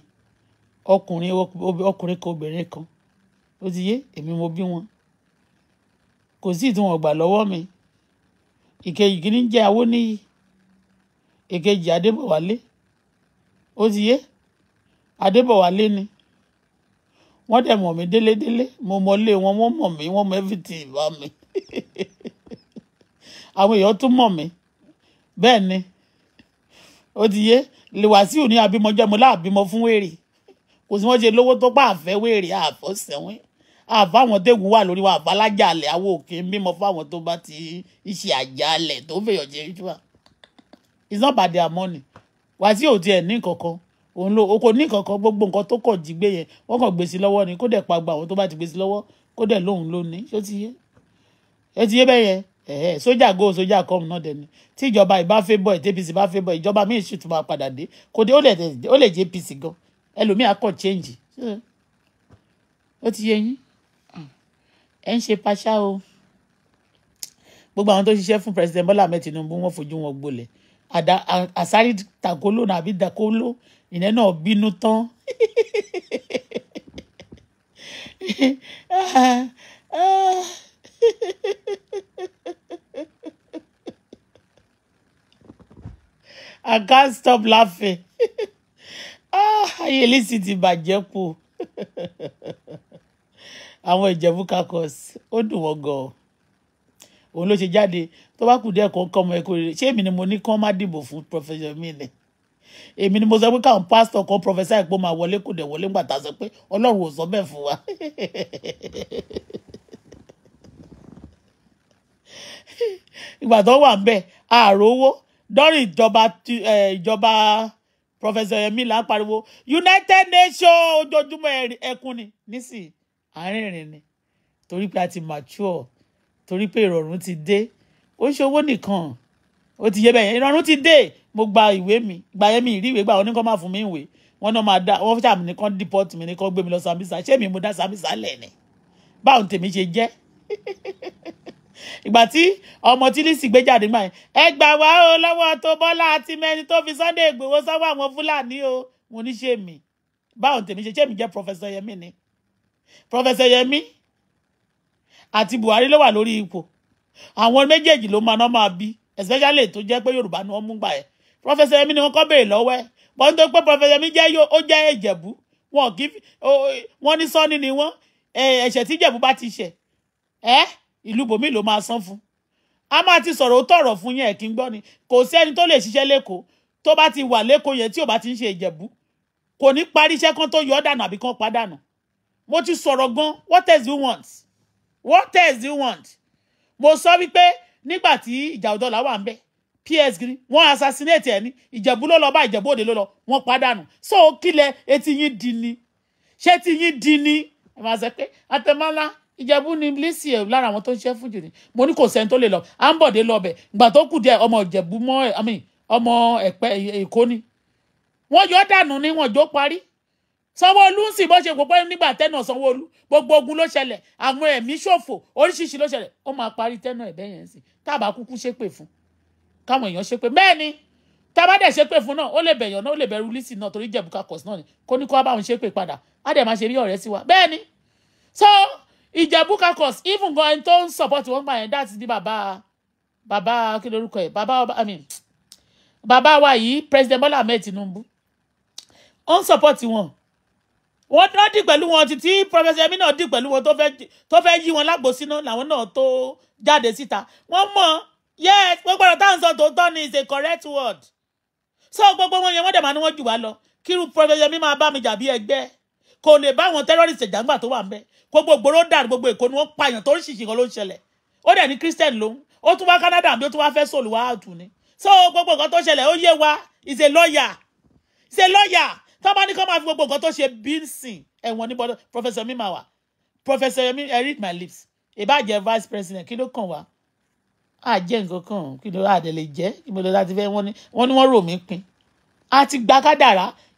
ọkùnrin ọkùnrin kan obìnrin kan ó ti yé èmi mo bí wọn kò sí ìtumọ̀ gbà lọ́wọ́ mi ìkejì kìíní jẹ́ awóníyì ìkejì adébọ̀wálé ó ti yé adébọ̀wálé ni wọ́n dẹ̀ mọ̀ mí délédélé mo mọlé wọn wọ́n mọ̀ mí wọ́n mọ everything bá mi àwọn èèyàn tún mọ̀ mí bẹ́ẹ̀ ni ó ti yé lèwàsíù ní abímọjọmọ láàbímọ fún wèrè kò sí wọn ṣe lówó tó pa àfẹ wèrè àfọ sẹwìn àfọ àwọn tẹgùn wà lórí wa àfọ alájàlẹ àwọn òkè ń bímọ fáwọn tó bá ti ṣe àjàlẹ tó fèèyàn jẹ ritual it's not by their money wàsíù tiẹ̀ ní kankan òun ló o kò ní kankan gbogbo nǹkan tó kọ̀ jí gbé yẹn wọ́n kàn gbé sí ni kó dẹ̀ pa gba àwọn tó bá ti gbé sí kó dẹ̀ lóun ló ní ti yé ẹ ti yé bẹ́ẹ̀ yẹn eh, sójà go sójà come náà dẹni tí ìjọba ìbá fẹ́ bọ̀ ètò apc bá fẹ́ bọ̀ ìjọba míì sì tún máa padà dé kò dé ó lè jẹ́ apc gan ẹlòmíì akọ̀ change ó ti yẹ yín ẹ ń ṣe paṣá o gbogbo àwọn tó ṣiṣẹ́ fún president Bọ́lá Ahmed Tinubu wọ́n fojú wọn gbolẹ̀ àsárí tàkóló nàbí dàkóló ìyẹn náà bínú tán I can't stop laughing. ah, ayé Lizzy ti my po. Àwọn Ìjẹ̀bú kakọ̀s, ó kakos. wọ́n gan-an. Òun ló ṣe jáde tó bá kù díẹ̀ kan kọ́ ọmọ ẹ̀kọ́ rere. Ṣé èmi ni kon ní kí wọ́n má dìbò fún Prọfẹ̀sọ̀ mi ni? Èmi mo sọ pé káwọn pásítọ̀ kan Prọfẹ̀sọ̀ àìpọ́ máa wọlé kò dẹ̀ wọlé ńgbà tá a sọ pé Ọlọ́run ò ìgbà tó wà ńbẹ̀ àròwó dọ́rìn ìjọba ìjọba Professor Yemi là ń pariwo United Nations ojoojúmọ́ ẹkún ni nísìnyí àárínrìn ni torí pé a ti mature torí pé ìrọ̀rùn ti dé ó ṣòwò nìkan ó ti yé bẹ́ẹ̀ ìrọ̀rùn ti dé mo gba ìwé mi gba yẹmi ìrí ìwé gbà wọn ní fún mi ìwé wọn náà máa dá wọn fún àmì nìkan deport mi nìkan gbé mi lọ Sambisa ṣé mi mo dá Sambisa lẹ̀ ni báwo tèmi ṣe jẹ́ ìgbà tí ọmọ tí Lizzy gbé jáde máa ẹ gbà wá o lọ́wọ́ tó Bọ́lá àti mẹ́ni tó fi Sunday Ìgbòho sọ́wọ́ àwọn Fúlàní o mo ní ṣe mí báwọn tèmi ṣe ṣé mi jẹ́ Professor Yẹmí ni Professor Yẹmí àti Buhari ló wà lórí ipò àwọn méjèèjì ló máa ná máa bí especially tó jẹ́ pé Yorùbá ni wọ́n mú gbà ẹ̀ Professor Yẹmí ni wọ́n kọ́ béèrè lọ́wọ́ ẹ̀ wọ́n tó pé Professor Yẹmí ó jẹ́ Ìjẹ̀bú wọn kì í wọ́n ní sọ́ni ni wọ́n ẹ̀ṣẹ̀ tí Ìjẹ̀bú bá ti ṣẹ̀ ẹ́ ìlú bòmí ló máa san fún a máa ti sọ̀rọ̀ ó tọ̀rọ̀ fún yẹn kí n gbọ́ ni kò sí ẹni tó lè ṣiṣẹ́ lẹ́kọ̀ọ́ tó bá ti wà lẹ́kọ̀ọ́ yẹn tí ò bá ti ń ṣe ìjẹ̀bú kò ní parí iṣẹ́ kan tó yọ ọ́ dànù àbí kan pa dànù mo ti sọ̀rọ̀ gan what else do you want what else do you want mo sọ wípé nígbà tí ìjà ọ̀dọ́là wà ń bẹ ps green wọ́n assassinate ẹni ìjẹ̀bú ló lọ bá ìjẹ̀bú òde ló lọ wọ́n pa dànù so kílẹ̀ etí yín di ni ṣé tí yín di ni ẹ̀ máa sọ pé àtẹ̀mọ́lá ìjẹ̀bú ni Lizzy ẹ̀ lára àwọn tó ń ṣiṣẹ́ fún jù ni mo ní kò sẹ́ni tó lè lọ à ń bọ̀dé lọ bẹ̀ ìgbà tó kù díẹ̀ ọmọ ìjẹ̀bú mọ́ ọmọ ẹ̀pẹ́ èkó ni wọ́n yọ dànù ni wọ́n jó parí sanwóolu ń sìn bó ṣe gbogbo nígbà tẹ́nà sanwóolu gbogbo ogun ló ṣẹlẹ̀ àwọn ẹ̀mí ṣòfò oríṣiríṣi ló ṣẹlẹ̀ ó máa parí tẹ́nà ẹ̀bẹ́ yẹn sìn tábà kúkú ṣépè fún káwọn èèyàn ṣépè bẹ́ẹ̀ ni tábà dẹ̀ ṣépè fún náà ó lè bẹ̀yàn náà ó lè bẹ̀rù Lizzy náà torí jẹ̀bùkà kọ̀ọ̀sì náà ni kó ní kó bá òun ṣépè padà á dẹ̀ máa ṣe bí ọ̀rẹ́ sí wa bẹ́ẹ̀ ni so ìjẹ̀bú caucus even gan ẹni tó ń support wọn gbà that is the Baba, Baba, kí lorúkọ ẹ̀ bàbá i mean Baba wa yìí president Bọ́lá Ahmed Tinubu ó ń support wọn wọ́n tó dì pẹ̀lú wọn títí professor Yemi náà dì pẹ̀lú wọn tó fẹ́ yí wọn lágbo síná làwọn náà tó jáde síta wọ́n mọ̀ yes gbogbo ọ̀rọ̀ táwọn sọ tó ni is a correct word so gbogbo wọn yẹn wọ́n dẹ̀ máa ní wọ́n jù wá lọ kírú professor Yemi máa bá mi jà bí ẹgbẹ́ kò lè bá àwọn terrorist ìjàngbà tó wà ń bẹ gbogbo ìgboro dàrú gbogbo èkó ni wọ́n pààyàn tó oríṣiríṣi kan ló ń ṣẹlẹ̀ ó dẹ̀ ní christian lòun ó tún wá canada bí ó tún wá fẹ́ sòlù wá àdùn ni so gbogbo nǹkan tó ṣẹlẹ̀ ó yé wa is a lawyer is a lawyer tó bá ní kó máa fi gbogbo nǹkan tó ṣe bínsìn ẹ̀wọ̀n ní bọ́dọ̀ professor mimawa professor yomi i read my lips ìbàjẹ́ vice president kí ló kàn wá àjẹ́ nǹkan kan kí ló àdẹ̀lẹ̀ jẹ́ kí mo lọ láti fẹ́ wọ́n ní wọ́n rò mí pin a ti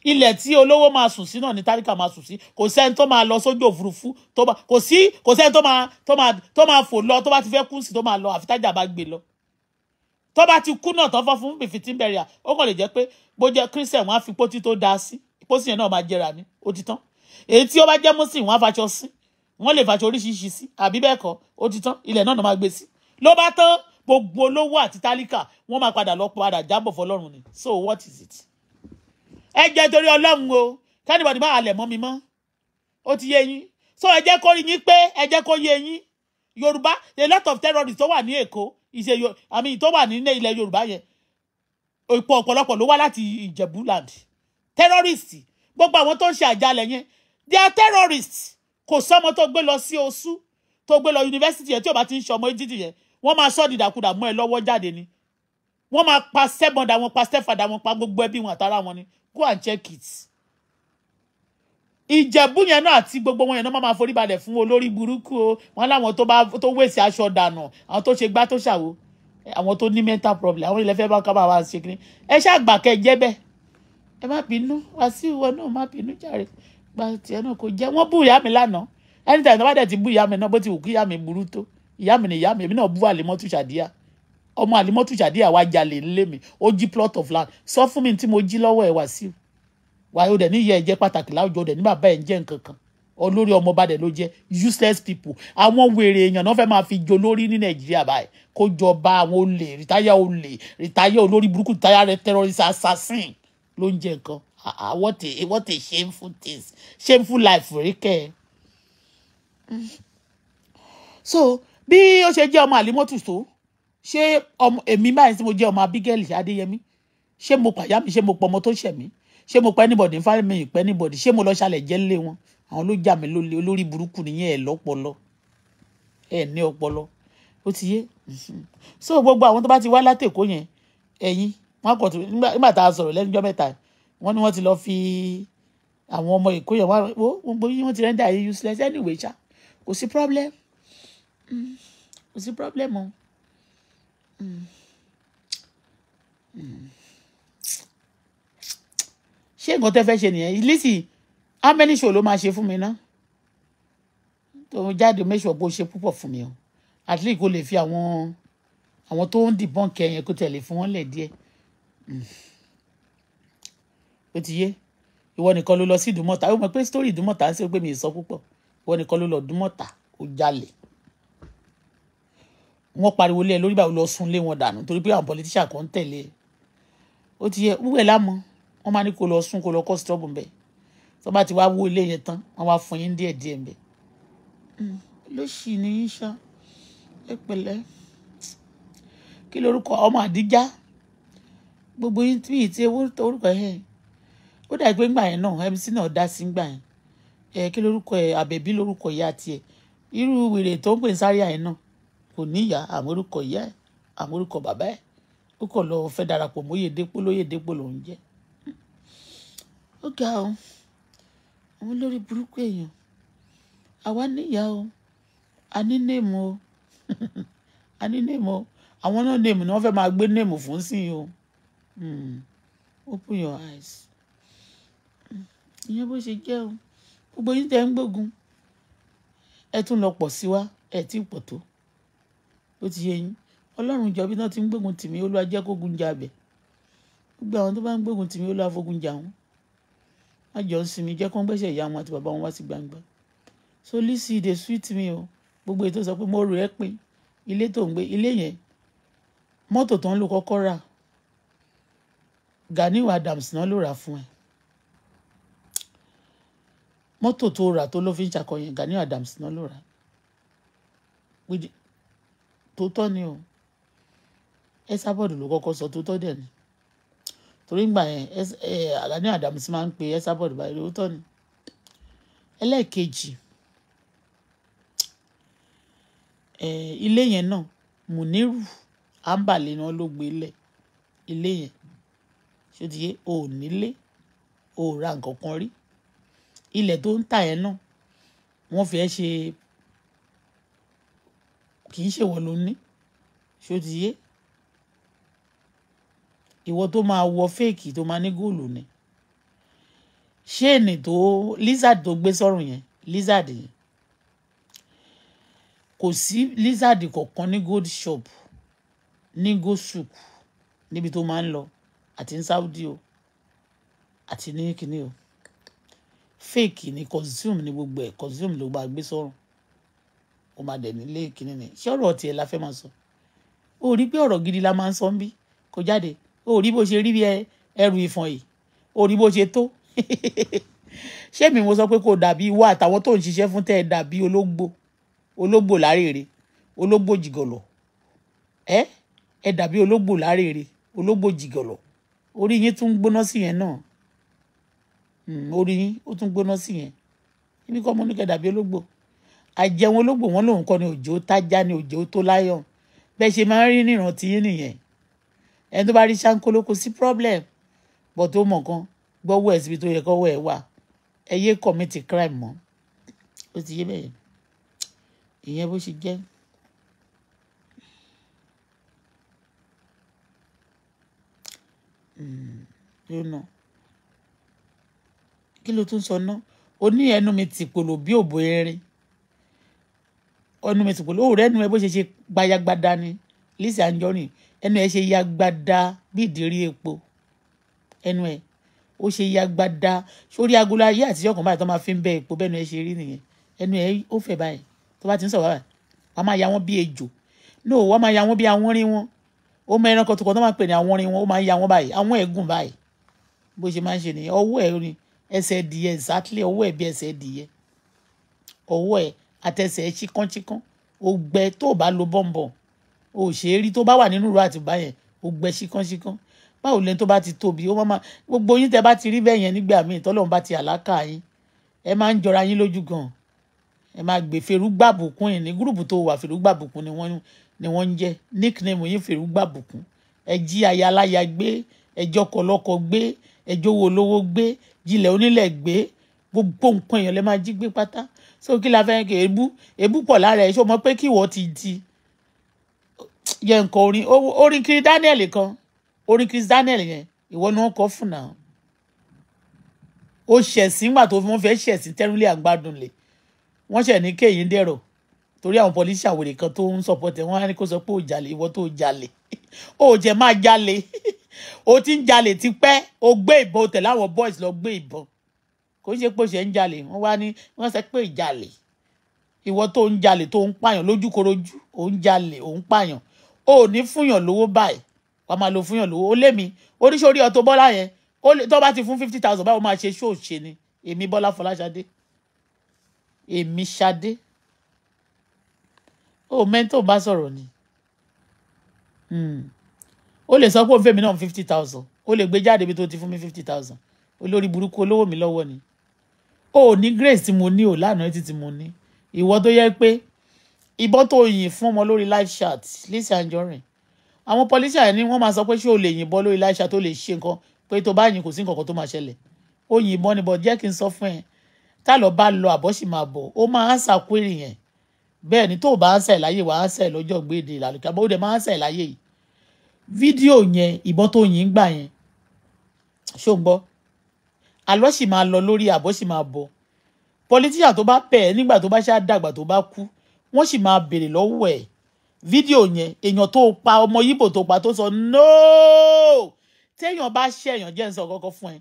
ilẹ̀ tí olówó máa sùn sí náà ni tálíkà máa sùn sí kò sẹ́ni tó máa lọ sójú òfurufú tó bá kò sí kò sẹ́ni tó máa tó máa tó máa fò lọ tó bá ti fẹ́ kú sí tó máa lọ àfi tájà bá gbé lọ tó bá ti kú náà tán fọ́ fún bìfìtì bẹ̀rẹ̀ ó kàn lè jẹ́ pé bó jẹ́ christian wọn á fi pótí tó da sí pósí yẹn náà máa jẹrà ní ó ti tán èyí tí ó bá jẹ́ muslim wọn á faṣọ sí wọn lè faṣọ oríṣiríṣi sí àbí bẹ́ẹ̀ kọ́ ó ti tán ilẹ̀ náà máa gbé sí ló so what is it ẹ jẹ́ torí ọlọ́run o kẹ́nìbọ̀dì máa halẹ̀ mọ́ mi mọ́ ó ti yé yín so ẹ jẹ́ kó rí yín pé ẹ jẹ́ kó yé yín yorùbá a lot of terrorists tó wà ní èkó ìṣe àmì tó wà nílé ilẹ̀ yorùbá yẹn òpò ọ̀pọ̀lọpọ̀ ló wá láti ìjẹ̀bú land terrorist gbogbo àwọn tó ń ṣe àjálẹ̀ yẹn they are terrorists kò sọ́mọ tó gbé lọ sí oṣù tó gbé lọ yunifásitì yẹn tí ò bá ti ń ṣe ọmọ Íjíbítì yẹn wọ́n máa sọ dìdàkudà mọ́ ẹ lọ́wọ́ jáde ni wọ́n máa pa sẹ́bọ̀dà wọn pa stẹ́fàdà wọn pa gbogbo ẹbí wọn àtàrà wọn ni go and check it ìjẹ̀bú yẹn náà àti gbogbo wọn yẹn náà máa forí balẹ̀ fún olórí burúkú o wọn láwọn tó bá tó wèsì aṣọ dànù àwọn tó ṣe gbá tó ṣàwo àwọn tó ní mental problem àwọn ilẹ̀ fẹ́ bá kábà wá ṣe kiri ẹ ṣàgbà kẹ jẹ́ bẹ́ẹ̀ ẹ má bínú wá sí ìwọ náà má bínú jàre gba tiẹ̀ náà kò jẹ́ wọ́n bú ìyá mi lánàá anytime tó bá dẹ̀ ti bú ìyá mi náà bó ti wù kí ìyá mi burú tó ìyá mi ni ìyá mi èmi náà bú àlè mọ́tò ṣàdíyà ọmọ àlímọ́tù ṣàdé àwa jalè ńlé mi ó jí plot of land sọ fún mi tí mo jí lọ́wọ́ ẹ̀ wá sí i wàá ó dẹ̀ ní ìyá ẹ̀ jẹ́ pàtàkì láwùjọ dẹ̀ ní bàbá ẹ̀ ń jẹ́ nǹkan kan olórí ọmọ ọba dẹ̀ ló jẹ́ useless people àwọn wèrè èèyàn náà fẹ́ máa fi jo lórí ní nàìjíríà báyìí kó jọba àwọn olè rìtáyà olè rìtáyà olórí burúkú rìtáyà rẹ terrorist assassin ló ń jẹ nǹkan ah, ah, what a what a shameful thing shameful life rí kẹ́ ẹ. so bí ó ṣe jẹ́ ọmọ àlímọ́tù tó ṣé ọmọ èmi báyìí tí mo jẹ́ ọmọ Abigail Adéyẹmí ṣé mo pàyà mi ṣé mo pọ̀ ọmọ tó ṣẹ̀ mí ṣé mo pẹ́ anybody fáwọn mi ìpẹ́ anybody ṣé mo lọ ṣàlẹ̀ jẹ́ lé wọn àwọn ló jà mí lólè olórí burúkú nìyẹn ẹ̀ lọ́pọlọ ẹ̀ ní ọpọlọ ó ti yé hmm. so gbogbo àwọn tó bá ti wá látèkó yẹn ẹ̀yin wọn kò tó nígbà tá a sọ̀rọ̀ lẹ́nujọ́ mẹ́ta wọn ni wọ́n ti lọ fi àwọn ọmọ èkó yẹn wá wọn gbóyún wọn ti rẹ́ńdà yìí useless anyway ṣá kò sí problem hmm. kò sí problem o ṣé nǹkan tẹ́ fẹ́ ṣe nìyẹn lisi how many show ló máa ṣe fún mi ná tó jáde make sure kó ṣe púpọ̀ fún mi o at least kó lè fi àwọn àwọn tó ń dìbọn kẹyìn kó tẹ̀lé fún wọn lẹ̀ díẹ̀ mm. ó ti yé ìwọ nìkan ló lọ sí ìdúmọ̀tà ó mọ̀ pé sítórì ìdúmọ̀tà ń ṣe pé mi ì sọ púpọ̀ ìwọ nìkan ló lọ dúmọ̀tà ó jalè wọ́n pariwo lé ẹ lórí báwo lọ sùn lé wọn dànù torí pé àwọn politician kan ń tẹ̀lé ẹ e. ó ti yẹ wúwẹ̀ lámọ́ wọ́n máa ní kó lọ sùn kó lọ kọ́ stọ́ọ̀bù mbẹ́ tó bá ti wá wó ilé yẹn tán wọ́n wá fún yín díẹ̀ díẹ̀ mbẹ́. lóṣì ni yín ṣá ẹ pẹ̀lẹ́ kí lorúkọ ọmọ àdíjá gbogbo yín tí ìtì ewó orúkọ ẹ̀ ó dà pé ńgbà yẹn náà mc náà dá sí ńgbà yẹn ẹ kí lorúkọ ẹ àbẹ̀bí lorúkọ ìyá tiẹ̀ irú wèrè tó ń pè sáré àyẹn náà kò níyà àmórúkọ ìyá ẹ̀ àmórúkọ bàbá ẹ̀ ó kàn lọ fẹ́ darapọ̀ mọ́yè dépò lóyè dépò lòún jẹ́ ó ga o àwọn olórí burúkú èèyàn àwa níyà o a ní néèmù o a ní néèmù o àwọn náà néèmù ni wọ́n fẹ́ máa gbé néèmù fún sí i o hmm, open your eyes ìyẹn bó ṣe jẹ́ o gbogbo yín tẹ́ ń gbógun ẹ tún lọ pọ̀ sí wa ẹ tí ì tó bó ti yẹ yín ọlọ́run jọ bí wọ́n ti ń gbógun tì mí olúwa jẹ́ kógun jà bẹ̀ gbogbo àwọn tó bá ń gbógun tì mí olúwa fógun jà wọn má jọ ń sinmi jẹ́ kó ń gbẹ́sẹ̀ ìyá wọn àti bàbá wọn wá sí gbangba so lisi dey sweet me o gbogbo ètò sọ pé mo rò ẹ́ pin ilé tó ń gbé ilé yẹn mọ́tò tó ń lò kọ́kọ́ rà Ganiu Adams náà ló rà fún ẹ mọ́tò tó rà tó ló fi ń ṣàkọyàn Ganiu Adams náà ló rà tòótọ́ ni o Esabod ló kọ́kọ́ sọ tòótọ́ dẹ̀ ni torí ń gbà yẹn Gani Adams máa ń pe Esabod báyìí lóòótọ́ ni ẹlẹ́ẹ̀kejì ilé yẹn náà Muniru ambale náà ló gbé lẹ̀ ilé yẹn ṣòtìyé o ò nílé o ò ra nǹkan kan rí ilẹ̀ tó ń tà yẹn náà wọ́n fi ẹ́ ṣe kì í ṣèwọ ló ní ṣó ti yé ìwọ tó máa wọ fèèkì tó máa ní góòlù ni ṣéènì tó lizard tó gbé sọ́rùn yẹn lizard yẹn kò sí lizard kọ̀ọ̀kan ní gold shop ní gold souk níbi tó máa ń lọ àti ní saudi o àti ní kíní o fake ni consume ni gbogbo ẹ̀ consume ló bá gbé sọ́rùn ó máa dẹ̀ nílé ìkíní ni ṣé ọ̀rọ̀ tiẹ̀ la fẹ́ máa sọ ó rí pé ọ̀rọ̀ gidi la máa ń sọ ń bí kó jáde ó rí bó ṣe rí bí ẹrù ìfọ̀n yìí ó rí bó ṣe tó ṣé mi mo sọ pé kò dàbí ìwọ àtàwọn tó ń ṣiṣẹ́ fún tẹ́ ẹ dàbí ológbò ológbò láréere ológbò jìgọ̀lọ̀ ẹ ẹ dàbí ológbò láréere ológbò jìgọ̀lọ̀ orí yín tún gbóná sí yẹn náà hmm, orí yín ó tún gbóná sí yẹn ibi kọ́ mo ní kẹ́ dàbí ológbò àjẹun ológbò wọn lòun kọ́ ni òjò tájá ni òjò tó láyọ̀ bẹ́ẹ̀ ṣe máa ń rí nírántí yín nìyẹn ẹni tó bá rí ṣáńkóló kò sí problem bọ̀ tó mọ̀ kan gbọ́wọ́ ẹ̀ síbi tó yẹ kọ́wọ́ ẹ̀ wà ẹ yé kọ́mìtì crime mọ́ ó ti yé bẹ́ẹ̀ ìyẹn bó ṣe jẹ́. Hmm, yóò nà kí ló tún sọ ná ó ní ẹnu mi tìpolò bí òbò erin ọnu mi sùpò lóòrè ẹnu ẹ bó ṣe ṣe gbayagbada ni Lizzy Anjorin ẹnu ẹ ṣe yagbada bí ìdérí epo ẹnu ẹ ó ṣe yagbada sórí agolo ayé àtijọ́ kan báyìí tó máa fi ń bẹ epo bẹ́ẹ̀ ni ẹ ṣe rí nìyẹn ẹnu ẹ ó fẹ̀ báyìí tó bá ti ń sọ̀rọ̀ báyìí wọ́n máa ya wọ́n bí ejò no wọ́n máa ya wọ́n bí àwọn rí wọn ó mọ ẹranko tó kọ́ tó máa pè ní àwọn rí wọn ó máa ya wọ́n báyìí àwọn ẹ̀gùn báyìí bó ṣe máa ń ṣe nìyẹn ọwọ́ ẹ̀ ni ẹsẹ̀ ẹdìyẹ exactly ọwọ́ ẹ̀ bí ẹsẹ̀ ẹdìyẹ ọwọ́ ẹ̀ àtẹsẹ̀ ẹ ṣíkánṣíkán ó gbẹ tó o bá lo bọ́ǹbọ̀n o ò ṣe é rí tó bá wà nínú ìró àtìgbà yẹn ó gbẹ ṣíkánṣíkán báwo lẹni tó bá ti tóbi ó máa gbogbo yín tẹ bá ti rí bẹ́ẹ̀ yẹn nígbà míì tọ́lọ́run bá ti àlákà yín ẹ máa ń jọra yín lójú gan ẹ máa gbé fèrúgbàbùkún yìí ní gúrùpù tó wà fèrúgbàbùkún ni wọ́n ni wọ́n ń jẹ́ nickname yín fèrúgbàbùkún ẹ jí ayaláya gbé ẹjọ́ kọlọ́kọ gbé ẹjọ́ owó olówó gbé jilẹ̀ onílẹ̀ gbé gbogbo nǹkan èèyàn lẹ máa jí gbé pátá so kí la fẹ́ kí èébú èébú pọ̀ lára ẹ̀ ṣó mọ̀ pé kí ìwọ ti di yẹ nǹkan orin orin kiri Daniel kan orin kiri Daniel yẹn ìwọ ni wọ́n kọ fún náà ó ṣẹ̀sìn gbà tó fi wọ́n fẹ́ ṣẹ̀sìn tẹ́rùlé àgbàdùnlé wọ́n ṣẹ̀ ní kéyìn dẹ̀rọ̀ torí àwọn pọlíṣà wèrè kan tó ń sọpọtẹ wọn á ní kó sọ pé ó jalè ìwọ tó jalè ó jẹ máa jalè ó ti ń jalè tipẹ́ ó gbé ìbọn ó tẹ̀lé àwọn boys lọ gbé ìbọn kò ń ṣe pé ṣe ń jalè wọ́n wá ní wọ́n sọ pé ìjalè ìwọ tó ń jalè tó ń pààyàn lójúkorojú ò ń jalè ò ń pààyàn ò ní fúnyàn lówó báyìí wà á máa lo fúnyàn lówó ó lé mi oríṣiríṣi Auto Bọ́lá yẹn tó bá ti fún fifty thousand báwo máa ṣe ṣóòṣe ni èmi Bọ́lá Fọláṣadé èmi Ṣadé ó mẹ́ńtò bá sọ̀rọ̀ ni ó hmm. lè sọ pé òun fèmí náà fifty thousand o lè gbé jáde bí tó ti fún mi fifty thousand olórí burúkú olówó mi lọ́wọ́ ni o ò ní grace tí mo ní o lánàá títí mo ní ìwọ tó yẹ pé ìbọn tó yìn fún ọmọ lórí live chat Lizzy Anjorin àwọn pọlísì àyẹ̀ ni wọ́n máa sọ pé ṣé o lè yìnbọn lórí live chat o lè ṣe nǹkan pé tó bá yìn kò sí nǹkan kan tó máa ṣẹlẹ̀ o yìnbọn níbọ̀ jẹ́ kí n sọ fún ẹ tá lọ bá lọ àbọ̀ sì máa bọ̀ ó máa ń ṣàkúrì yẹn bẹ́ẹ̀ ni tó bá ń sẹ̀ láyè wà á sẹ̀ lọ́jọ́ gbèdè làlùkà bó dẹ̀ máa ń sẹ̀ láyè yìí fídíò yẹn ìbọn tó yìn gbà yẹn ṣó gbọ́ àlọ́ sì máa lọ lórí àbọ̀ sì máa bọ̀ pọlitíṣà tó bá pẹ̀ ẹ́ nígbà tó bá ṣáà dàgbà tó bá kú wọ́n sì máa béèrè lọ́wọ́ ẹ̀ fídíò yẹn èèyàn tó pa ọmọ yíbò tó pa tó sọ nóò téèyàn bá ṣe èèyàn jẹ́ nsọ kọ́kọ́ fún ẹ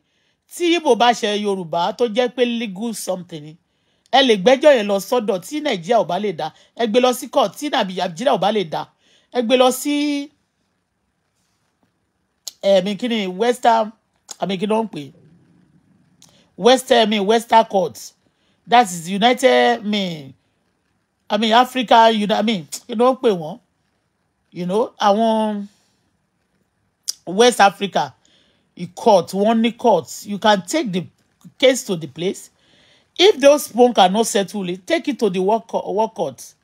tí yíbò bá ṣe yorùbá tó jẹ́ pé legal something ẹ lè gbẹ́jọ́ yẹn lọ sọ́dọ̀ tí nàìjíríà ò bá lè dá ẹ gbé lọ sí court tí nàìjíríà ò bá lè dá ẹ gbé lọ sí ẹ̀mí kí ni western àmì kí ló ń pè é western eh, mean western courts. that is united mean i mean africa you know i mean you know pè wọ́n you know àwọn west africa court wọ́n ní court you can take the case to the place if those people cannot settle it take it to the work, work court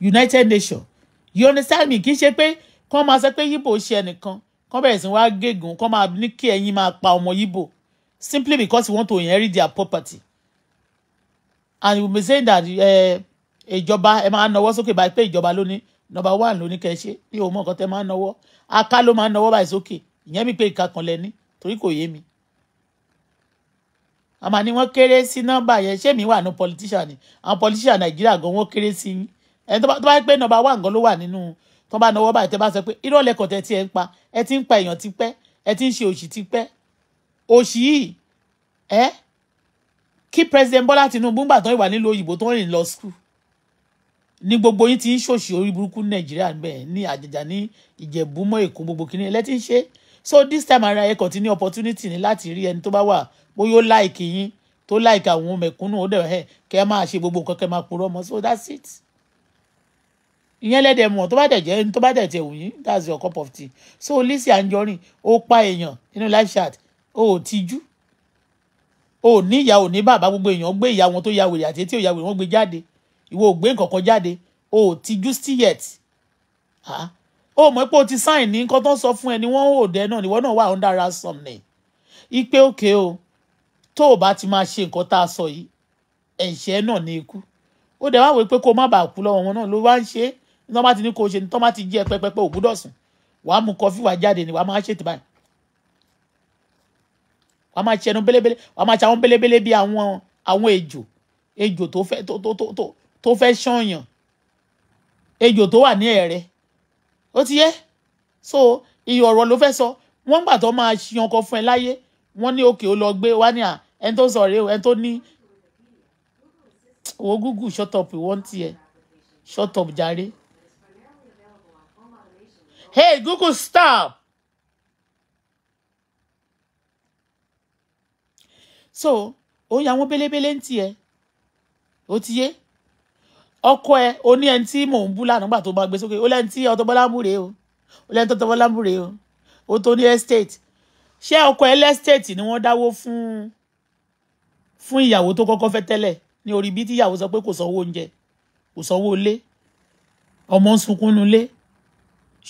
united Nation. you understand me kì í ṣe pé kán máa sọ pé yíbo ṣe ẹnìkan kán bẹ̀rẹ̀ sí wá gégùn kán máa ní kí ẹ̀yin máa simply because you want to inherit their property and you may say that eh, ìjọba ẹ máa náwó sókè báyìí pé ìjọba ló ní number one ló ní kẹ́ ẹ ṣe ní òun mọ̀ nǹkan tẹ́ máa náwó aká ló máa náwó báyìí sókè ìyẹn mi pé ìka kan lẹ ní torí kò yé mi àmà ni wọ́n kéré sí nọ́mbà yẹn ṣé mi wà ní politician ni àwọn politician nàìjíríà gan wọ́n kéré sí yín ẹni tó bá pé number one gan ló wà nínú tó bá náwó báyìí tẹ́ bá sọ pé irọ́ lẹ́kọ̀ọ́ tẹ́ ti ẹ̀ ń pa ẹ ti ń pa èèyàn tipẹ́ ẹ ti ń ṣe òṣì tipẹ́ òṣì yìí ẹ kí president Bọ́lá Tinubu ń gbà tán ìwà nílùú òyìnbó tó ń rìn lọ school ní gbogbo yín ti ń ṣòṣì orí burúkú Nàìjíríà ń bẹ ní àjàjà ní Ìjẹ̀bú mọ́ Èkó gbogbo kìíní ẹ lẹ́tí ń ṣe so this time ara ẹ kàn ti ní opportunity ní láti rí ẹni tó bá wà bóyá ó láìkì yín tó láìkì àwọn mẹ̀kúnnù ó dẹ̀ ẹ̀ kẹ́ máa ṣe gbogbo nǹkan kẹ́ máa purọ́ mọ́ so that's it ìyẹn lẹ́dẹ̀ mọ̀ tó bá dẹ̀ jẹ́ tó bá dẹ̀ tẹ̀ wù yín that's your cup of tea so Lizzy Anjorin ó pa èèyàn nínú life chat o Tiju. tijú o ò ní ìyá ò ní bàbá gbogbo èèyàn gbé ya wọn tó ya wèrè àti etí ò ya wèrè wọn gbé jáde Iwo ò gbé nǹkan kan jáde o ò still yet o mọ̀ pé o ti sign ní nǹkan tó ń sọ fún ẹ ni wọ́n ò dẹ náà níwọ náà under ransom ni ipe òkè o tó o ti máa ṣe nǹkan tá a sọ yìí ẹ̀ṣẹ̀ náà ni ikú ó dẹ̀ wá wí pé kó o má bàa kú lọ́wọ́ wọn náà ló wá ń ṣe é ti ní kó o ṣe ni tọ́ bá ti jí ẹ o ò gbúdọ̀ sùn wàá mu kọfí wàá jáde ni wàá máa ṣètì báyìí wàá máa ṣẹnu bélébélé wàá máa ṣe àwọn bélébélé bíi àwọn àwọn ejò ejò tó fẹ́ tó tó tó tó fẹ́ ṣànyàn ejò tó wà ní ẹ̀rẹ́ ó ti yẹ so iye ọ̀rọ̀ ló fẹ́ sọ wọ́n gbà tó máa ṣiyan kan fún ẹ láyé wọ́n ní òkè ó lọ gbé wá ní à ẹni tó sọ rèé tó ní owó gúgù shut up wọ́n ti ẹ shut up jàre hey Google stop. so ó ya wọn pélépélé ń tiẹ̀ o ti yé ọkọ ẹ ó ní ẹni tí mò ń bú lánàá gbà tó bá gbé sókè ó lẹ́ni tí Auto Bola ń bú rèé o ó lẹ́ni tó Auto Bola ń bú rèé o tó ní estate ṣé ọkọ ẹ lẹ́stéètì ni wọ́n dáwó fún fún ìyàwó tó kọ́kọ́ fẹ́ tẹ́lẹ̀ ní orí bí tíyàwó sọ pé kò sanwó oúnjẹ kò sanwó ilé ọmọ ń sunkún nulé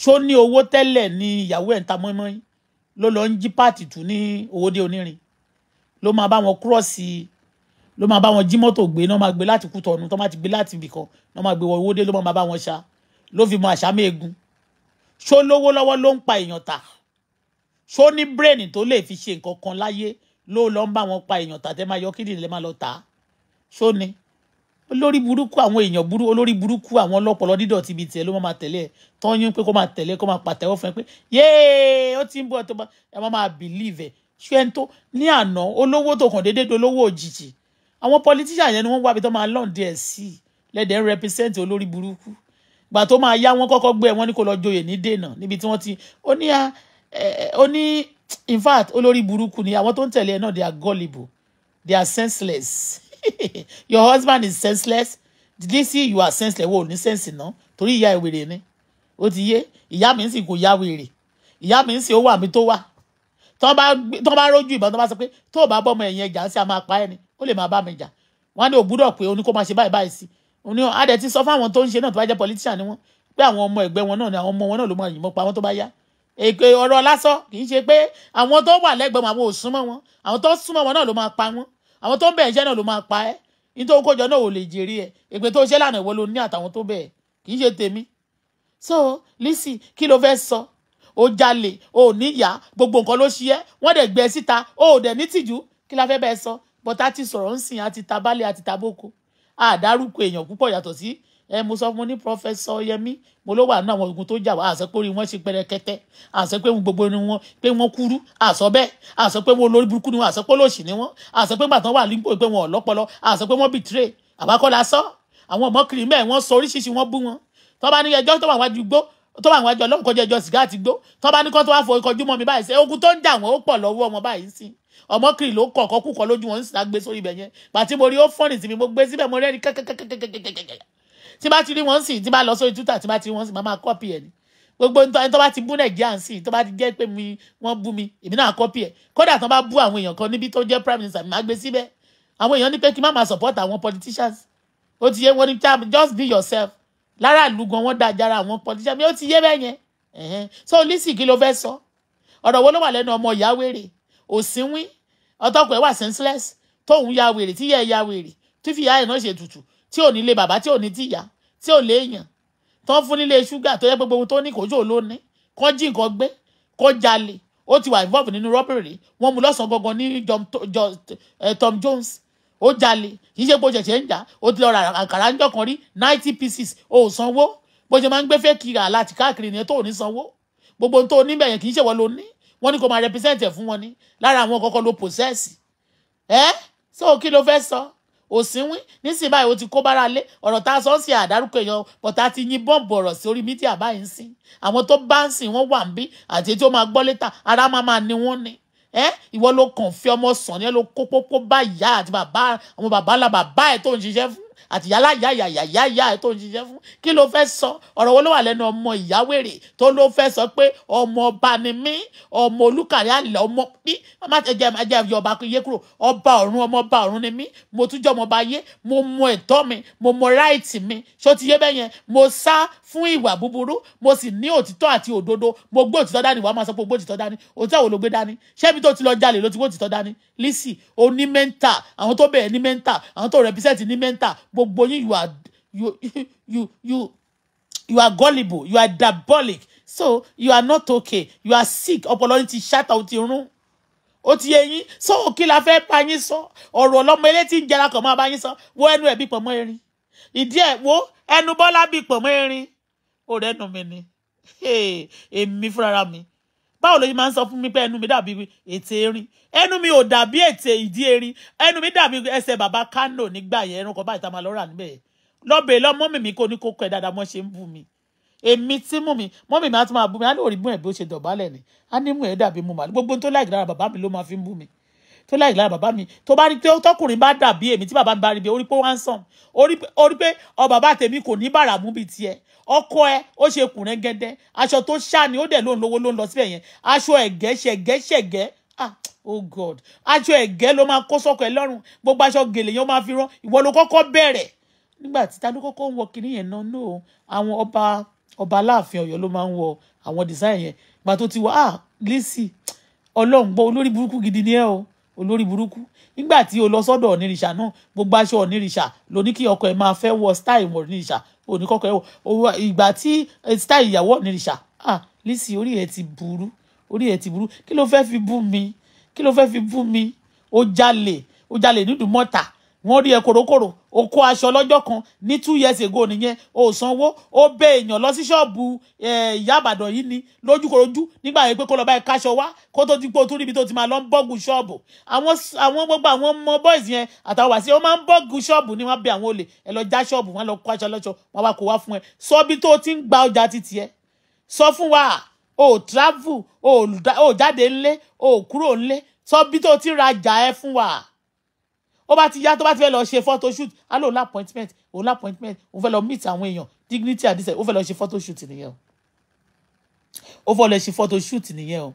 ṣó ní owó tẹ́lẹ̀ ni ìyàwó ẹ̀ ń ta mọ́ínmọ́ín ló lọ ń jí páàtì tù ní owóde onírin ló máa bá wọn kúrọ̀sì ló máa bá wọn jí mọ́tò gbé náà máa gbé láti Kútọ̀nù tó máa ti gbé láti ibìkan náà máa gbé wọ Ìwódé ló máa bá wọn ṣá ló fi mọ àṣà méegun ṣó lówó lọ́wọ́ ló ń pa èèyàn tà ṣó ní brain tó lè fi ṣe nǹkan kan láyé ló lọ ń bá wọn pa èèyàn tà tẹ́ máa yọ kíndìnrín lẹ́ máa lọ tà á ṣó ni olórí burúkú àwọn èèyàn burú olórí burúkú àwọn ọlọpọlọ dídọ̀ ti ibi tiẹ̀ ló máa tẹ̀lé ẹ̀ tọ́yún pé kó máa tẹ̀lé kó máa pàtẹ́wọ́ fún ẹ pé yéé ó ti ń bọ̀ tó bá ẹ máa máa bìlíìvẹ̀ ṣé ẹni tó ní àná olówó tó kàn déédéé dolówó òjijì àwọn politician yẹn ni wọ́n wábi tó máa lọ́n díẹ̀ sí i lẹ́dẹ̀ẹ́ represent olórí burúkú gbà tó máa yá wọn kọ́kọ́ gbé ẹ wọ́n ní kó lọ joyè ní dènà níbi tí wọ́n ti ó ní ah, eh, ó ní in fact olórí burúkú ni àwọn tó ń tẹ̀lé ẹ náà they are gullible they are senseless your husband is senseless Lizzy you are senseless wo ní sense náà torí ìyá ìwèrè ni ó ti yé ìyá mi sì kò yá wèrè ìyá mi sì ó wà mí tó wà tó bá rójú ìbọn tó bá sọ pé tó bá bọ́ ẹ̀yìn ẹja sí a máa pa ẹ́ ni ó lè máa bá mi jà wọ́n á ní ògbúdọ̀ pé oní kó máa ṣe báyìí báyìí sí oní adẹ ti sọ fáwọn tó ń ṣe náà tó bá jẹ́ politician ni wọ́n pé àwọn ọmọ ẹgbẹ́ wọn náà ni àwọn ọmọ wọn náà ló máa yìnbọn pa wọn tó bá yá èké ọ̀rọ̀ lásán kì í ṣe pé àwọn tó wà lẹ́gbẹ̀ẹ́ wọn àwọn ò súnmọ́ wọn àwọn tó súnmọ́ wọn náà ló máa pa wọn àwọn tó ń bẹ̀ẹ́ iṣẹ́ náà ló máa pa ẹ́ nítorí kójọ náà ò lè jèrè ẹ̀ èpè tó ṣe lánàá ìwọ ó jalè ó ní ìyá gbogbo nǹkan ló ṣe é wọ́n dẹ̀ gbé ẹ e síta ó dẹ̀ ní tìjú kí la fẹ́ bẹ́ẹ̀ sọ bọ́tà ti sọ̀rọ̀ ń sìn àti tabalẹ̀ àti taboko àdárúkọ èèyàn púpọ̀ yàtọ̀ sí ẹ mo sọ fún mo ní pọfẹsọ Yẹmí mo ló wà nínú àwọn ogun tó jà wá àṣẹ pé orí wọn ṣe pẹrẹkẹtẹ àṣẹ pé gbogbo ni wọn pé wọn kúrú àṣọ bẹ́ẹ̀ àṣọ pé wọn olórí burúkú ni wọn àṣọ pé olóòṣì ni wọn àṣọ pé gbàtàn wà nípò pé wọn ọlọpọlọ àṣọ pé wọn bìtírè àbákọ́lá sọ àwọn ọmọ kìrìmẹ́ wọn sọ oríṣiríṣi wọn bú wọn tó ní ẹjọ́ tó wà wájú gbó tó bá àwọn ẹjọ́ ọlọ́run kọjá ẹjọ́ sìgá àti gbó tó bá ní kó tó wá fọ ikọjú mọ́ mi báyìí ṣe ogun tó ń jà wọ́n ó pọ̀ lọ́wọ́ ọmọ báyìí sí ọmọ kiri ló kọ̀ ọ̀kọ́ kúkọ lójú wọn ń sá gbé sórí ibẹ̀ yẹn pàtí mo rí ó fọ́nrìn sí mi mo gbé síbẹ̀ mo rẹ́rìn kẹ́kẹ́kẹ́kẹ́kẹ́kẹ́ tí bá ti rí wọn sìn tí bá lọ sórí tútà tí bá ti rí wọn sìn máa máa kọ́pì ẹ̀ ni gbogbo ẹni tó bá ti bú nàìjíríà ń sìn tó bá ti jẹ́ pé mi wọ́n bú mi èmi náà kọ́pì ẹ̀ kódà tó bá bú àwọn èèyàn kan níbi tó jẹ́ prime minister mi máa gbé síbẹ̀ àwọn èèyàn ní pé kí má máa support àwọn politicians ó ti yẹ wọ́n ní just be yourself láràlú gan wọ́n dájára àwọn politician mi ó ti yé bẹ́ẹ̀ yẹn so Lizzy kí ló fẹ́ sọ ọ̀rọ̀ wo ló wà lẹ́nu ọmọ ìyá wèrè òsínwín ọtọkọ ẹ wà senseless tóun ya wèrè tí yẹ ya wèrè tí fìyà ẹ̀ náà ṣe tutù tí ò ní lé bàbá tí ò ní tìyà tí ò léèyàn tó ń fún nílé ṣúgà tó yẹ gbogbo tó ní kòjó lónìí kọ́ jí nǹkan gbé kó jalè ó ti wà involve nínú robbery wọ́n mú lọ́sàn-án gangan ní Tom Jones ó jalè kì í ṣe bó ṣẹ̀ṣẹ̀ ń jà ó ti lọ ra àkàrà ńjọ́ kan rí ninety pieces o ò sanwó bó ṣe máa ń gbé fẹ́ kiri àlá àti káàkiri nìyẹn tó ò ní sanwó gbogbo ohun tó o ní bẹ̀yẹn kì í ṣe wọ́n ló ní wọ́n ní kó máa represent ẹ̀ fún wọn ni lára àwọn kọ́kọ́ ló possess ẹ́ so kí ló fẹ́ sọ òsínwín nísìnyí báyìí ó ti kó bára lé ọ̀rọ̀ tá a sọ sí àdárúkọ èèyàn bọ̀tá ti yín bọ́ǹbù ọ̀rọ̀ sí orí mídíà báyìí ń sìn àwọn tó bá ń sìn wọ́n wà ń bí àti tí ó máa gbọ́ létà ara máa máa ni wọ́n ni ẹ ìwọ ló kàn fi ọmọ sàn yẹn ló kó pópó bá ìyá àti bàbá àwọn bàbá la bàbá ẹ tó ń ṣiṣẹ́ fún àti yálà yá yá yá yá yá ẹ tó ń ṣiṣẹ́ fún kí ló fẹ́ sọ ọ̀rọ̀ wo ló wà lẹ́nu ọmọ ìyáwèrè tó ló fẹ́ sọ pé ọmọ ọba ni mí ọmọ olúkàrí àlẹ ọmọ ní má ẹ jẹ ẹjẹ fi ọba yé kúrò ọba ọ̀run ọmọ ọba ọ̀run ni mí mo tún jọ ọmọ ọba yé mo mọ ẹ̀tọ́ mi mo mọ ráìtì mi ṣó ti yé bẹ́yẹn mo sá fún ìwà búburú mo sì ní òtítọ́ àti òdodo mo gbé òtítọ́ dání wàá máa sọ pé o gbé òtítọ́ dání òtítọ́ wo ló dání ṣebí tó ti lọ jalè ló ti gbé òtítọ́ dání lisi o ní mẹ́ńtà àwọn tó bẹ̀rẹ̀ ní mẹ́ńtà àwọn tó rẹpísẹ́ǹtì ní mẹ́ńtà gbogbo yín you are you you you you are gullible you are diabolic so you are not okay you are sick ọpọlọ yín ti ṣáta o ti rún ó ti yé yín sọ òkè la fẹ́ bá yín sọ ọ̀rọ̀ ọlọ́mọ ilé tí ń jẹra máa bá yín sọ wọ ẹnu ẹ̀ bí pọ̀ mọ́ erin ìdí ẹ̀ wo ẹnu bọ́lá bí pọ̀ mọ́ erin ó rẹ́nu mi ni èmi fúnra mi báwo ló ṣe máa ń sọ fún mi pé ẹnu mi dàbí ètè erin ẹnu mi ò dàbí ètè ìdí erin ẹnu mi dàbí ẹsẹ̀ bàbá kánò nígbà yẹn ẹran kan báyìí tá a máa lọ rà níbẹ̀ lọ́bẹ̀ lọ́mọ mímí kò ní kókó ẹ̀ dáadáa mọ́ ṣe ń bù mí èmi tí mú mi mọ́ mi máa tún máa bú mi á ní òrí bú ẹ̀ bí ó ṣe dọ̀bálẹ̀ ni á ní mú ẹ̀ dàbí mú màlúù gbogbo tó láì dára bàbá mi ló máa fi ń bú mi tó láì lára bàbá mi tó bá rí pé tọkùnrin bá dàbí èmi tí bàbá mi bá rí bí orí pé wọ́n sàn orí pé ọ bàbá tèmi kò ní bàràmú bíi tiẹ̀ ọkọ ẹ ó ṣe kùnrin gẹ́dẹ́ aṣọ tó ṣá ni ó dẹ̀ lóun lówó ló ń lọ síbẹ̀ yẹn aṣọ ẹ̀gẹ́ ṣẹ̀gẹ́ ṣẹ̀gẹ́ ah oh god aṣọ ẹ̀gẹ́ ló máa kó sọ́kọ ẹ lọ́rùn gbogbo aṣọ gèlè yẹn ó máa fi rán ìwọ ló kọ́kọ́ bẹ̀rẹ̀ nígbà tí ta ló kọ́kọ́ ń wọ kinní yẹn náà náà àwọn ọba ọba aláàfin Ọ̀yọ́ ló máa ń wọ àwọn design yẹn gbà tó ti wọ ah Lizzy Ọlọ́run gbọ́ olórí burúkú gidi ni ẹ o olórí burúkú nígbà tí o lọ sọ́dọ̀ onírìṣà náà gbogbo aṣọ onírìṣà ló ní kí ọkọ ẹ máa fẹ́ wọ style wọn onírìṣà oníkọkọ ẹ wọ ìgbà tí eh, style ìyàwó onírìṣà ah Lizzy orí ẹ ti burú orí ẹ ti burú kí ló fẹ́ fi bú mi kí ló fẹ́ fi bú mi ó jalè ó jalè nídùúmọ́ta wọ́n rí ẹ kòrókòrò o kó aṣọ lọ́jọ́ kan ní two years ago nìyẹn o sanwó o bẹ èèyàn lọ sí ṣọ́ọ̀bù ìyá àbàdàn yìí ni lójúkorojú nígbà yẹn pé kó lọ bá ẹ káṣọ wá kó tó ti pé o tún níbi tó ti máa lọ ń bọ́ọ̀gù ṣọ́ọ̀bù àwọn àwọn gbogbo àwọn ọmọ boys yẹn àtàwọn wàsíù ó máa ń bọ́ọ̀gù ṣọ́ọ̀bù ni wọ́n bẹ àwọn olè ẹ lọ já ṣọ́ọ̀bù wọn lọ kó aṣọ lọ́ṣọ wọn wá kó wá fún ẹ sọ bí tó ti ń gba ọjà títì ẹ sọ fún wa o travel o jáde ńlé o kúrò ńlé sọ bí tó ti rajà ẹ fún wa ó bá ti yá tó bá ti fẹ́ lọ ṣe photo shoot á lò lápọ́ìntmẹ́ǹt òun lápọ́ìntmẹ́ǹt òun fẹ́ lọ meet àwọn èèyàn dignity àdìsẹ́ ó fẹ́ lọ ṣe photo shoot nìyẹn o ó fẹ́ lọ ṣe photo shoot nìyẹn o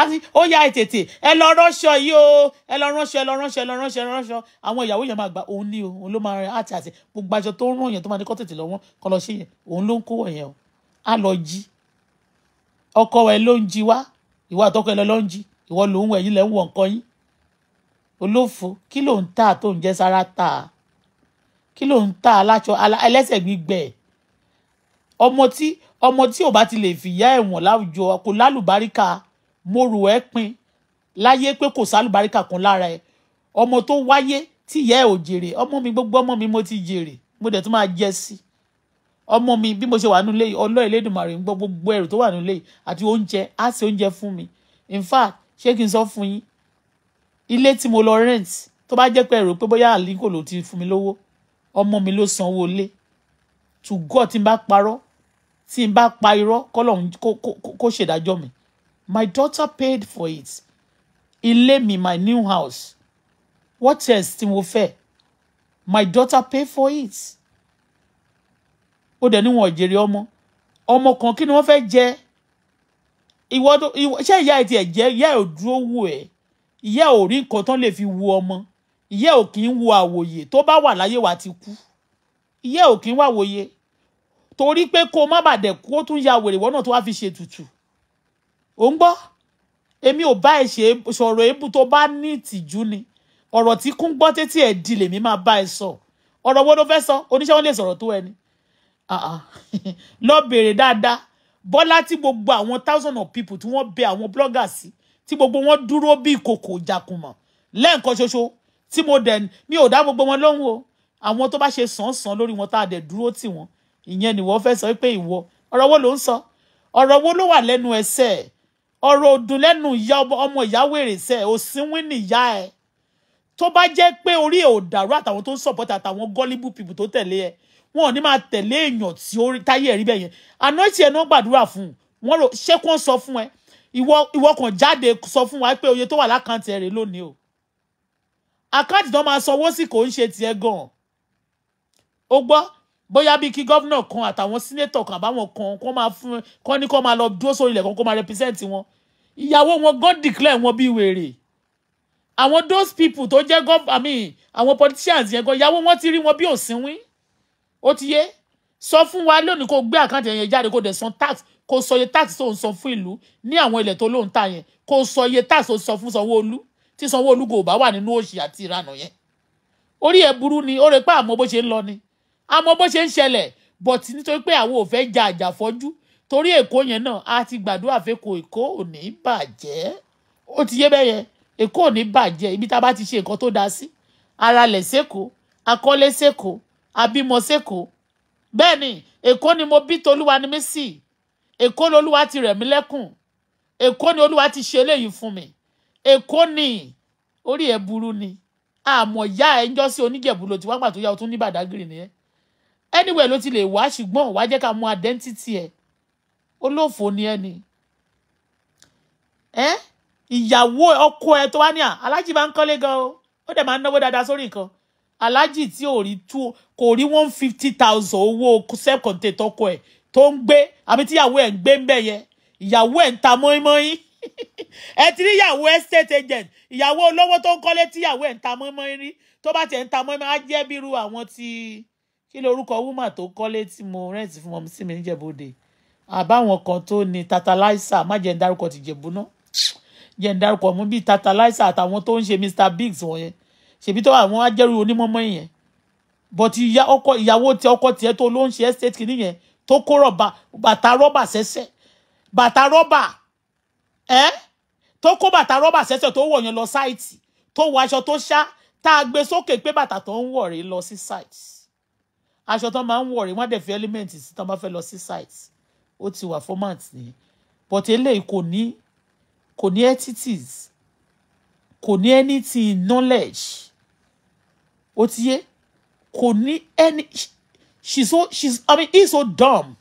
àti ó yá ètètè ẹ lọ ránṣọ yìí o ẹ lọ ránṣọ ẹ lọ ránṣọ ẹ lọ ránṣọ ẹ lọ ránṣọ àwọn ìyàwó yẹn máa gba òun ní o òun ló máa rẹ àti àti gbogbo aṣọ tó ń ràn yẹn tó máa ní kọ́ tètè lọ wọ́n kọ́ lọ ṣe yẹn òun ló ń kó wọ̀nyẹn o á lọ jí ọkọ ẹ ló ń jí wá ìwà àtọkọ ẹ lọ ló ń jí ìwọ lòun ẹ̀yin lẹ ń wọ nǹkan yín olófo kí ló ń tà tó ń jẹ́ sárátà kí ló ń tà aláṣọ ẹlẹ́sẹ̀ gbígbẹ ọmọ tí ọmọ tí ò bá ti lè fìyà ẹ̀wọ̀n láwùjọ kò lálùbáríkà mo rò ẹ́ pin láyé pé kò sálùbáríkà kan lára ẹ ọmọ tó wáyé tí ìyá ẹ ò jèrè ọmọ mi gbogbo ọmọ mi mo ti jèrè mo dẹ̀ tún máa jẹ sí i ọmọ mi bí mo ṣe wà nílé yìí ọlọ́ ìlédùmarè ń gbọ́ gbogbo ẹrù tó wà nílé yìí àti oúnjẹ á ṣe oúnjẹ fún mi in fact ṣé kí n sọ fún yín ilé tí mo lọ rent tó bá jẹ́ pé ẹ̀rọ pé bóyá àlíkò ló ti fún mi lówó ọmọ mi ló sanwó lé to God tí n bá parọ́ tí n bá pa irọ́ kọ́lọ́hún kó ṣèdájọ́ mi my daughter paid for it ilé mi my new house what else tí mo fẹ́ my daughter pay for it ó dẹ̀ níwọ̀n jèrè ọmọ ọmọ kan kí ni wọ́n fẹ́ jẹ ìwọ ṣé ìyá ẹ̀ tiẹ̀ jẹ́ ìyá ẹ̀ ò dúró wù ẹ́ ìyá ò rí nǹkan tán lè fi wu ọmọ ìyá ò kì í wo àwòyè tó bá wà láyé wa ti kú ìyá ò kì í wàwòye torí pé kó má bàa dẹ̀ kó tún ya wèrè wọ́n náà tó wá fi ṣe tutù ò ń gbọ́ èmi ò bá ẹ ṣe sọ̀rọ̀ èébú tó bá ní ìtìjú ni ọ̀rọ̀ tí kún gbọ́ tètè ẹ̀ di lèmi máa bá ẹ sọ ọ̀rọ̀ wo ló fẹ́ sọ oníṣẹ́ wọn lè sọ̀rọ̀ tó ẹni lọ bèrè dáadáa bọ́lá tí gbogbo àwọn thousand of people tí wọ́n bẹ àwọn bloggers sí tí gbogbo wọn dúró bí ìkòkò ìjàkùmọ̀ lẹ́ẹ̀kan ṣoṣo tí mo dẹ̀ mi ò dá gbogbo wọn lóhùn o àwọn tó bá ṣe sàn-sàn lórí wọn tá a dẹ̀ dúró tì wọ́n ìyẹn nìwọ fẹ́ sọ pé ìwọ ọ̀rọ̀ wo ló ń sọ ọ̀rọ̀ wo ló wà lẹ́nu ẹsẹ̀ ọ̀rọ̀ òdùn lẹ́nu ìyá ọmọ ìyá wèrè sẹ̀ òsínwín nìyá ẹ̀ tó bá jẹ́ pé orí ẹ̀ àtàwọn tó ń sọ̀pọ̀tà àtàwọn gọ́líbù pìpù tó tẹ̀lé ẹ̀ wọn ò ní máa tẹ̀lé èèyàn tí ó táyé ẹ̀rí bẹ́ẹ̀ àná ìtì gbàdúrà fún un wọ́n ṣé kó ń sọ fún ẹ ìwọ ìwọ kan jáde sọ fún wa pé oye tó wà lákàntì ẹ lónìí o àkáǹtì náà máa sanwó sí kò ń ṣe tiẹ̀ gan-an ó gbọ́ bóyá bíi kí gọ́vnà kan àtàwọn sínétọ̀ kan àbáwọn kan kó máa fún kó ní kó máa lọ dúró sórí ilẹ̀ kan kó máa represent wọn ìyàwó wọn gan declare wọn bíi wèrè àwọn those people tó jẹ́ gov i mean àwọn politicians yẹn gan ìyàwó wọn ti rí wọn bí òsínwín ó ti yé sọ fún wa lónìí kó gbé àkáǹtì yẹn jáde kó dẹ̀ san tax kó sọ iye táàsì tó ń san fún ìlú ní àwọn ilẹ̀ tó lóun tà yẹn kó sọ iye táàsì tó ń san fún sanwó tí sanwó kò bá wà nínú òṣì àti ìranà yẹn orí ẹ̀ burú ni ó rẹ pé àmọ́ bó ṣe ń lọ ni àmọ́ bó ṣe ń ṣẹlẹ̀ but nítorí pé àwọn ò fẹ́ ja àjàfọ́jú torí èkó yẹn náà a ti gbàdúrà fẹ́ kó èkó ò ní bàjẹ́ ó ti yé bẹ́ẹ̀ èkó ò ní bàjẹ́ ibi tá a bá ti ṣe nǹkan tó da sí ara lẹ̀ sẹ́kọ̀ọ́ akọ́lé sẹ́kọ̀ọ́ abímọ sẹ́kọ̀ọ́ bẹ́ẹ̀ ni èkó ni mo bí tolúwa ni mí sí èkó ni olúwa ti rẹ̀ mí lẹ́kùn èkó ni olúwa ti ṣe eléyìí fún mi èkó ni orí ẹ̀ burú ni àmọ́ ya ẹ̀ ń jọ́sí oníjẹ̀bú ló ti wá pàtó yá o ní bàdágìrì nìyẹn anyway ló ti lè wá ṣùgbọ́n wàá jẹ́ ká mú identity ẹ̀ olófò ni ẹ ni ẹ́ ìyàwó ọkọ ẹ tó wá ní à alájì máa ń kọ́lé gan o ó dẹ̀ máa ń náwó dáadáa sórí nǹkan alájì tí ò rí two kò rí one fifty thousand owó self-contained ọkọ ẹ̀ tó ń gbé àbí tíyàwó ẹ̀ ń gbé ń bẹ̀ yẹn ìyàwó ẹ̀ ń ta mọ́ínmọ́ín ẹ ti rí ìyàwó estate agent ìyàwó olówó tó ń kọ́lé tíyàwó ẹ̀ ń ta mọ́ínmọ́ín rí tó bá tiẹ̀ ń ta mọ́ínmọ́ín á jẹ́ bírú àwọn ti kí ló orúkọ wúmà tó kọ́lé tí mo rẹ́ǹtì fún ọmọ sí mi níjẹ̀bọdè àbáwọn kan tó ní tatalaisa má jẹ́ ń dárúkọ ti jẹ̀bú náà jẹ́ ń dárúkọ mú bíi tatalaisa àtàwọn tó ń ṣe Mr Biggs wọ̀nyẹn ṣèbí tó àwọn ajẹ́rú onímọ̀mọ́ yẹn bọ̀tí ọkọ ìyàwó tí ọkọ tiẹ̀ tó ló ń ṣe estate kìíní tó kó rọ̀bà bàtà rọ́bà sẹ́sẹ̀ bàtà rọ́bà ẹ́ tó kó bàtà rọ́bà sẹ́sẹ̀ tó wọ̀ yẹn lọ sáìtì tó wọ aṣọ tó ṣá tá a gbé sókè pé bàtà tó ń wọ̀ rèé lọ sí sáìtì aṣọ tó máa ń wọ̀ rèé wọ́n dẹ̀ fi ẹ́límẹ̀ǹtì sí tó máa fẹ́ lọ sí sáìtì ó ti wà fọ́màtì nìyẹn but eléyìí kò ní kò ní entities kò ní anything knowledge ó ti yé kò ní any She's so she's I mean he's so dumb.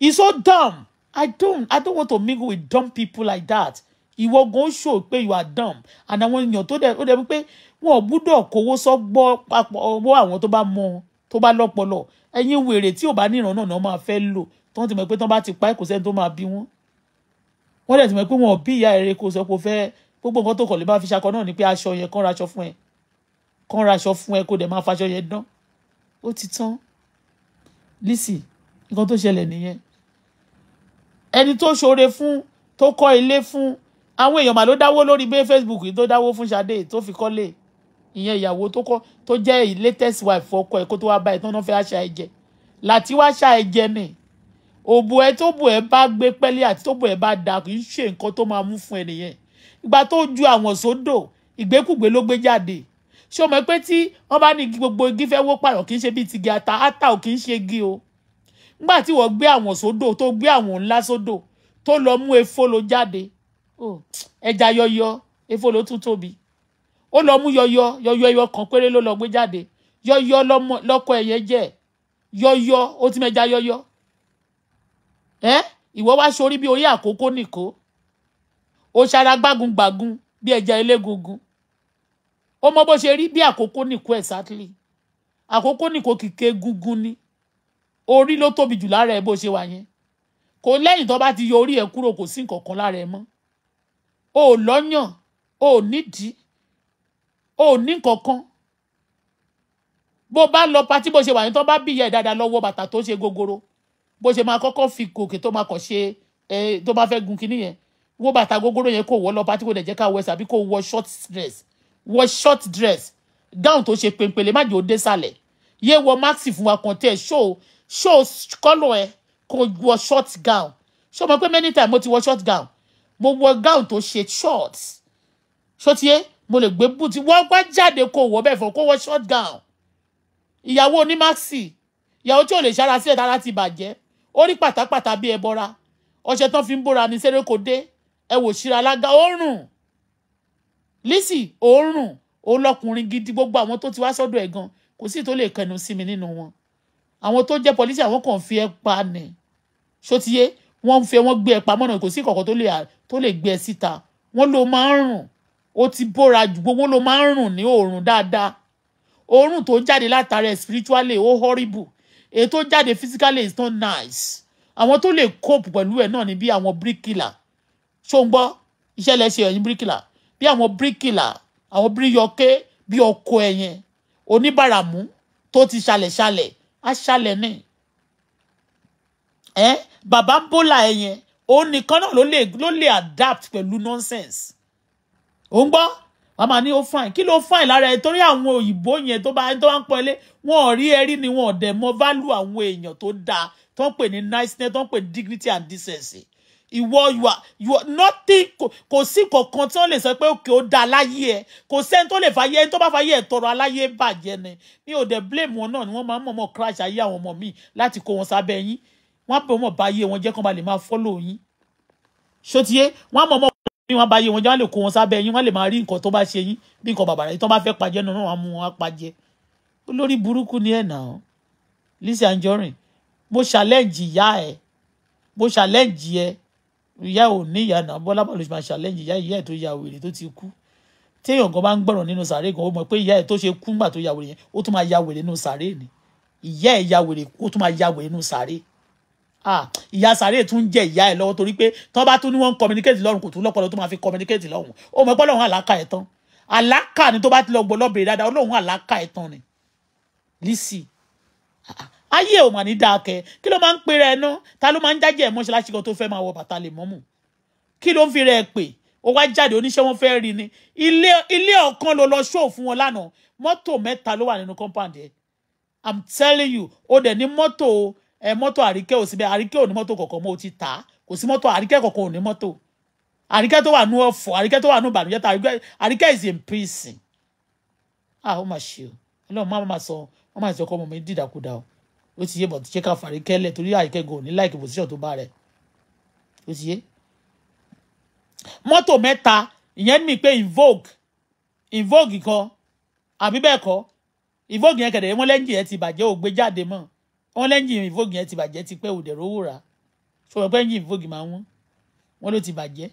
He's so dumb. I don't I don't want to mingle with dumb people like that. Ìwọ go show pé you are dumb and àwọn èèyàn tó dẹ̀ ó dẹ̀ pé wọn ò gbúdọ̀ kówó sọ́gbọ́ papọ̀ owó àwọn tó bá mọ tó bá lọ́pọlọ ẹ̀yin wèrè tí ò bá níran náà náà máa fẹ́ lò tó ń ti mọ̀ pé tó bá ti pa kò sẹ́ni tó máa bí wọn. wọ́n dẹ̀ ti mọ̀ pé wọn ò bí ìyá ẹ̀rẹ́ kò sọ pé o fẹ́ gbogbo nǹkan tó kọ̀ lè bá fi ṣakọ náà ni pé aṣọ yẹn kán raṣọ fún ẹ kán raṣọ fún ẹ kó dẹ̀ máa faṣọ yẹn dán ó ti tán Lizzy nǹkan tó ṣẹlẹ̀ nìyẹn ẹni tó ṣoore fún tó kọ́ ilé fún àwọn èèyàn mà ló dáwó lórí bẹ́ẹ̀ Facebook yìí tó dáwó fún Ṣadé tó fi kọ́lé ìyẹn ìyàwó tó kọ́ tó jẹ́ latest wife ọkọ ẹ̀ kó tó wá bá ẹ̀ tó náà fẹ́ àṣà ẹ̀ jẹ láti wá ṣà ẹ̀ jẹ ni òbò ẹ tó bò ẹ bá gbé pẹ́lí àti tó bò ẹ bá da kì í ṣe nǹkan tó máa mú fún ẹ nìyẹn ìgbà tó ju àwọn sódò ìgbékùgbé ló gbé jáde ṣé o mọ̀ pé tí wọ́n bá ní gbogbo igi fẹ́ wó pààrọ̀ kì í ṣe bíi tigi ata ata ò kì í ṣe igi o nígbà tí wọ́n gbé àwọn sódò tó gbé àwọn ńlá sódò tó lọ mú efolo jáde ẹja yọyọ efolo tún tóbi ó lọ mú yọyọ yọyọ ẹyọ kan péré ló lọ gbé jáde yọyọ lọkọ ẹyẹ jẹ yọyọ ó ti mẹja yọyọ ẹ ìwọ wá sórí bí orí àkókò nìkó o ṣara gbágungbàgun bí ẹja elégungun ó mọ bó ṣe rí bí àkókò nìkó exactly àkókò nìkó kìkẹ́ gúngún ni orí ló tóbi jù lára ẹ bó ṣe wà yẹn kò lẹ́yìn tó bá ti yọ orí ẹ kúrò kò sí nǹkan kan lára ẹ mọ́ o ò lọ́yàn o ò nídìí o ò ní nǹkan bó bá lọ patí bó ṣe wà yẹn tó bá bí ìyá ẹ dáadáa lọ́wọ́ bàtà tó ṣe gogoro bó ṣe máa kọ́kọ́ fi gòkè tó máa kọ̀ ṣe ẹ tó bá fẹ́ gun kinní yẹn wó bàtà gogoro yẹn kò wọ́ lọ patí kò dẹ̀ jẹ́ ká wẹ̀ sàbí kò wọ short dress wọ short dress gown tó ṣe pèpèlè má jẹ́ ó dé sàlẹ̀ yé wọ maxi fún wa kàn tẹ̀ ṣó ṣó kọ́lọ̀ ẹ kò wọ short gown ṣó mọ̀ pé many time mo ti wọ short gown mo wọ gown tó ṣe short ṣó mo lè gbé bùtì wọ́n gbá jáde kó wọ bẹ́ẹ̀ fọ́ kó wọ short gown ìyàwó oní maxi ìyàwó tí ò lè ṣara sílẹ̀ tára ti bàjẹ́ ó rí pàtàpàtà bí ẹbọra ọṣẹ tán fi ń bóra ní sẹ́rẹ́ kò dé ẹ wò síra lága ó Lisi, Lizzy òórùn olọkùnrin gidi gbogbo àwọn tó ti wá sọ́dọ̀ ẹ̀ gan kò sí tó lè kẹnu sí mi nínú wọn àwọn tó jẹ́ pọlísì àwọn kan fi ẹ pa nì ṣótiyé wọ́n ń fi wọ́n gbé ẹ pamọ́ náà kò sí kọ̀ọ̀kan tó lè gbé ẹ síta wọ́n ló máa ń rùn ó ti bóra jù gbogbo ló máa ń rùn ní òórùn dáadáa òórùn tó jáde látara ẹ spiritually ó horrible èyí tó jáde physically is not nice àwọn tó lè cope pẹ̀lú ẹ̀ náà ni bí àwọn bíríkìlà ṣó ń gbọ́ iṣẹ́ lẹ́sẹ̀ ẹ̀yìn bíríkìlà bí àwọn bíríkìlà àwọn bíríyọké bí ọkọ ẹ̀yẹn oníbàràmú tó ti ṣàlẹ̀ṣàlẹ̀ á ṣàlẹ̀ ní. ẹ bàbá ń bọ́là ẹ̀yẹn òun nìkan náà ló lè ló lè adapt pẹ̀lú nonsense. ò ń gbọ́ wọ́n máa ní ó fine kí ló fine lára ẹ̀ torí àwọn òyìnbó yẹn tó bá tó bá ń pọ́n wọn ò rí ẹrí ni wọn ò dẹ̀ mọ value àwọn èèyàn tó dáa tó ń pè ní niceness tó ń pè ní dignity and decency ìwọ you are you are nothing kò sí kankan tí wọn lè sọ pé òkè ó da láyé ẹ kò sẹ́ni tó lè fàyè ẹni tó bá fàyè ẹ tọrọ aláyé bàjẹ́ ni mi ò blame wọn náà ni wọ́n máa ń mọ̀mọ́ crash ayé àwọn ọmọ mi láti kó wọn sábẹ́ yín wọ́n á bẹ̀ wọ́n bá ayé wọn jẹ́ kán ba lè máa follow yín ṣótiyé wọ́n á mọ̀mọ́ bí wọ́n bá ayé wọn jẹ́ wọ́n lè kó wọn sábẹ́ yín wọ́n lè máa rí nǹkan tó bá ṣe yín bí nǹkan bàbàrà yìí tó bá fẹ́ pajẹ́ náà wọ́n á mú mo challenge ìyá ẹ mo challenge ẹ ìyá ò ní ìyá náà Bọ́lá bọ̀ ló máa ṣàlẹ́yìn ìyá ìyá ẹ̀ tó ya wèrè tó ti kú téèyàn kan bá ń gbọ̀ràn nínú sàárè kan ó mọ̀ pé ìyá ẹ̀ tó ṣe kú ńgbà tó ya wèrè yẹn ó tún máa ya wèrè nínú sàárè ni ìyá ẹ̀ ya wèrè ó tún máa ya wèrè nínú sàárè ìyá sàárè tún jẹ́ ìyá ẹ̀ lọ́wọ́ torí pé tọ́ bá tún ní wọ́n ń communicate lọ́rùn kò tún lọ́pọ̀lọ́ tó máa fi communicate lọ́rùn ó mọ̀ pé Ọlọ́run àlàkà ẹ̀ tán àlàkà ni tó bá ti lọ gbọ́ lọ́bẹ̀rẹ̀ dáadáa Ọlọ́run àlàkà ẹ̀ tán ayé ò mà ní dáa kẹ kí ló máa ń pèrè ẹ ná ta ló máa ń jájẹ ẹ mọ́ṣáláṣí kan tó fẹ́ máa wọ bàtà lè mọ́mù kí ló ń fi rẹ pè ó wá jáde oníṣẹ́ wọn fẹ́ rí ni ilé ilé ọ̀kan ló lọ ṣó fún wọn lánàá mọ́tò mẹ́ta ló wà nínú compound ẹ̀ i'm telling you ó dẹ̀ ní mọ́tò ẹ mọ́tò àríkẹ́ ò síbẹ̀ àríkẹ́ ò ní mọ́tò kọ̀ọ̀kan mọ́ ó ti tà á kò sí mọ́tò àríkẹ́ kọ̀ọ̀kan ò ní mọ́tò àríkẹ́ tó wà nú ọ̀fọ̀ àríkẹ́ tó wà nú ìbànújẹ́ tá àríkẹ́ is in prison ah ó mà ṣe o ọlọ́run má má sọ má má sọ ọkọ ọmọ mi dìdàkudà o ó ti yé bọ̀ ṣé ká fàrí kẹ́lẹ̀ torí àìkẹ́gò ní láìkì pòsíṣàn tó bá rẹ̀ ó ti yé. mọ́tò mẹ́ta ìyẹn mi pé invogue invogue kan àbí bẹ́ẹ̀ kọ́ invogue yẹn kẹ̀dẹ̀ wọ́n lẹ́yìn yẹn ti bàjẹ́ ò gbé jáde mọ́ wọ́n lẹ́yìn invogue yẹn ti bàjẹ́ ti pẹ́ òdẹ̀ rówó rà ṣùgbọ́n pé ẹ̀yìn invogue máa wọ́n wọ́n ló ti bàjẹ́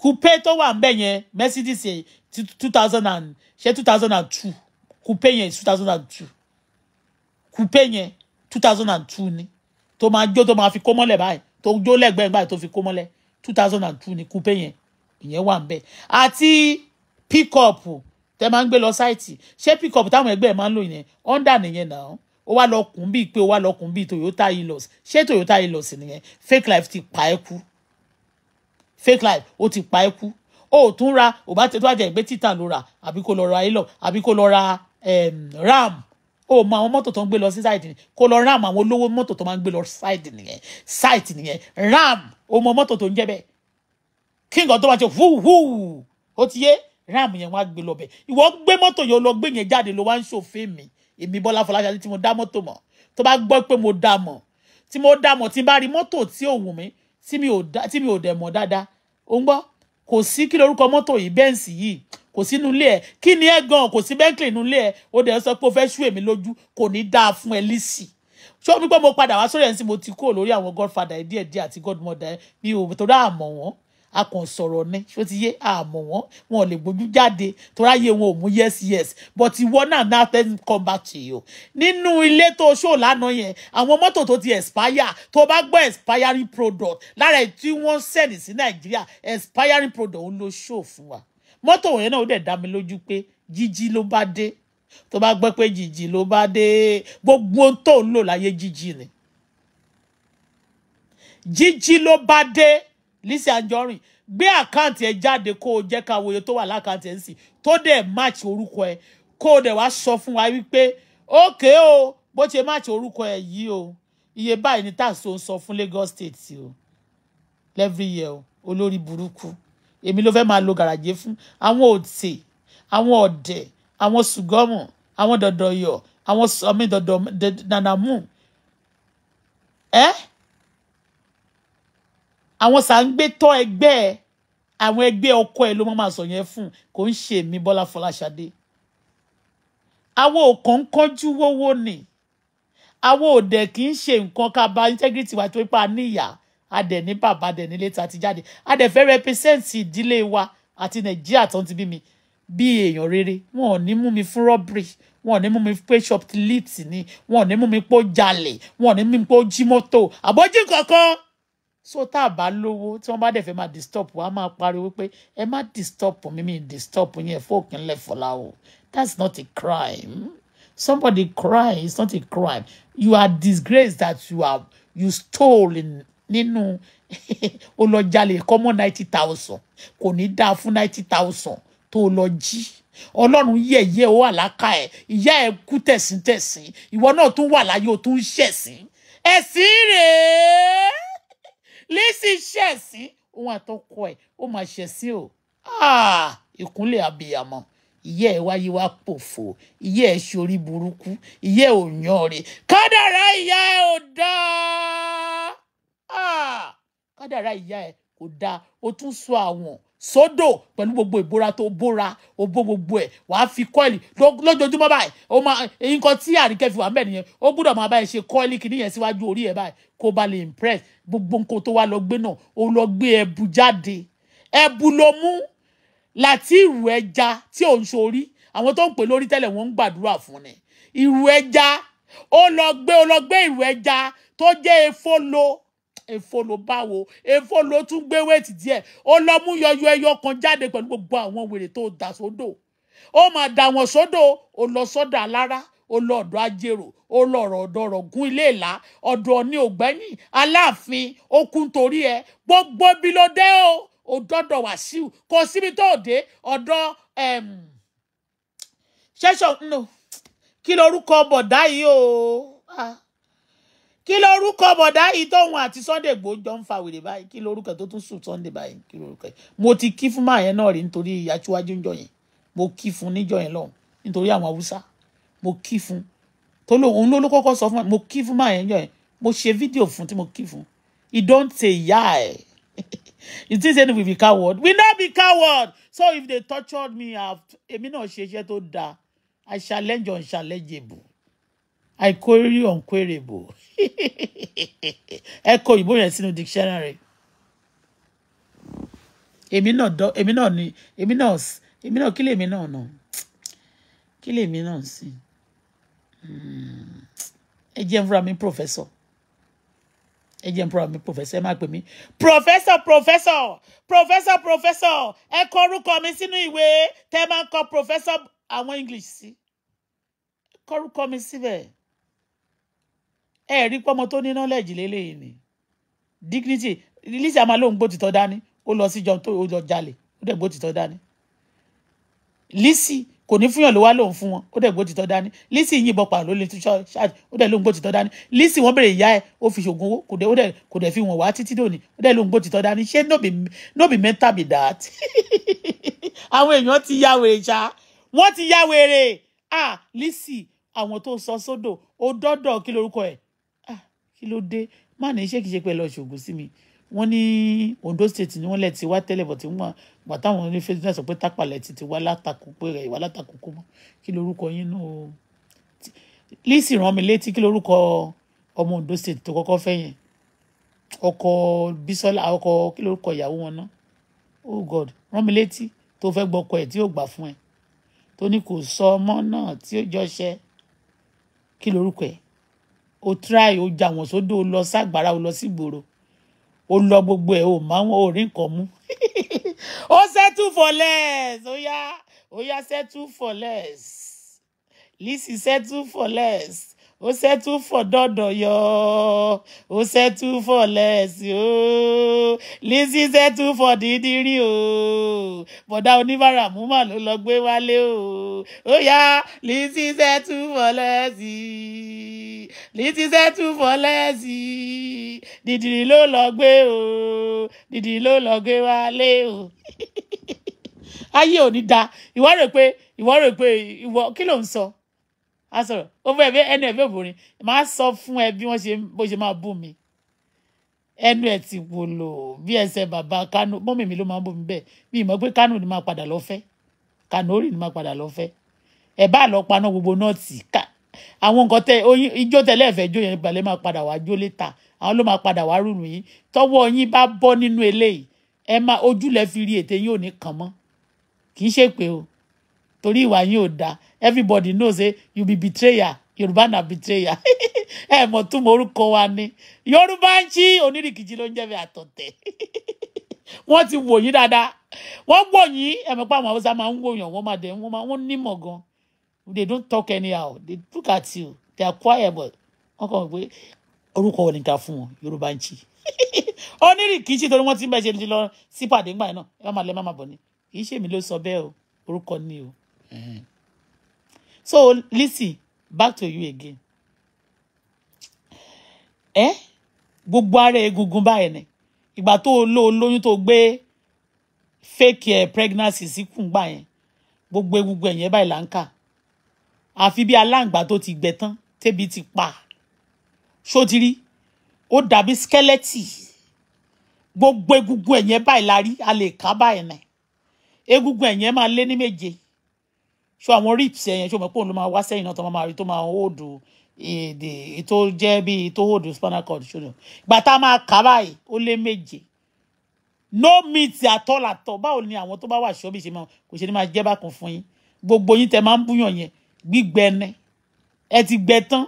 coupe tó wà ń bẹ̀ yẹn mercedes two thousand and ṣe two thousand and two coupe yẹn two thousand and two coupe yẹn two thousand and two ni tó máa jó tó máa fi kó mọ́lẹ̀ báyìí tó jó lẹ́gbẹ̀ẹ́ báyìí tó fi kó mọ́lẹ̀ two thousand and two ni kúpé yẹn ìyẹn wà ń àti pickup tẹ máa ń gbé lọ sáìtì ṣé pickup táwọn ẹgbẹ́ máa ń lò yẹn honda nìyẹn náà ó wá lọ kùn bíi pé ó wá lọ kùn bíi toyota hilux ṣé toyota hilux nìyẹn fake life ti pa ẹ́ kú fake life ó ti pa ẹ́ kú ó tún ra ò bá tẹ tó bá jẹ ìgbé títà ló ra àbí kó lọ ra hilux àbí kó lọ ra ehm, ram o mọ àwọn mọ́tò tó ń gbé lọ sí site nìyẹn kó lọ ram àwọn olówó mọ́tò tó máa ń gbé lọ site nìyẹn site nìyẹn ram o mọ mọ́tò tó ń jẹ́ bẹ́ẹ̀ kí nǹkan tó bá ti wú ó ti yé ram yẹn wá gbé lọ bẹ̀ ìwọ gbé mọ́tò yẹn lọ gbé yẹn jáde ló wá ń ṣòfin mi èmi Bọ́lá Fọláṣadé tí mo dá mọ́tò mọ̀ tó bá gbọ́ pé mo dá mọ̀ tí mo dá mọ̀ tí bá rí mọ́tò tí ò wù mí tí mi ò dẹ̀ mọ̀ kò sínú ilé ẹ kí ni ẹ gan kò sí Bentley nínú ilé ẹ ó dẹ̀ sọ pé ó fẹ́ sú èmi lójú kò ní dáa fún ẹ lísì ṣé o pípọ́ mo padà wá sórí ẹ̀ ń sìn mo ti kúrò lórí àwọn godfather díẹ̀ díẹ̀ àti godmother ẹ̀ mi ò tó dá àmọ̀ wọ́n a kàn sọ̀rọ̀ ni ṣó ti yé àmọ̀ wọ́n wọn lè gbójú jáde torí ayé wọn ò mú yes yes but ìwọ náà náà fẹ́ come back to you nínú ilé tó ṣó lánàá yẹn àwọn mọ́tò tó ti expire tó bá gbọ́ expiring product lára ẹ̀ tí wọ́n sẹ̀lì sí nàìjíríà expiring product ń lo ṣó fún wa mọ́tò yẹn náà ó dẹ̀ dá mi lójú pé jíjí ló bá dé tó bá gbọ́ pé jìjì ló bá dé gbogbo ohun tó ń lò láyé jíjí ni jíjí ló bá dé Lizzy Anjorin gbé àkáǹtì ẹ jáde kó o jẹ́ ká wòye tó wà lákáǹtì ẹ ń sìn tó dẹ̀ match orúkọ ẹ kó o dẹ̀ wá sọ fún wa wípé ókè o bó ṣe match orúkọ ẹ yìí o iye báyìí ni tax tó ń sọ fún Lagos State o every year o olórí burúkú èmi ló fẹ́ máa lo gàràjé fún àwọn òtè àwọn ọ̀dẹ̀ àwọn sùgọ́mù àwọn dọ̀dọ̀yọ̀ àwọn sọmi dọ̀dọ̀ nànàmù ẹ́ àwọn sàǹgbẹ́tọ̀ ẹgbẹ́ ẹ àwọn ẹgbẹ́ ọkọ ẹ ló máa sọ yẹn fún kò ń ṣe èmi Bọ́lá Fọláṣadé àwọn òkàn kánjú wówó ni àwọn òdẹ kì í ṣe nǹkan ká bá integrity wa tó ipa níyà a dẹ̀ ní bàbá dẹ̀ nílé tá a ti jáde a dẹ̀ fẹ́ represent ìdílé wa àti nàìjíríà tó ń ti bí mi bí èèyàn rere wọn ò ní mú mi fún rọ́bìrì wọn ò ní mú mi pé shoplift ni wọn ò ní mú mi pé ó jalè wọn ò ní mú mi pé jí mọ́tò àbójì kankan so tá a bá lówó tí wọ́n bá dẹ̀ fẹ́ máa disturb wa máa pariwo pé ẹ má disturb mi mi disturb yẹn fóòkì ńlẹ̀ fọlá o that's not a crime somebody cry it's not a crime you are disgraced that you are you stole in nínú ó lọ jalè kọ́ ninety thousand kò ní dáa fún ninety thousand tó lọ jí ọlọ́run yẹ̀yẹ́ ó wà láká ẹ̀ ìyá ẹ̀ kú tẹ̀síntẹ̀sín ìwọ náà tún wà láyé o tún ń ṣẹ̀sín ẹ̀sín rèé lísì ṣẹ̀sín òun àtọkọ ẹ̀ ó máa ṣẹ̀sín o ah, ìkúnlẹ̀ abiyamọ ìyá ẹ̀ wáyé wá pòfò ìyá ẹ̀ ṣorí burúkú ìyá ẹ̀ ò yan rè kádàrá ìyá ẹ̀ ò dáa. Ah! kádàrá ìyá ẹ kò dáa o tún sọ àwọn sódò pẹ̀lú gbogbo ìbora tó bóra o bó gbogbo ẹ̀ wàá fi kọ́ìlì lójoojúmọ́ báyìí o máa nǹkan tí àríkẹ́ fi wà mẹ́rin yẹn o gbúdọ̀ máa bá ẹ ṣe kọ́ìlì kìíní yẹn síwájú orí ẹ̀ báyìí kó ba lè impress gbogbo nǹkan tó wá lọ gbé náà o lọ gbé ẹbu jáde ẹbu ló mú láti ìrù ẹja tí ò ń sori àwọn tó ń pè lórí tẹ́lẹ̀ wọ́n ń gbàdúrà fún ni ìrù ẹja o lọ gbé o lọ gbé ìrù ẹja tó èfó ló báwo èfó ló tún gbé wéètì díẹ̀ ó lọ mú yọyọ ẹyọ kan jáde pẹ̀lú gbogbo àwọn wèrè tó dà sódò ó máa dà wọ́n sódò ó lọ sọ́dọ̀ alára ó lọ ọ̀dọ̀ ajérò ó lọ ọ̀rọ̀ ọ̀dọ̀ ọ̀rọ̀ gún ilé ìlà ọ̀dọ̀ ní ògbẹ́yìn aláàfin ó kún torí ẹ gbogbo bí ló dé o ó dọ́dọ̀ wàsíù kò síbi tó dé ọ̀dọ̀ ṣẹ́ṣọ̀ no kí lorúkọ bọ̀dá yìí o. Ah kí lorúkọ bọ̀dá ìtọ́hun àti Sunday Igboho jọ ń fa wèrè báyìí kí lorúkọ tó tún sùn Sunday báyìí kí lorúkọ mo ti kí fún máa yẹn náà rí nítorí aṣíwájú ń jọ mo kí fún níjọ yẹn lọ́hùn nítorí àwọn haúsá mo kí fún tó lóun òun ló ló kọ́kọ́ sọ fún mo kí fún máa yẹn jọ yẹn mo ṣe fídíò fún tí mo kí fún ìdọ́ǹtẹ̀ ìyá ẹ̀ you think say we be coward we no be coward so if they tortured me èmi náà ṣe iṣẹ́ tó dáa I challenge on unchallengeable. I query unqueryable. Ẹ kọ òyìnbó yẹn sínú dictionary. Èmi náà dọ́ èmi náà ni èmi náà èmi náà kí lèmi náà nà kí lèmi náà sí. Hmm. Ẹ jẹ́ n mi professor. Ẹ jẹ́ n mi professor ẹ má pè mí. Professor professor professor professor ẹ kọ orúkọ mi sínú ìwé tẹ́ máa ń kọ professor àwọn English sí. Kọ orúkọ mi síbẹ̀. Si ẹ rí pọ́mọ tó ní knowledge lélẹ́yìí ni dignity Lizzy amalóhùn gbó títọ́ dání ó lọ sí john tó ó lọ jalè ó dẹ̀ gbó títọ́ dání Lizzy kò ní fúnyàn ló wá lóhùn fún wọn ó dẹ̀ gbó títọ́ dání Lizzy yìnbọn pààrọ̀ ló lè tún ṣáàjì ó dẹ̀ lóhùn gbó títọ́ dání Lizzy wọ́n bèrè ìyá ẹ̀ ó fi ṣògùn owó kò dẹ̀ kò dẹ̀ fi wọ̀n wá títí dòní ó dẹ̀ lóhùn gbó títọ́ dání ṣé no be mental be that àwọn èèyàn ti ya wèrè ṣá wọ́n ti ya wèrè ah lisi, àwọn tó sọ sódò ó dọ́dọ̀ kí lorúkọ ẹ̀ kí ló dé má ní ṣé kìí ṣe pé lọ sí mi wọ́n ní Ondo state ni wọ́n lẹ ti wá tẹ́lẹ̀ bọtí wọ́n gbà táwọn onífẹsẹ náà sọ pé tápàlẹ ti ti wá látàkù pé rẹ ìwà látàkù kó mọ kí lorúkọ yín nù o lisi rán mi létí kí lorúkọ ọmọ Ondo state tó kọ́kọ́ fẹ́ yẹn ọkọ Bísọ́lá ọkọ kí lorúkọ ìyàwó wọn náà oh god rán mi létí tó fẹ́ gbọ́kọ ẹ̀ tí yóò gbà fún ẹ tó ní kò sọ ọmọ náà tí ó jọ ṣẹ kí lorúkọ ẹ̀ o try o jà wọ́n sódò o lọ ságbára o lọ sígboro o lọ gbogbo ẹ̀ o máa o orí nǹkan mú o settle for less oya oya ó settle for less lisi settle for less ó settle for dodo yo? dọ́dọ̀yọ̀ ó settle for lẹ́sì ó Lizzy settle for dídírí ó bọ̀dá oníbàárà múmà ló lọ gbé wálé ó ó yá Lizzy settle for lẹ́sì Lizzy settle for lẹ́sì dídírí ló lọ gbé ó dídírí ló lọ gbé wálé ó ayé ò ní da ìwọ rò pé ìwọ rò pé ìwọ kí ló ń kilo nso? á sọ̀rọ̀ over ẹ̀fẹ́ ẹnu ẹ̀fẹ́ obìnrin máa sọ fún ẹ bí wọ́n ṣe bó ṣe máa bù mí ẹnu ẹ̀ ti wòlò bí ẹsẹ̀ bàbá Kánò mọ́mì mi ló máa ń bù mí bẹ́ẹ̀ mi mọ̀ pé Kánò ni máa padà lọ fẹ́ Kànórì ni máa padà lọ fẹ́ ẹ bá lọ paná gbogbo nọ́ọ̀tì ká àwọn nǹkan tẹ oyin ijó tẹlẹ ẹfẹ jó yẹn balẹ̀ máa padà wá jó létà àwọn ló máa padà wá rùnú yín tọ́wọ́ yín bá bọ́ nínú eléyìí ẹ máa ojúlẹ̀ fi rí ètè yín ò ní kàn mọ́ kì í ṣèpè o torí ìwà yín ò dáa everybody knows say you be betrayer yorùbá na betrayer ẹ mọ̀ tún mọ orúkọ wa ni yorùbá ń ṣí onírìkìjì ló ń jẹ́ bí àtọ̀tẹ̀ wọ́n ti wò yín dáadáa wọ́n wò yín ẹ mọ̀ pé àwọn haúsá máa ń wòyàn wọ́n máa dẹ̀ wọ́n máa wọ́n nímọ̀ gan they don't talk anyhow they look at you they are quiet but wọ́n kàn pé orúkọ wọn nìkan fún wọn yorùbá ń ṣí onírìkìjì torí wọ́n ti ń bẹ́ẹ̀ ṣe ti lọ sípàdé ńgbà náà ẹ má lẹ́ má má bọ̀ ni kì í ṣèmi ló sọ bẹ́ẹ̀ o orúkọ ni o. Eh. So Lizzy, back to you again. Eh? Gbogbo ara egungun báyìí ni. Ìgbà tó o lo olóyún tó gbé fake ẹ̀ eh, pregnancy síkùn gbà yẹn. Gbogbo egungun ẹ̀yẹn báyìí là ń kà. Àfi bí aláǹgbá tó ti gbẹ tán tébi ti pa. Ṣó ti rí? Ó dàbí skẹ́lẹ́tì. Gbogbo egungun ẹ̀yẹn báyìí la rí. A lè kà báyìí ni. Egungun ẹ̀yẹn máa lé ní méje ṣó àwọn rips ẹ̀yẹn ṣó mọ̀ pé òun ló máa wá sẹ́yìn náà tó máa rí tó máa hold èdè tó jẹ́ bíi tó hold spinal cord ṣòro ìgbà tá a máa kà báyìí ó lé méje no meat àtọ́làtọ̀ báwo ni àwọn tó bá wà ṣọ́bì ṣe máa kò ṣe ní máa jẹ́ bákan fún yín gbogbo yín tẹ máa ń búyàn yẹn gbígbẹ ni ẹ ti gbẹ tán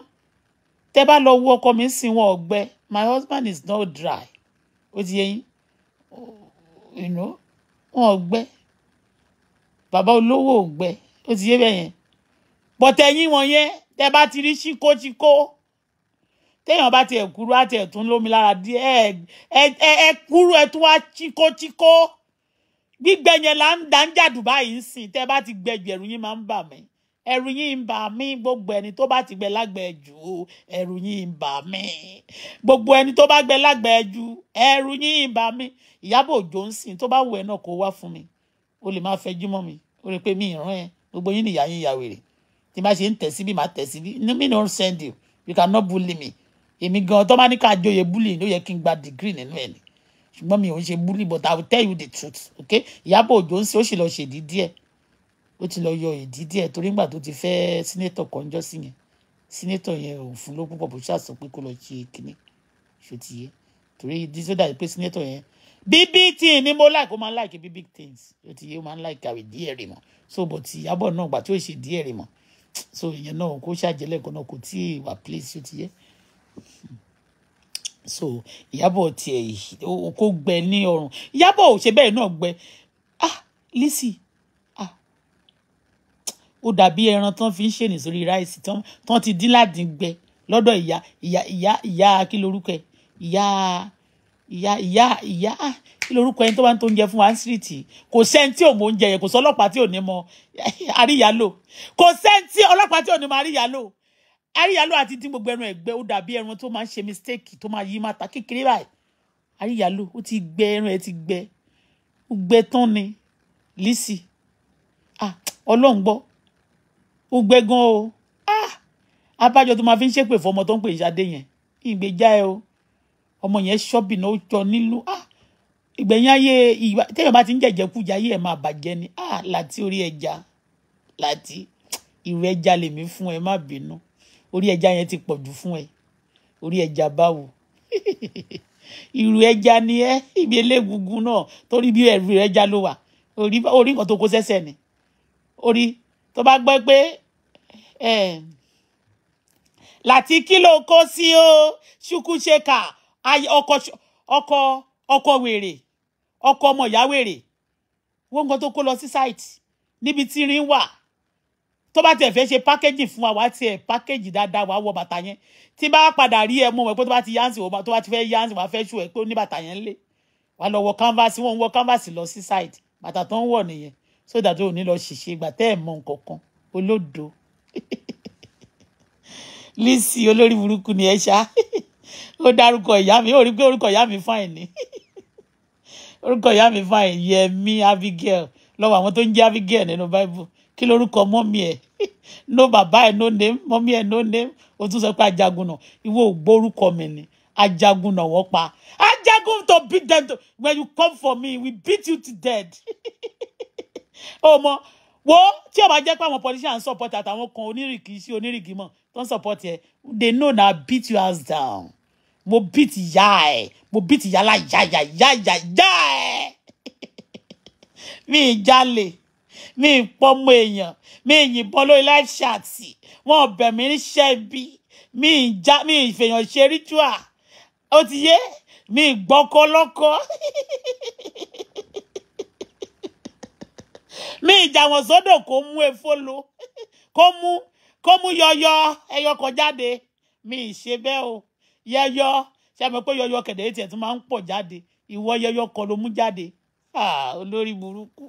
tẹ bá lọ wo ọkọ mi ń sin wọn ọgbẹ my husband is not dry ó ti yẹ yín you know wọn ọgbẹ bàbá olówó ọgbẹ ó ti yé bẹ́ẹ̀ yẹn bọ̀tẹ̀ yín wọn yẹn tẹ́ bá ti rí ṣíkóṣíkó téèyàn bá tiẹ̀ kúrú á tiẹ̀ tún lómi lára díẹ̀ ẹ ẹ ẹ kúrú ẹ tún wá ṣíkóṣíkó gbígbẹ yẹn là ń dá ń jàdù báyìí ń sìn tẹ́ bá ti gbẹjù ẹ̀rù yín máa ń bà mí ẹ̀rù yín ń bà mí gbogbo ẹni tó bá ti gbẹ lágbẹ̀ẹ́ jù ẹ̀rù yín ń bà mí gbogbo ẹni tó bá gbẹ lágbẹ̀ẹ́ jù ẹ̀rù yín ń bà mí Ìyábọ̀ Òjó ń sìn tó bá wù ẹ́ náà kó wá fún mi o lè máa fẹjú mọ́ mi o lè pe mi ìran ẹ̀ gbogbo yín nìyá yín ya wèrè tí má ṣe ń tẹ̀ síbí má tẹ̀ síbí me no send you you cannot bully me èmi gan tó máa ní ká joyè bully ló yẹ kí n gba degree nínú ẹ̀ ni ṣùgbọ́n mi ò ń ṣe bully but i will tell you the truth okay Ìyábọ̀ Òjó ń ṣe ó sì lọ ṣèdí díẹ̀ ó ti lọ yọ ìdí díẹ̀ torí ńgbà tó ti fẹ́ sínétọ̀ kọjọ́ sí yẹn sínétọ̀ yẹn ò fún ló púpọ̀ bó ṣàṣọ pé kó lọ ṣe kínní ṣòtìyẹ torí dísódà pé sínétọ̀ yẹn big big thing ni mo like o máa like big big things o ti yẹ o máa like àwẹ̀ díẹ̀ rè so but ìyàbọ̀ náà gbà tí ó ṣe díẹ̀ rè so ìyẹn náà kó ṣàjẹlẹ̀ kan náà kò tí ì place o ti yẹ so ìyàbọ̀ tiẹ̀ kó gbẹ ní ọrùn ìyàbọ̀ ò ṣe bẹ́ẹ̀ náà gbẹ ah Lizzy ah O dabi ẹran tán fi ń ṣèlè sórí ráìsì tán tán ti dín ládìí gbẹ lọ́dọ̀ ìyá ìyá ìyá ìyá kí lorúkọ ẹ̀ ìyá ìyá ìyá kí lorúkọ ẹni tó bá ń tó oúnjẹ fún wa ń sírìtì kò sẹ́ni tí ò mọ oúnjẹ yẹn kò sọ ọlọ́pàá tí ò ní mọ àríyálò kò sẹ́ni tí ọlọ́pàá tí ò ní mọ àríyálò àríyálò àti dín gbogbo ẹran ẹ̀gbẹ́ ó dàbí ẹran tó máa ń ṣe mistake tó máa yí máa ta kékeré báyìí àríyálò ó ti gbẹ ẹran ẹ ti gbẹ ó gbẹ tán ni Lizzy ah ọlọ́run gbọ́ ó gbẹ gan o ah abájọ tó máa fi ń ṣépè fọmọ tó ń pè ìṣadé o ọmọ yẹn ṣọ́bìnà ó jọ nílùú ah ìgbẹ̀yìn ayé ìwà téèyàn bá ti ń jẹ̀jẹ̀ kújà ayé ẹ̀ máa bàjẹ́ ni ah láti orí ẹja láti ìrù ẹja lèmi fún ẹ má bínú orí ẹja yẹn ti pọ̀ jù fún ẹ orí ẹja báwo ìrù ẹja ni ẹ ibi eléegungun náà torí bí ẹrù ẹja ló wà orí nǹkan tó kó sẹ́sẹ̀ ni orí tó bá gbọ́ pé láti kí ló kó sí o ṣùkú ṣe kà ọkọ ọkọ ọkọ wèrè ọkọ ọmọ ìyá wèrè wọ́n nǹkan tó kó lọ sí site níbi tí irin wà tó bá tiẹ̀ fẹ́ ṣe pákéjì fún wa wá tiẹ̀ pákéjì dáadáa wàá wọ bàtà yẹn tí bá padà rí ẹ mọ̀ wọ́n pé tó bá ti yánsì wọ́n tó bá ti fẹ́ yánsì wàá fẹ́ ṣù ẹ pé ó ní bàtà yẹn lé wàá lọ wọ kánfàsì wọ́n wọ kánfàsì lọ sí site bàtà tó ń wọ̀ nìyẹn sódà tó ní lọ ṣìṣe ìgbà tẹ́ ẹ̀ mọ̀ nǹkan kan olódo Lizzy olórí burúkú ni ẹ ṣá ó dárúkọ ìyá mi ó rí pé orúkọ ìyá mi fine ni orúkọ ìyá mi fine Yẹmi Abigail lọ́wọ́ àwọn tó ń jẹ́ Abigail nínú Bible kí lorúkọ mọ́mí ẹ̀ no bàbá ẹ̀ no name mọ́mí ẹ̀ no name o tún sọ pé ajagunà ìwọ ò gbórúkọ mi ni ajagunà wọ́n pa ajagun to beat them to when you come for me we beat you to dead. ọmọ wo tí ọba jẹ́ pé àwọn politicians support àtàwọn kan onírìkì sí onírìkì mọ̀ tó ń support ẹ they know na beat you ass down mo beat ìyá ẹ̀ mo beat ìyá láyà yà yà yà yà ẹ̀ mi ì jalè mi ì pọ́nmọ èèyàn mi ì yìnbọn lórí live chat wọn ọbẹ̀ mi níṣẹ́ bí mi ì já mi ì fèèyàn ṣe ritual ó ti yé mi ì gbọ́kọ́ lọ́kọ́ mi ì jà wọ́n kó mú efó lo kó mú kó mú yọyọ ẹyọ jáde mi ì ṣe bẹ́ẹ̀ o yẹyọ ṣe àmọ́ pé yọyọ kẹ̀dẹ̀ tiẹ̀ tún máa ń pọ̀ jáde ìwọ yẹyọ kọ́ ló mú jáde olórí burúkú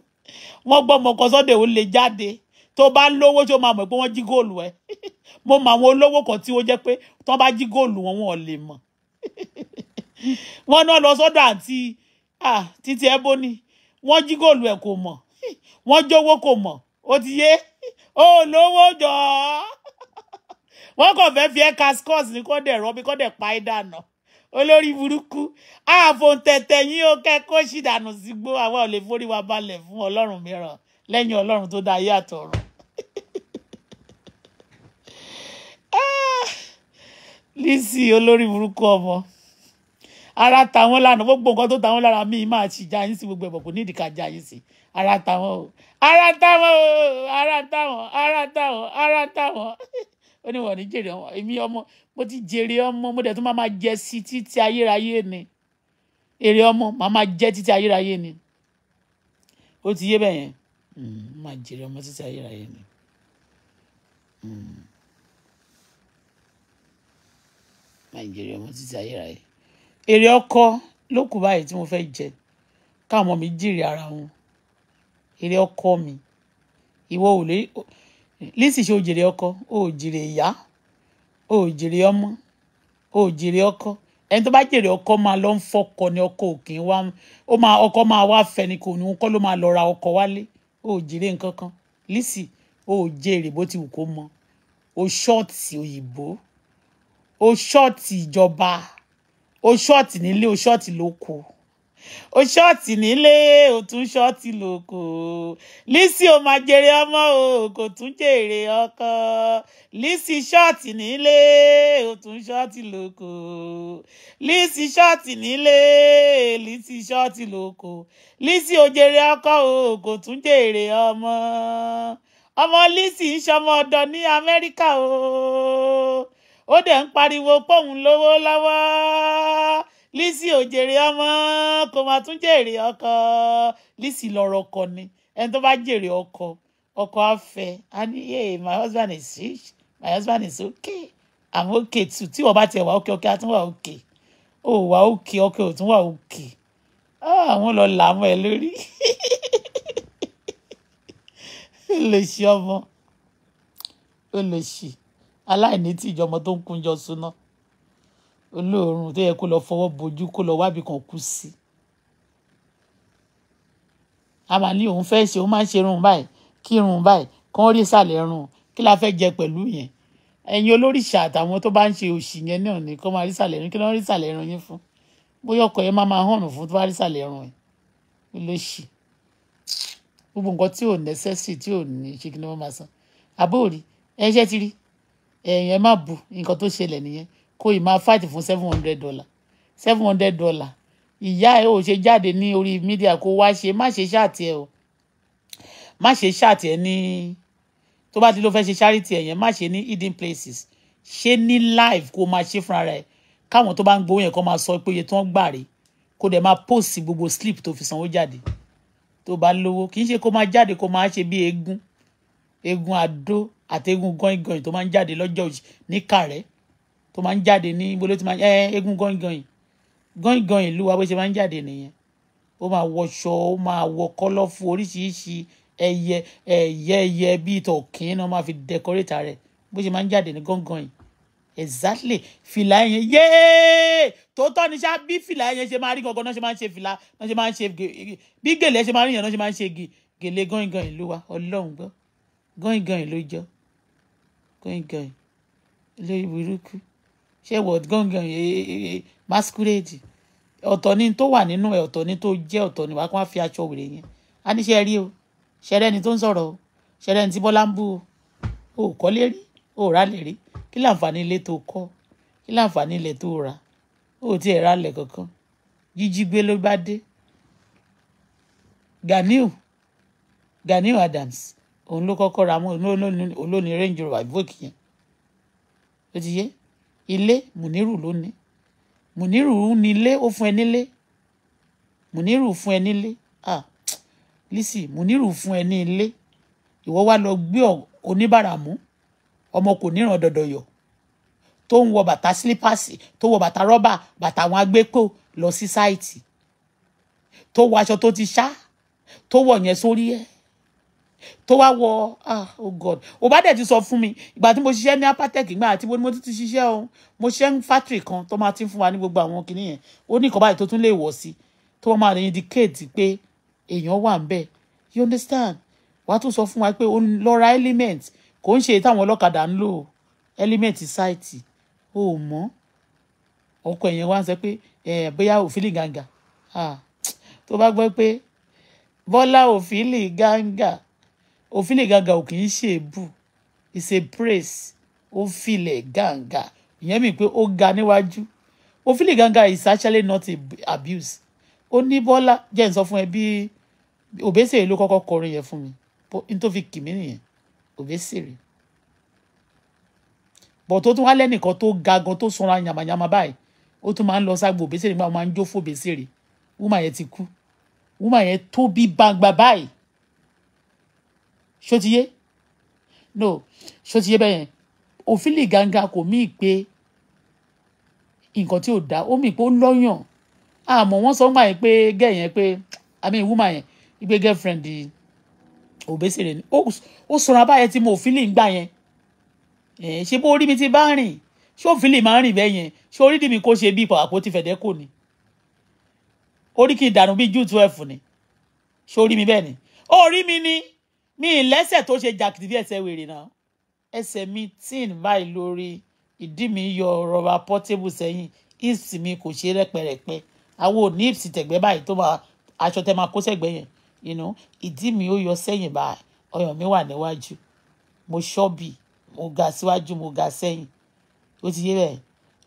wọ́n gbọ́ ọmọ kan sọ́dẹ̀ ó lè jáde tó bá ń lówó tó máa mọ̀ pé wọ́n jí góòlù ẹ̀ mo mọ àwọn olówó kan tí ó jẹ́ pé tó bá jí góòlù wọn wọn ò lè mọ̀ wọ́n náà lọ sọ́dọ̀ àti títí ẹ bó ni jí góòlù ẹ̀ kò mọ̀ wọ́n jówó kò mọ̀ ó ti yé olówó jọ̀ọ́ wọ́n kàn fẹ́ fi ẹ̀ka scores ní kó dẹ̀ rọ́bí kó dẹ̀ pa é dànù olórí burúkú àfòǹtẹ̀tẹ̀ yín ó kẹ́kọ̀ọ́ sì dànù sígbó àwa ò lè forí wa balẹ̀ fún ọlọ́run mìíràn lẹ́yìn ọlọ́run tó dá ayé àtọ̀run. Ah! Lizzy olórí burúkú ọmọ ara tàwọn lànà gbogbo nǹkan tó tàwọn lára míì máa ti já yín sí gbogbo ẹ̀bọ̀ kò nídìí ká já yín sí ara tàwọn o ara tàwọn o ara tàwọn ara tàwọn ara tàwọn. ó ní wọn jèrè ọmọ èmi ọmọ mo ti jèrè ọmọ mo dẹ̀ tún máa máa jẹ sí títí ayérayé ni èrè ọmọ màá máa jẹ títí ayérayé ni ó ti yé bẹ́ẹ̀ yẹn hmm, máa jèrè ọmọ títí ayérayé ni. máa hmm. jèrè ọmọ títí ayérayé èrè ọkọ ló kù báyìí tí mo fẹ́ jẹ káwọn ọmọ mi jèrè ara wọn èrè ọkọ mi ìwọ ò lè Lisi ṣe òjèrè ọkọ òjèrè ìyá òjèrè ọmọ òjèrè ọkọ ẹni tó bá jèrè ọkọ máa lọ ń fọkọ ni ọkọ òkè wa ó máa ọkọ máa wá fẹni kò ní kọ́ ló máa lọ ra ọkọ wálé òjèrè nǹkan kan Lizzy òjèrè bó ti wù kó mọ o ṣọ́ọ̀tì òyìnbó o ṣọ́ọ̀tì ìjọba o ṣọ́ọ̀tì nílé o ṣọ́ọ̀tì lóko o ṣọ́ọ̀tì nílé o tún ṣọ́ọ̀tì lóko Lizzy o máa jèrè ọmọ o kò tún jèrè ọkọ Lizzy ṣọ́ọ̀tì nílé o tún ṣọ́ọ̀tì lóko Lizzy ṣọ́ọ̀tì nílé Lizzy ṣọ́ọ̀tì lóko Lizzy o jèrè ọkọ o kò tún jèrè ọmọ ọmọ Lizzy ń ṣọmọ ọ̀dọ̀ ní Amẹ́ríkà o ó dẹ̀ ń pariwo pọ́ùn lówó lọ́wọ́. Lizzy òjèrè ọmọ kò máa tún jèrè ọkọ Lizzy lọ́rọ̀ ọkọ ni ẹni tó bá jèrè ọkọ ọkọ afẹ a ní hey my husband is rich my husband is okay i'm okay too tí wọ́n bá tiẹ̀ wà okay okay a tún wà okay ó oh, wà okay okay ò tún wà okay ah, àwọn lọ là á mọ́ ẹ lórí olùsí ọmọ olùsí aláìní tí ìjọmọ tó ń kúnjọ súná olóòórùn tó yẹ kó lọ fọwọ́ bojú kó lọ wábi kan kú sí a máa ní òun fẹ́ ṣe òun máa ń ṣe irun báyìí kí irun báyìí kán rí ìsàlẹ̀ irun kí la fẹ́ jẹ pẹ̀lú yẹn ẹ̀yin olóríṣà àtàwọn tó bá ń ṣe òṣì yẹn náà ni kán máa rí ìsàlẹ̀ irun kí lọ́n rí ìsàlẹ̀ irun yín fún bóyá ọkọ̀ yẹn máa máa hàn fún tó bá rí ìsàlẹ̀ irun yẹn olóṣì gbogbo nǹkan tí ò necessary tí ò ní ṣe kí ni wọ́n máa san àbóòrí ẹ̀ṣẹ́ ti rí ẹ̀yìn ẹ má bu nǹkan tó ṣẹlẹ̀ nìyẹn kó ì máa fight fún seven hundred dollar seven hundred dollar ìyá ẹ ò ṣe jáde ní orí media kó wá ṣe má ṣe ṣáàtì ẹ o má ṣe ṣáàtì ẹ ní tó bá ti ló fẹ́ ṣe charity ẹ yẹn má ṣe ní hidden places ṣe ní live kó máa ṣe fúnra rẹ káwọn tó bá ń gbowó yẹn kó máa sọ pé iye tó ń gbà rèé kó dẹ̀ máa post gbogbo slip tó fi sanwó jáde tó bá lówó kì í ṣe kó máa jáde kó máa ṣe bí eégún eégún àdó àtẹ̀gùn gọ́ngọ́n tó máa ń jáde lọ́jọ́ ní kàrẹ́ tó máa ń jáde ní ibo ló ti máa ń eh, eégún gọ́ngọ́yìn gọ́ngọ́yìn lúwa bó ṣe máa ń jáde nìyẹn ó máa wọṣọ ó máa wọ kọ́lọ́fù oríṣiríṣi ẹyẹ ẹyẹ ẹyẹ bíi tọ̀kín náà máa fi dẹkọrétà rẹ̀ bó ṣe máa ń jáde ní gọ́ngọ́yìn exactly fìlà yẹn yéé tòótọ́ ni ṣá bí fìlà yẹn ṣe máa rí gangan náà ṣe máa ń ṣe fìlà náà ṣe máa ń ṣe bí gèlè ṣe máa rí yẹn náà ṣe máa ń ṣe gèlè gọ́ngọ́yìn lúwa ọlọ́run gbọ́ gọ́ngọ́yìn ló jọ gọ́ngọ́yìn lórí burúkú ṣé wọ́n gangan eh, eh, eh, masquerade ọ̀tọ̀ ni tó wà nínú ẹ̀ ọ̀tọ̀ ni tó jẹ́ ọ̀tọ̀ ni wàá kó wá fi aṣọ wèrè yẹn á ní ṣe rí o ṣẹlẹ̀ ni tó ń sọ̀rọ̀ o ṣẹlẹ̀ ni tí Bọ́lá ń bú o ò kọ́lé rí o ò rálẹ̀ rí kí láǹfààní ilé tó kọ́ kí láǹfààní ilẹ̀ tó rà o ò tiẹ̀ rálẹ̀ kankan jíjí gbé ló bá dé Ganiu Ganiu Adams òun ló kọ́kọ́ ra mọ́ olóní Range Rover Evoque yẹn ó ti yé ilé Mùnírù ló ní Mùnírù ní ilé ó fún ẹ nílé Mùnírù fún ẹ nílé ah lisi Mùnírù fún ẹ ní ilé ìwọ wá lọ gbé oníbàárà mú ọmọ kò níran dọdọyọ tó ń wọ bàtà sílípàsì tó wọ bàtà rọ́bà bàtà àwọn agbépo lọ sí sáìtì tó wọ aṣọ tó ti ṣá tó wọ yẹn sórí ẹ tó wá wọ ah oh god ò bá dẹ̀ ti sọ fún mi ìgbà tí mo ṣiṣẹ́ ní apatech ìgbà àti mo ti ṣiṣẹ́ o mo ṣiṣẹ́ ní factory kan tó máa ti fún wa ní gbogbo àwọn kinní yẹn ó ní ìkọ́ báyìí tún lè wọ̀ sí tó wọ́n máa indicate pé èèyàn wà ń bẹ̀ you understand wà á tún sọ fún wa pé lọ́ra element kò ń ṣe táwọn ọlọ́kadà ń lò element site o ò mọ́ ọkọ ẹ̀yẹn wá ń sọ pé bóyá òfìlì gàǹgà ah, tó bá gbọ́ pé bọ́lá òfìlì gàǹgà òfìlè gàgà ò kì í ṣe èébù it's a praise òfìlè gàgà ìyẹn mi pé ó ga níwájú òfìlè gàgà is actually not abuse ó ní bọ́lá jẹ́ n sọ fún ẹ bí òbẹ́sẹ̀ ló kọ́kọ́ kọrin yẹn fún mi nítorí kìmí nìyẹn òbẹ́sẹ̀ rẹ̀ bọ̀ tó tún wá lẹ́nìkan tó ga gan tó sanra yàmàyàmà báyìí ó tún máa ń lọ ságbo òbẹ́sẹ̀ nígbà máa ń jó fòbẹ́sẹ̀ rẹ̀ wúmà yẹn ti kú wúmà yẹn tó gbangba báyìí ṣótiyé no ṣótiyé bẹ́yẹn òfìlì gangan kò mí pé nǹkan tí ò dá ó mì pé ó lọ́yàn àmọ́ wọ́n sọ gbà yẹn pé gẹ́ yẹn pé i mean woman yẹn ipe girlfriend òbésèrè ni ó sọra báyẹn tí mo òfìlì ń gbà yẹn ṣé bó rí mi ti bá rìn ṣé òfìlì máa ń rìn bẹ́ẹ̀ yẹn ṣé orí mi kò ṣe bí àpótí fẹ̀dẹ́ kò ní orí kì í dànù bí jù twelve ni ṣé orí mi bẹ́ẹ̀ ni orí mi ni mi lẹ́sẹ̀ tó ṣe jàkìtì bí ẹsẹ̀ wèrè náà ẹsẹ̀ mi tíìn báyìí lórí ìdí mi yọ rọba pọ́tébù sẹ́yìn hips mi kò ṣe rẹ́pẹ̀rẹ́pẹ́ àwọn òní hips tẹ̀gbẹ́ báyìí tó máa aṣọ tẹ́ máa kó sẹ́gbẹ́ yẹn you know ìdí mi ó yọ sẹ́yìn báyìí ọyàn mi wà níwájú mo ṣọ́ọ̀bì mo ga síwájú mo ga sẹ́yìn ó ti yé bẹ́ẹ̀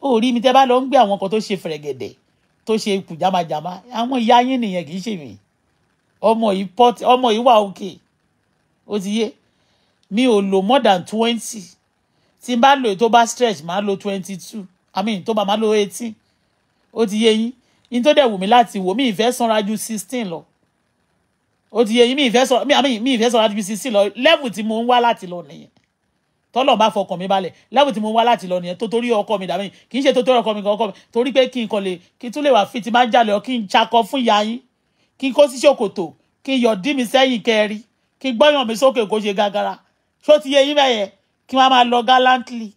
ó rí mi tẹ́ bá lọ ń gbé àwọn kan tó ṣe fẹ̀rẹ̀gẹ̀dẹ̀ tó ṣe kù jámajàma àwọn ìyá yín nìyẹn kì í ṣèmí ọmọ yìí wà òkè. Okay ó ti yé mi ò lò more than twenty tí n bá lò e tó bá stretch máa lò twenty two i mean tó bá máa lò eighteen ó ti yé yín yín tó dẹ̀ wù mí láti wò mí ìfẹ́ sanra ju sixteen lọ ó ti yé yín mi ìfẹ́ sanra mi àmì mi ìfẹ́ sanra ju sixteen lọ level tí mo ń wá láti lọ nìyẹn tọ́lọ̀ bá fọkàn mi balẹ̀ level tí mo ń wá láti lọ nìyẹn tó torí ọkọ mi dàbí kì í ṣe tó torí ọkọ mi kan ọkọ mi torí pé kí n kàn lè kí n tún lè wà fi ti máa ń jalè ọ kí n ṣakọ fún ìyá yín kí n kó sí ṣòkòtò kí n yọ̀ dí mi sẹ́yìn kẹrin kí gbọ́yàn mi sókè kó ṣe gàgàrà ṣó ti yẹ yín bẹ́yẹ kí wọ́n máa lọ gallantly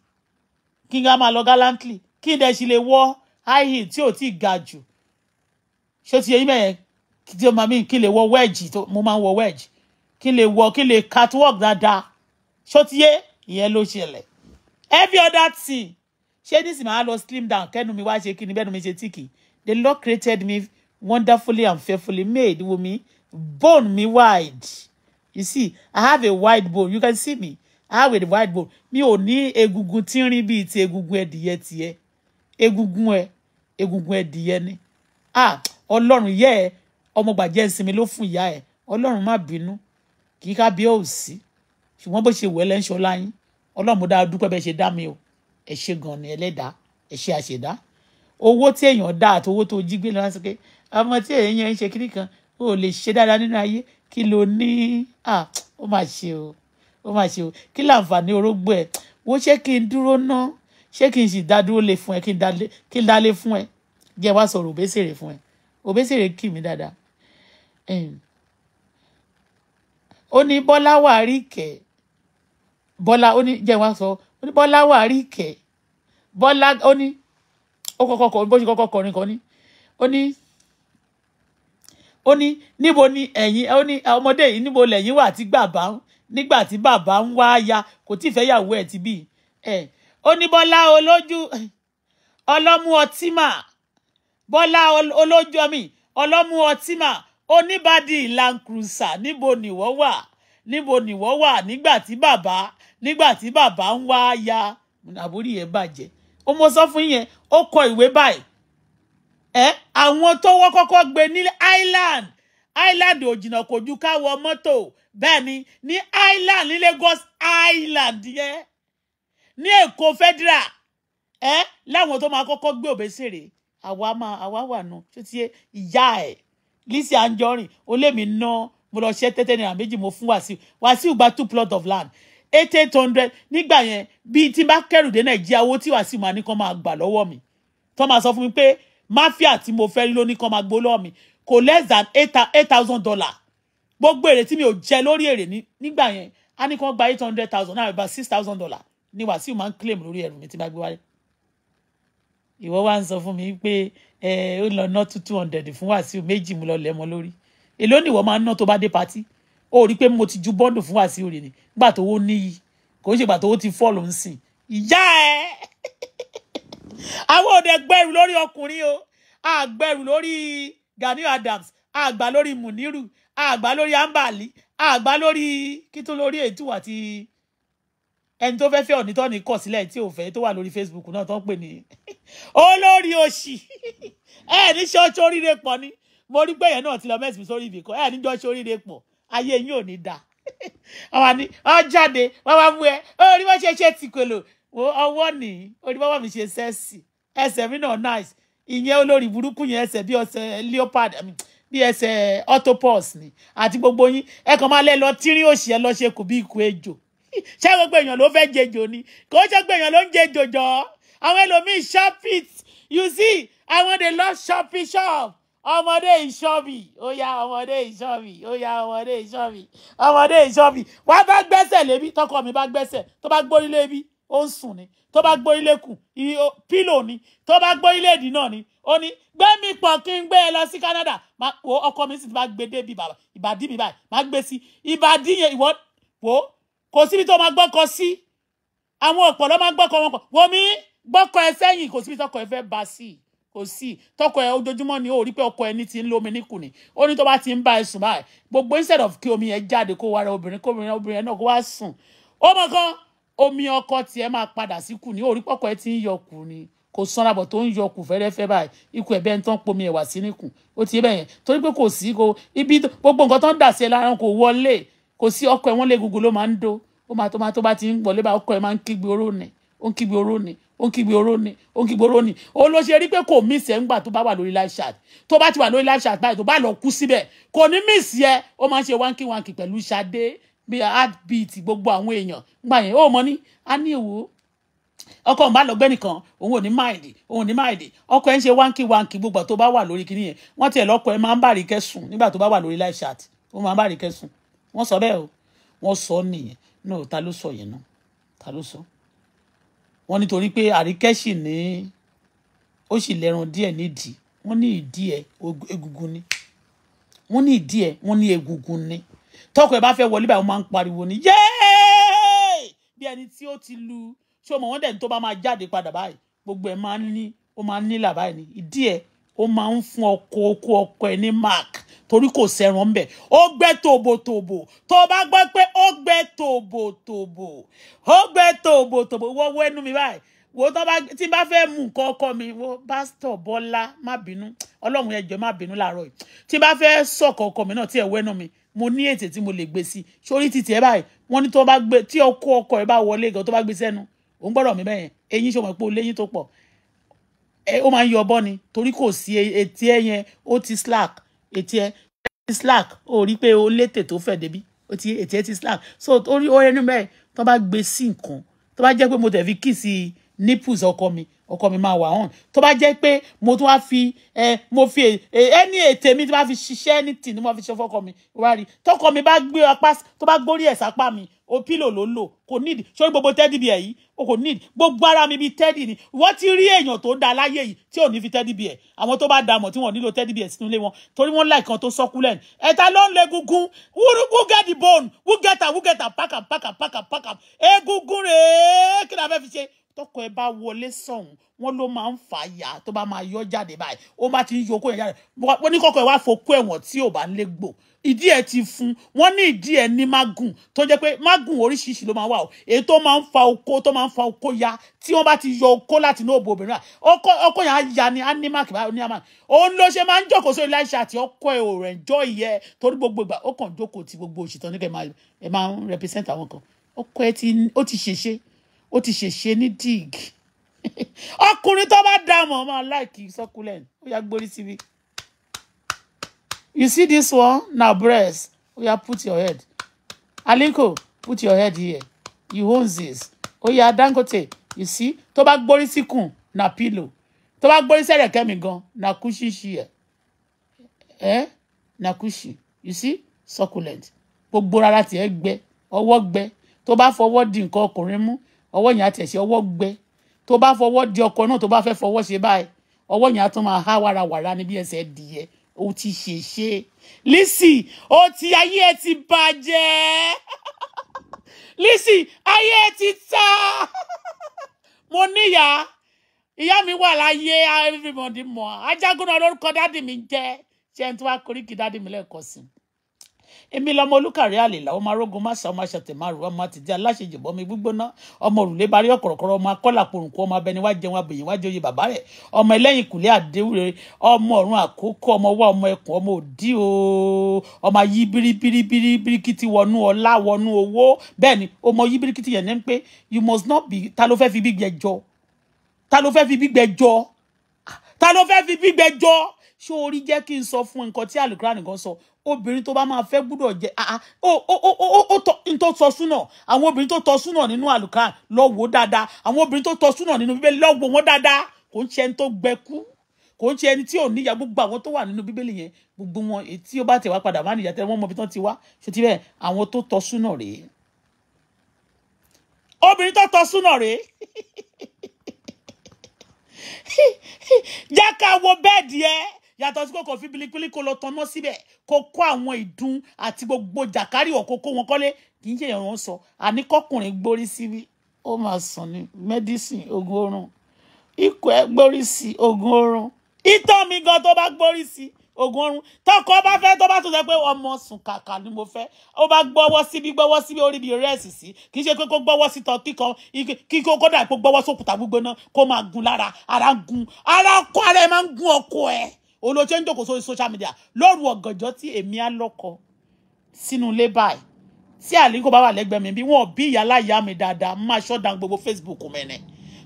kí wọ́n máa lọ gallantly kí n dẹ̀ sì lè wọ high heel tí ò tí ga jù ṣó ti yẹ yín bẹ́yẹ kí tí o máa mí kí n lè wọ wedge tó mo máa ń wọ wedge kí n lè wọ kí n lè catwalk dáadáa ṣó ti yẹ ìyẹn ló ṣẹlẹ̀ every other thing ṣé ní sì lọ slim down kẹ́nu mi wá ṣe kí ni bẹ́ẹ̀ ni mi ṣe tíkì the Lord created me wonderfully and fearfully made wumi bone mi wide you see i have a wide bone you can see me i have a wide bone mi ò ní egungun tínrín bíi ti egungun ẹdìyẹ e egungun e egungun ẹdìyẹ ni ah ọlọ́run yẹ ẹ ọmọ gbàjẹ́ ìsinmi ló fún ìyá ẹ ọlọ́run má bínú kì í ká bí si sí ṣùgbọ́n bó ṣe wẹ̀lẹ́ ń ṣọlá yín ọlọ́run mo dáa dúpẹ́ bẹ́ẹ̀ ṣe dá mi o e ṣe gan ni ẹlẹ́dàá ẹ ṣe àṣẹdá owó tí èèyàn dá àti owó tó jí gbé lọ́wọ́ sí pé ọmọ tí èèyàn ń ṣe kiri kan ó lè ṣe dáadáa nínú ayé kí ló ní à ah, ó mà ṣe o ó mà ṣe o kí láǹfààní orógbó ẹ wo ṣé kí n dúró ná ṣé kí n sì dá dúró lé fún ẹ kí n dá lé fún ẹ jẹ wá sọ̀rọ̀ òbésèrè fún ẹ òbésèrè kì mí dáadáa ó ní bọ́lá wà rí kẹ̀ bọ́lá ó ní jẹ́ wá sọ ó ní bọ́lá wà rí kẹ̀ bọ́lá ó ní ó kọ́kọ́ kọ bó ṣe kọ́kọ́ kọrin kan ní ó ní ó ní níbo ni ẹ̀yin ó ní ọmọdé yìí níbo lẹ̀yin wà tí bàbá nígbà tí bàbá ń wá aya kò tí ì fẹ́ yàwó ẹ̀ ti bí ẹ̀ ó ní bọ́lá olójú ọlọ́mú ọtí mà bọ́lá olójú ọmí ọlọ́mú ọtí mà oníbàdí lankrusa níbo nìwọ́ wà níbo nìwọ́ wà nígbà tí bàbá nígbà tí bàbá ń wá aya àbúrí yẹn bàjẹ́ ó mọ sọ fún yẹn ó kọ ìwé báyìí Eh, àwọn tó wọ́n kọ́kọ́ gbé ní island island ò jìnnà kò ju ká wọ mọ́tò bẹ́ẹ̀ ni ní island ní Lagos Island yẹn ní Èkó federal ẹ eh, láwọn tó máa kọ́kọ́ gbé òbésèrè àwa máa àwa wà nù tó ti yé ìyá ẹ Lizzy Anjorin olèmi ná mo lọ ṣe tẹ́tẹ́ náírà méjì mo fún Wàsíù Wàsíù gba two plot of land eight eight hundred nígbà yẹn bíi tí n bá kẹrù dé Nàìjíríà owó tí Wàsíù máa ní kán máa gbà lọ́wọ́ mi tó máa sọ fún mi pé mafia tí mo fẹ́ rí lóní kan máa gbó lọ́wọ́ mi kò less than eight thousand dollar gbogbo èrè tí mi ò jẹ lórí èrè nígbà yẹn á ní kí wọ́n gba eight hundred thousand Now about six thousand dollar ni Wàsíù máa ń claim lórí ẹrù mi tí bá gbé wálé ìwọ wá ń sọ fún mi pé ẹ ó lọ ná two two hundred fún Wàsíù méjì mu lọ lẹ́mọ lórí èló ni ìwọ máa ń ná tó bá dé patí ó rí i pé mo ti ju bọ́ọ̀dù fún Wàsíù rè ni gbà tó wó níyì kò ń ṣe gbà tó wó ti fọ́ọ̀lù ń sìn ìyá ẹ̀ àwọn òde gbẹrù lórí ọkùnrin o àgbẹrù lórí Gani Adams àgbà lórí Muniru àgbà lórí Ambali àgbà lórí kító lórí ètò àti ẹni tó fẹ́ fẹ́ ọ̀nìtọ́ni kọ̀ sílẹ̀ tí ò fẹ́ tó wà lórí Facebook náà tó ń pè ní olórí òṣì ẹ ní ṣọ́ọ́ṣọ́ oríire pọ̀ ni mo rí pé yẹn náà ti lọ mẹ́sìn mi sórí ibì kan ẹ ní jọ́ọ́ṣọ́ oríire pọ̀ ayé yín ò ní dáa àwọn àní ọ jáde wọn wá mú ẹ ó rí wọn ṣe ṣe tìkọlò ọwọ́ ní oníbọ́wọ́ mi ṣe sẹ́ẹ̀sì ẹsẹ̀ mi náà nice ìyẹn olórí burúkú yẹn ẹsẹ̀ bí ọsẹ̀ leopard bí ẹsẹ̀ octopus ni àti gbogbo yín ẹ kàn máa lẹ lọ tírín òṣì ẹ lọ ṣe kù bí ikú ejò ṣé gbogbo èèyàn ló fẹ́ jẹjọ ni kò ṣe gbogbo èèyàn ló ń jẹjọ jọ àwọn ẹlòmíín shop it you see àwọn dey love shopping shop ọmọdé ìṣọ́bì ó yá ọmọdé ìṣọ́bì ó yá ọmọdé ìṣọ́bì ọmọdé ìṣọ́bì wàá bá gbẹ́sẹ̀ lébi tọkọ mi bá gbẹ́sẹ̀ tó bá gbórí lébi ó ń sùn ni tó bá gbórí lẹ́kùn pílò ni tó bá gbórí lẹ́ẹ̀dì náà ni ó ní gbé mi pọ̀ kí n gbé e lọ sí Canada ọkọ mi sì ti máa gbé débi ìbàdí mi báyìí máa gbé sí ìbàdí yẹn ìwọ wò ó kò síbi tó máa gbọ́kọ sí àwọn ọ̀pọ̀ ló máa gbọ́kọ wọn kọ wò mí gbọ́kọ ẹ sẹ́yìn kò síbi tọkọ ẹ fẹ́ bá sí i kò sí tọkọ ẹ ojoojúmọ́ ni ó rí pé ọkọ ẹni ti ń lomi níkùn ni ó ní tó bá ti ń bá ẹ sùn báyìí gbogbo instead of kí omi yẹn jáde kó wá rẹ obìnrin kó obìnrin obìnrin náà kó wá sùn ó mọ kan omi ọkọ tiẹ̀ máa padà sí kù ní orí pọ̀kọ̀ ẹ ti ń yọkù ni kò sanra bọ̀ tó ń yọkù fẹ́rẹ́fẹ́ báyìí ikú ẹ̀ bẹ́ẹ̀ ń tán pomi ẹ̀wà sí nìkù ó ti bẹ́ẹ̀ yẹn torí pé kò sí ko ibi gbogbo nǹkan tó ń dà sí ẹ lára kò wọlé kò sí ọkọ ẹ̀ wọ́n lé gbogbo ló máa ń do ó máa tó máa tó bá ti ń wọlé bá ọkọ ẹ̀ máa ń kígbe oró ni ó ń kígbe oró ni ó ń kígbe oró ni ó ń kígbe oró ni ó ló ṣe rí pé kò mísì ẹ ńgbà tó bá wà lórí live chat tó bá ti wà lórí live chat báyìí tó bá lọ kú síbẹ̀ kò ní mísì ẹ ó máa ń ṣe wánkíwánkì pẹ̀lú Ṣadé bí heartbeat gbogbo àwọn èèyàn gbà yẹn ó mọ ní a ní èwo ọkọ ọmọ alọgbẹ nìkan òun ò ní máìlì òun ò ní máìlì ọkọ ẹ ń ṣe wánkì wánkì gbogbo tó bá wà lórí kinní yẹn wọ́n tiẹ̀ lọ́kọ ẹ máa ń bá rí kẹsùn nígbà tó bá wà lórí live chat ó máa ń bá rí kẹsùn wọ́n sọ bẹ́ẹ̀ o wọ́n sọ nìyẹn náà ta ló sọ yẹn náà ta ló sọ wọ́n nítorí pé àríkẹ́sì ní ó sì lẹ́ran díẹ̀ nídìí wọ́n ní ìdí ẹ̀ egungun ni wọ́n ní ìdí ẹ̀ wọ́n ní egungun ni tọkọ ẹ bá fẹ́ wọlé báyìí wọ́n máa ń pariwo ni yéé bí ẹni tí ó ti lu ṣé o mọ̀ wọ́n dẹni tó bá máa jáde padà báyìí gbogbo ẹ máa ń ní ó máa ń nílà báyìí ni ìdí ẹ ó máa ń fún ọkọ okú ọkọ ẹ ní mark torí kò sẹ́ran ńbẹ̀ ó gbẹ́ tòbòtòbò tó bá gbọ́ pé ó gbẹ́ tòbòtòbò ó gbẹ́ tòbòtòbò wọ́n wọ ẹnu mi báyìí wo tó bá tí n bá fẹ́ mú nǹkan ọkọ mi wo pásítọ̀ Bọ́lá má bínú ọlọ́run ẹjọ́ má bínú láàárọ̀ yìí tí n bá fẹ́ sọ̀kọ̀ ọkọ mi náà tí ẹ̀ wẹ́nu mi mo ní ètè tí mo lè gbé sí sórí títì ẹ báyìí wọ́n ní tó bá gbé tí ọkọ ọkọ ẹ bá wọlé gan tó bá gbé sẹ́nu òun gbọ́dọ̀ mi bẹyẹn eyín ṣe mọ pé o léyín tó pọ̀ ẹ ó máa ń yọ ọbọ ni torí kò sí e, etí ẹ yẹn ó ti slack etí ẹ ti slack ó rí pé o létè tó fẹ̀ débi ó ti etí ẹ ti slack so ó rí ó rẹnu bẹ́ẹ̀ tó bá gbé sí nǹkan tó bá jẹ́ pé mo tẹ̀ fi kì sí nipples ọkọ mi ọkọ mi máa wà hàn tó bá jẹ́ pé mo tún wá fi ẹ mo fi ẹni ètè mi tó bá fi ṣiṣẹ́ ní tì ní mo fi ṣe fọ́kọ mi wá rí tọkọ mi bá gbé apá tó bá gbórí ẹ̀ sápá mi o pílò ló lò kò níìdì sórí gbogbo tẹ́dì bíẹ̀ yìí o kò níìdì gbogbo ara mi bíi tẹ́dì ni wọ́n ti rí èèyàn tó da láyé yìí tí ò ní fi tẹ́dì bíẹ̀ àwọn tó bá da mọ̀ tí wọ́n nílò tẹ́dì bíẹ̀ sínú ilé wọn torí wọ́n láì kan tó sọ́kúlẹ̀ ní ẹ̀ta ló ń lo egungun who get the bone who get am who get am pack am pack am pack am pack am egungun rèé kí ni a fẹ́ fi ṣe tọkọ ẹ bá wọlé sọ̀hún wọn ló máa ń fà yà tó bá máa yọ jáde báyìí ó bá ti ń yọ okó yẹn jáde wọn ní kọkọ ẹ wá fokú ẹ̀wọ̀n tí ò bá ń lé gbò ìdí ẹ ti fún wọn ní ìdí ẹ ní mágùn tó jẹ́ pé mágùn oríṣiríṣi ló máa wà o èyí tó máa ń fa okó tó máa ń fa okó ya tí wọ́n bá ti yọ okó láti inú òbò obìnrin rà okó yẹn á ya ni animac bá ní àmà òun ló ṣe máa ń jókòó sórí láìṣe àti ọkọ ẹ ò rẹ̀ ń jọ ìyẹ torí gbogbo ìgbà ó kàn jókòó ti gbogbo òṣìṣẹ́ nígbà ẹ máa represent àwọn kan ọkọ ẹ ti ṣèṣe ó ti ṣèṣe ní dig ọkùnrin tó bá dààmú máa láìkì succulent ó yá gbórí síbi you see this one na breast ó yá put your head alinko put your head here you own this ó yá dangote you see tó bá gbórí síkùn na pillow tó bá gbórí sẹ́rẹ̀ kẹ́mi gan na cushion shear ẹ́ eh? na cushion you see succulent gbogbo rárá tiẹ̀ gbẹ ọwọ́ gbẹ tó bá fọwọ́ di nǹkan ọkùnrin mú ọwọ́ yẹn àti ẹ̀ṣẹ̀ ọwọ́ gbẹ tó bá fọwọ́ di ọkọ náà tó bá fẹ́ fọwọ́ ṣe báyìí ọwọ́ yẹn á tún máa há wàràwàrà níbi ẹsẹ̀ díẹ̀ ó ti ṣe ṣe Lizzy ó ti ayé ẹ ti bàjẹ́ Lizzy ayé ẹ ti ta mo níyà ìyá mi wà láyé everybody mọ̀ ajagun náà lórúkọ dáàdì mi jẹ́ ṣe ń tún koríki dáàdì mi lẹ́ẹ̀kan sí i èmi lọmọ olúkàrí àlèlà ọmọ arógun máṣà ọmọ aṣàtẹ̀ márùn ọmọ àtijọ́ aláṣejìbọn mi gbígbóná ọmọ òrùlé barí ọ̀kọ̀rọ̀kọ̀rọ̀ ọmọ akọ́là porùnkù ọmọ abẹni wá jẹun abèyìn wájú oyè bàbá rẹ̀ ọmọ ẹlẹ́yìn kùlé àdéhùrè ọmọ ọ̀run àkókò ọmọ wá ọmọ ẹkùn ọmọ òdì o ọmọ yí biribiribiri birikiti wọnú ọlá wọnú owó bẹ́ẹ̀ ni ọmọ yí birikiti yẹn ní pé you must not be ta ló fẹ́ fi gbígbẹ jọ ta ló fẹ́ fi gbígbẹ jọ ah, ta ló fẹ́ fi gbígbẹ jọ ṣó orí jẹ́ kí n sọ fún nǹkan tí àlùkò ànìkan sọ obìnrin tó bá máa fẹ́ gbúdọ̀ jẹ́ ah, ah, ó tó tọ́ súnà àwọn obìnrin tó tọ́ súnà nínú àlùkà lọ́wọ́ dáadáa àwọn obìnrin tó tọ́ súnà nínú bíbélì lọ́wọ́ wọn dáadáa kò ń ṣe ẹni tó gbẹkú kò ń ṣe ẹni tí ò níyà gbogbo àwọn tó wà nínú bíbélì yẹn gbogbo wọn tí ó bá tẹ̀ wá padà wá níyà tẹ́lẹ̀ wọ́n mọ ibi tán ti wá ṣe ti bẹ́ẹ̀ àwọn tó tọ́ rèé obìnrin tó tọ́ rèé jẹ́ ká wo bẹ́ẹ̀dì ẹ yàtọ̀ sí kò kò fi bilikuli kò lọ tọ́nà síbẹ̀ kó kó àwọn ìdun àti gbogbo jàkárì ọ̀kọ́ kó wọn kọ́lé kì í ṣe ìrànwọ́ sọ àní kọkùnrin gbórí sí i ó máa sàn ní mẹ́dísìn oògùn oorun ikọ̀ ẹ gbórí sí oògùn oorun ìtọ̀ mi gan tó bá gbórí sí oògùn oorun tọkọ bá fẹ́ tó bá tún sọ pé ọmọ sùn kàkà ni mo fẹ́ ó bá gbọ́wọ́ síbi gbọ́wọ́ síbi orí ibi rẹ́ẹ̀sì sí kì í ṣe pé kó gbọ́wọ́ sí tọ́ kíkan kí kó kódà kó gbọ́wọ́ sókùtà gbogbo náà kó máa gun lára ara gun ara ọkọ rẹ̀ máa ń gun ọkọ ẹ̀ olóṣèlú ń jókòó sórí social media lóru ọ̀gànjọ́ tí èmi a lọ́kọ sínú ilé báyìí tí àlíkò baba legbe lẹ́gbẹ̀ẹ́ mi bí wọ́n bí ìyá láyà mi dáadáa máa ṣọ́dàn gbogbo Facebook mẹ́nẹ̀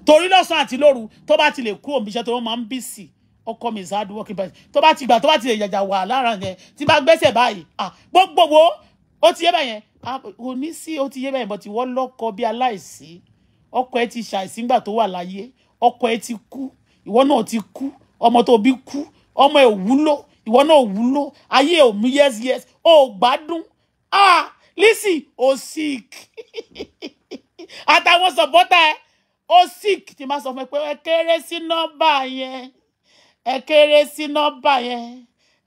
Tori lọ́sàn àti loru. tó bá ti lè kúrò níbi iṣẹ́ tó máa ń bí sí ọkọ mi ìsáàdù working party tó bá ti gbà tó bá ti lè yàjà wà lára yẹn tí bá gbẹ́sẹ̀ báyìí gbogbo wo ó ti yé bẹ́yẹn kò ní sí ó ti yé bẹ́yẹn bọ́tí wọ́n lọ́kọ bí aláìsí ọkọ ẹ ti ṣàìsí ńgbà tó wà láyé ọkọ ẹ ti kú ìwọ náà ti kú ọmọ tó bí kú ọmọ ẹ̀ wúlò ìwọ náà wúlò ayé ò mú yes yes ó gbádùn ah lisi ó sick àtàwọn sọ̀pọ́tà ẹ̀ ó sick tí máa sọ fún ẹ pé ẹ kéré sí nọ́mbà yẹn ẹ kéré sí nọ́mbà yẹn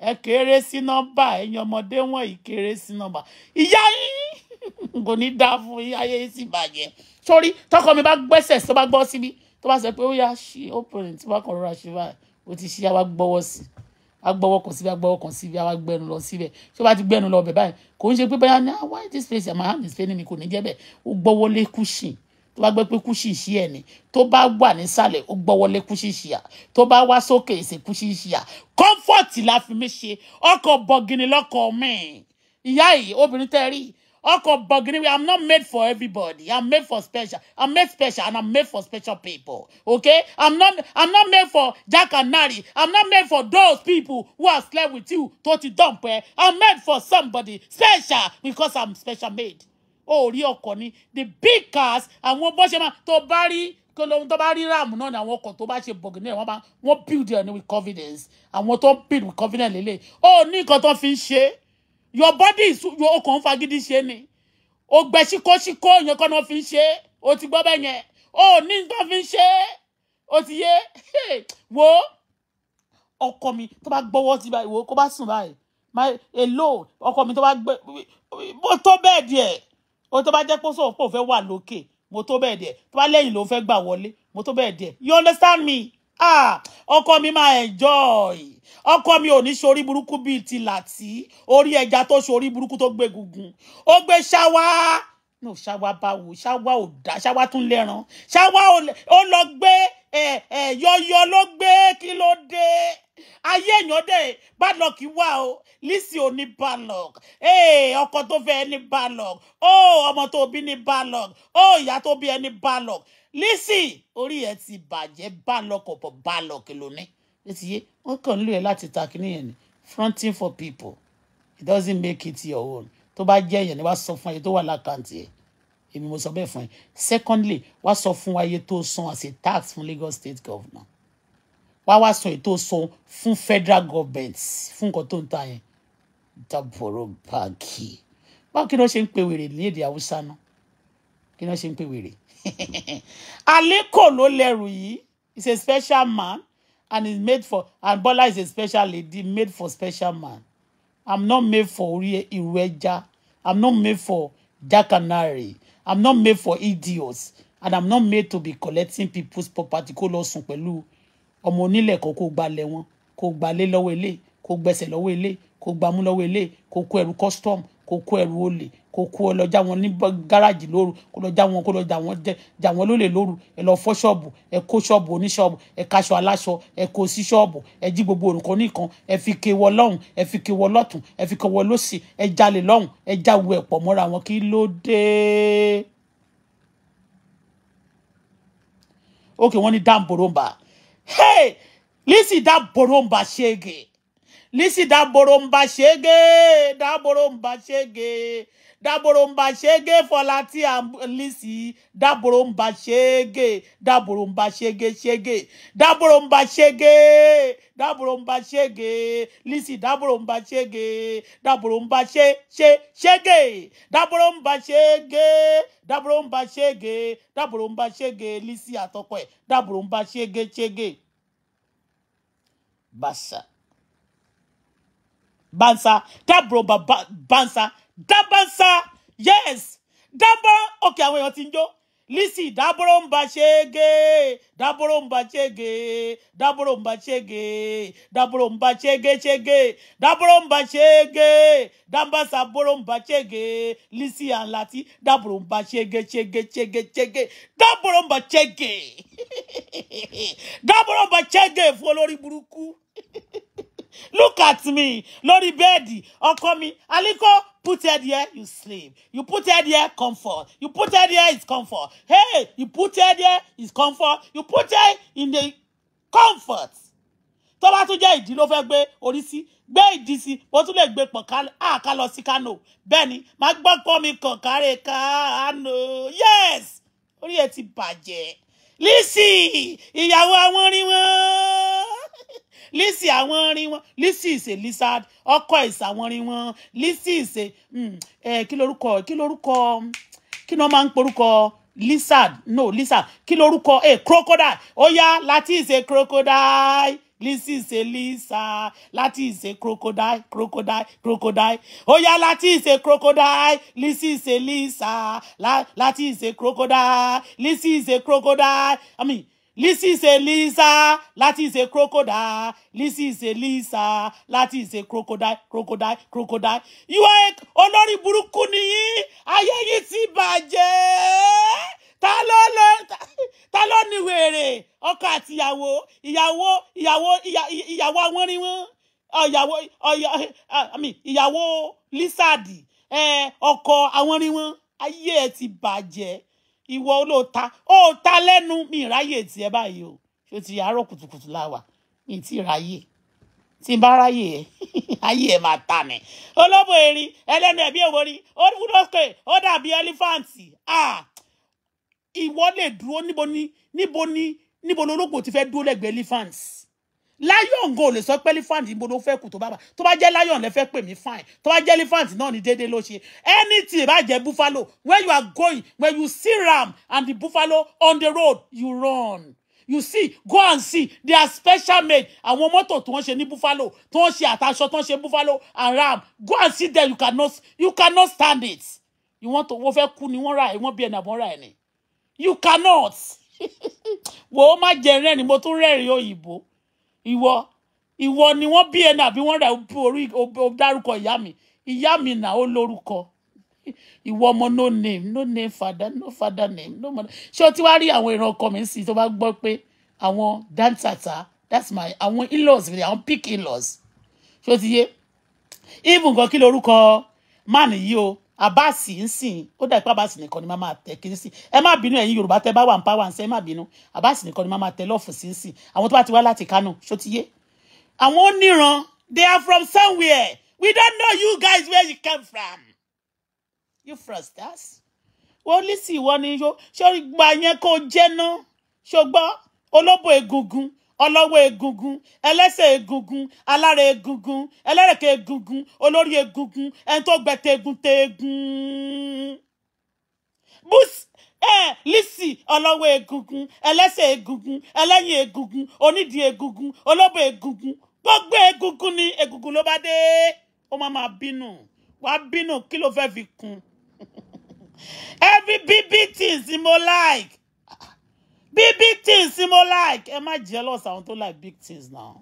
ẹ kéré sí nọ́mbà ẹ̀yin ọmọdé wọ̀nyí kéré sí nọ́mbà ìyá yín kò ní dáa fún yín ayé yín sì bàjẹ́ sórí tọkọ mi bá gbẹ́sẹ̀ tó bá gbọ́ síbi tó bá sọ pé ó yá ṣí ó tí wọ́n kàn rọra ṣe báyìí ó ti ṣí àwa gbọ́wọ́ sí a gbọ́wọ́ kan síbi a gbọ́wọ́ kan síbi àwa gbẹnu lọ síbẹ̀ tí ó bá ti gbẹnu lọ ọbẹ̀ báyìí kò ń ṣe pé báyà ní ah, why this place am I am is failing me kò ní jẹ́ bẹ́ẹ̀ ó gbọ́wọ́ lé kùsìn tó bá gbé pé kùsìn sí ẹ̀ ni tó bá wà nísàlẹ̀ ó gbọ́wọ́ kùsìn sí à tó bá wá sókè èsè kùsìn sí à comfort la fi mí ṣe ọkọ̀ bọ̀gìnì lọ́kọ̀ mi ìyá yìí obìnrin tẹ́ rí ọkọ̀ bọ̀gìnì i'm not made for everybody i'm made for special i'm made special and i'm made for special people okay i'm not i'm not made for Jack and Nari. i'm not made for those people who have slept with you tó ti i'm made for somebody special because i'm special made orí ọkọ̀ Connie? the big cars àwọn bó ṣe máa tó bá rí kí lóhun tó bá rí ráàmù náà ni àwọn ọkọ̀ tó bá ṣe bọ̀gìnì ẹ̀ confidence àwọn tó ń build with confidence your body is your ọkàn fagídí ṣe ni o gbẹ ṣíkóṣíkó yẹn kọ́ náà fi ń ṣe o ti gbọ́ bẹ́ẹ̀ yẹn o ní nǹkan fi ń ṣe o ti yé wo ọkọ mi tó bá gbọ́wọ́ ti báyìí wo kó bá sùn báyìí my èlò ọkọ mi tó bá gbẹ mo tó bẹ́ẹ̀ díẹ̀ o tó bá jẹ́ pé sọ̀rọ̀ pé òun fẹ́ wà lókè mo tó bẹ́ẹ̀ díẹ̀ tó bá lẹ́yìn ló ń fẹ́ gbà wọlé mo tó bẹ́ẹ̀ díẹ̀ you understand me Ah, ọkọ mi máa enjoy ọkọ mi ò ní ṣorí burúkú bíi ti làtí orí ẹja tó ṣorí burúkú tó gbé gungun ó gbé ṣáwá no ṣáwá báwo ṣáwá ò dá ṣáwá tún lẹ́ran ṣáwá ó lọ gbé ẹ ẹ yọyọ ló gbé kí ló dé ayé èèyàn dẹ̀ balọ̀k wà o Lizzy ò ní balọ̀k ọkọ tó fẹ́ ẹni balọ̀k oh, ọmọ tó bí ní balọ̀k oh, ìyá tó bí ẹni balọ̀k Lizzy orí ẹ ti bàjẹ́ balọ̀k ọ̀pọ̀ balọ̀k lónìí létí yé wọ́n kàn lù ẹ láti ta kí nìyẹn ni fronting for people it doesn't make it your own tó bá jẹ́ èèyàn ni wàá sọ fún ayé tó wà lákàntì ẹ̀ èmi mo sọ bẹ́ẹ̀ fún ẹ secondly wàá sọ fún ayé tó san as a tax fún Lagos state governor wá wá sọ ètò sọ fún federal government fún nǹkan tó ń ta yẹn dábòrò báàgì báwo kí ni wọ́n ṣe ń pe wèrè ní èdè haúsá náà kí ni wọ́n ṣe ń pe wèrè Aliko ló lẹ́rù yìí is a special man and is made for and Bola is a special lady made for special man I'm not made for irú ẹja I'm not made for jackanary I'm not made for idiots and I'm not made to be collecting people's property kó lọ sùn pẹ̀lú ọmọ onílẹ̀ kan kó gbalẹ̀ wọn kó gbalé lọ́wọ́ ilé kó gbẹsẹ̀ lọ́wọ́ ilé kó gbamú lọ́wọ́ ilé kó kó ẹrù custom kó kó ẹrù olè kó kó lọ já wọn ní gáràjì lóru kó lọ já wọn kó lọ já wọn jẹ já wọn lólè lóru ẹ lọ fọ́ ṣọ́ọ̀bù ẹ kó ṣọ́ọ̀bù oníṣọ́ọ̀bù ẹ kaṣọ aláṣọ ẹ kó sí ṣọ́ọ̀bù ẹ jí gbogbo òrùkọ nìkan ẹ fi kéwọ lọ́hùn ẹ fi kéwọ lọ́tùn ẹ fi kéwọ lọ́sì ẹ jalè lọ́hùn ẹ jáwó ẹ pọ̀ mọ́ra wọn kí ló dé. ókè wọn ní dáàbò rọmbà Hey, listen that boromba shege. Listen that boromba shege. That boromba shege. That boromba shege for lati and listen. That boromba shege. That boromba shege shege. That boromba shege. That boromba shege. Listen that boromba shege. That boromba she she shege. That boromba shege dábòrò ń shege, ṣége dábòrò shege ba atokwe, Lizzy àtọkọ shege shege basa bansa dabro ba bansa dabansa yes daba okay àwọn èèyàn ti ń lisi daboro mbachege daboro mbachege daboro mbachege daboro mbachege chege daboro mbachege dambasa boro mbachege lisi alati daboro mbachege chege chege chege daboro mbachege daboro mbachege fún olórí burúkú look at me lórí bẹ́ẹ̀dì ọkọ mi aliko Put head here, you sleep. You put head here, comfort. You put head here, it's comfort. Hey, you put head here, it's comfort. You put head in the comfort. Tó bá tún jẹ́ ìdí ló fẹ́ gbé orí sí. Gbé ìdí sí, ó tún lè gbé pọ̀n ká lọ sí Kano. Bẹ́ẹ̀ni, máa gbọ́ pọ́n mi kàn kárẹ̀ Kano. Yes! Orí ẹ̀ ti bàjẹ́. Lísì, ìyàwó àwọn orin wọn. Lizzy àwọn orin wọn Lizzy is lizard ọkọ ìsà àwọn orin wọn Lizzy is a hmm, eh, kí lorúkọ kí lorúkọ kí ni wọ́n máa ń porúkọ lizard no lizard kí lorúkọ eh crocodile ó yá láti is crocodile Lizzy is a lizard láti is crocodile crocodile crocodile ó yá láti is crocodile Lizzy is a lizard láti is crocodile Lizzy is crocodile i mean Lizzy is a Lisa, Lati is a crocodile. Lizzy is a Lisa, Lati is a crocodile, crocodile, crocodile. You are olórí burúkú nìyí, ayé yìí ti bàjẹ́. Ta ló lọ ta ló ní wèrè ọkọ àti ìyàwó ìyàwó ìyàwó ìyàwó àwọn rí wọn ìyàwó ìyàwó Lizzy eh, ọkọ àwọn rí wọn ayé ẹ ti bàjẹ́ ìwọ olóòótá òótá lẹ́nu mi ìráyè tiẹ̀ báyìí o ṣó ti àárọ̀ kùtùkùtù láwà mi ti ráyè tí n bá ráyè ẹ ayé ẹ máa ta mi olóbò erin ẹlẹ́nu ẹ̀bí èwòrí ó wúlọ́kẹ̀ ó dàbí ẹlífàǹtì ìwọ lè dúró níbo ni níbo ni níbo ni olóògbò ti fẹ́ dúró lẹ́gbẹ̀ẹ́ ẹlífàǹtì lion go lè sọ pé elephant níbo ló fẹ́ kù tó bá bá tó bá jẹ́ lion lè fẹ́ pè mí fine To bá jẹ́ elephant náà ni déédéé ló ṣe anything bá jẹ́ buffalo when you are going when you see ram and the buffalo on the road you run you see go and see they are special made àwọn mọ́tò to wọ́n ṣe ni buffalo To wọ́n ṣe àtàṣọ tí wọ́n ṣe buffalo and ram go and see there. you cannot you cannot stand it ìwọ́n tó wọ́n fẹ́ kú ni wọ́n ra ẹ̀ wọ́n be ẹni àbọ̀n ra ni you cannot wò ó má jẹ rẹ́rìn mo tún rẹ́rìn òyìnbó ìwọ ìwọ ni wọ́n bí ẹni àbí wọ́n rẹ̀ orí dárúkọ ìyá mi ìyá mi nà ó lórúkọ ìwọ ọmọ no name no name father no father name no mother ṣé o ti wá rí àwọn ìran ọkọ mi sí tó bá gbọ́ pé àwọn dantata that's my àwọn in-laws mi àwọn pick in-laws ṣé o ti yé even gan kí lórúkọ man yìí o abasi ń sìn ó dà pé abasi nìkan ni màmá tẹ kiri sí ẹ má bínú ẹ̀yin yorùbá tẹ bá wà ń pa wà ń sẹ ẹ má bínú abasi nìkan ni màmá tẹ lọ́ọ̀fù sí ń sìn àwọn tó bá ti wá láti kánò ṣó ti yé àwọn oníran they are from somewhere we don't know you guys where you come from you fraudsters wọ́n lè sì wọ́n ní ṣó ṣó gbà yẹn kó jẹ́ náà ṣó gbọ́ olóbò egungun ọlọ́wọ́ egungun ẹlẹ́sẹ̀ egungun alára egungun ẹlẹ́rẹ̀kẹ́ egungun olórí egungun ẹni tó gbẹ tegun tegun bus ẹ lisi ọlọ́wọ́ egungun ẹlẹ́sẹ̀ egungun ẹlẹ́yìn egungun onídìí egungun olóbò egungun gbogbo egungun ni egungun ló bá dé ó máa máa bínú wàá bínú kí ló fẹ́ fi kún every bb things ni mo like bí big things tí mo like ẹ má jealous àwọn tó like big things now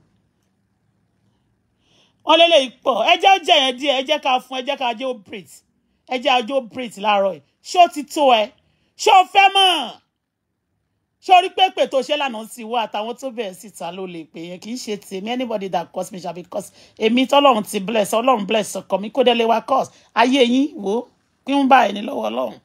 wọn lé lè pọ ẹ jẹ́ jẹ́ yẹn díẹ̀ ẹ jẹ́ ká fún ẹ jẹ́ ká jó breathe ẹ jẹ́ àjò breathe láàárọ̀ yìí ṣé ó ti tó ẹ ṣé ó fẹ́ mọ̀ ṣé ó rí pépè tó ṣe lànà sí wa àtàwọn tó bẹ̀rẹ̀ síta ló lè pè yẹn kì í ṣe tèmi anybody that cause me shall be cause èmi tọ́lọ́run ti bless ọlọ́run bless ọkọ mi kó délé wa cause ayé yín wò kí n bá ẹni lọ́wọ́ ọlọ́run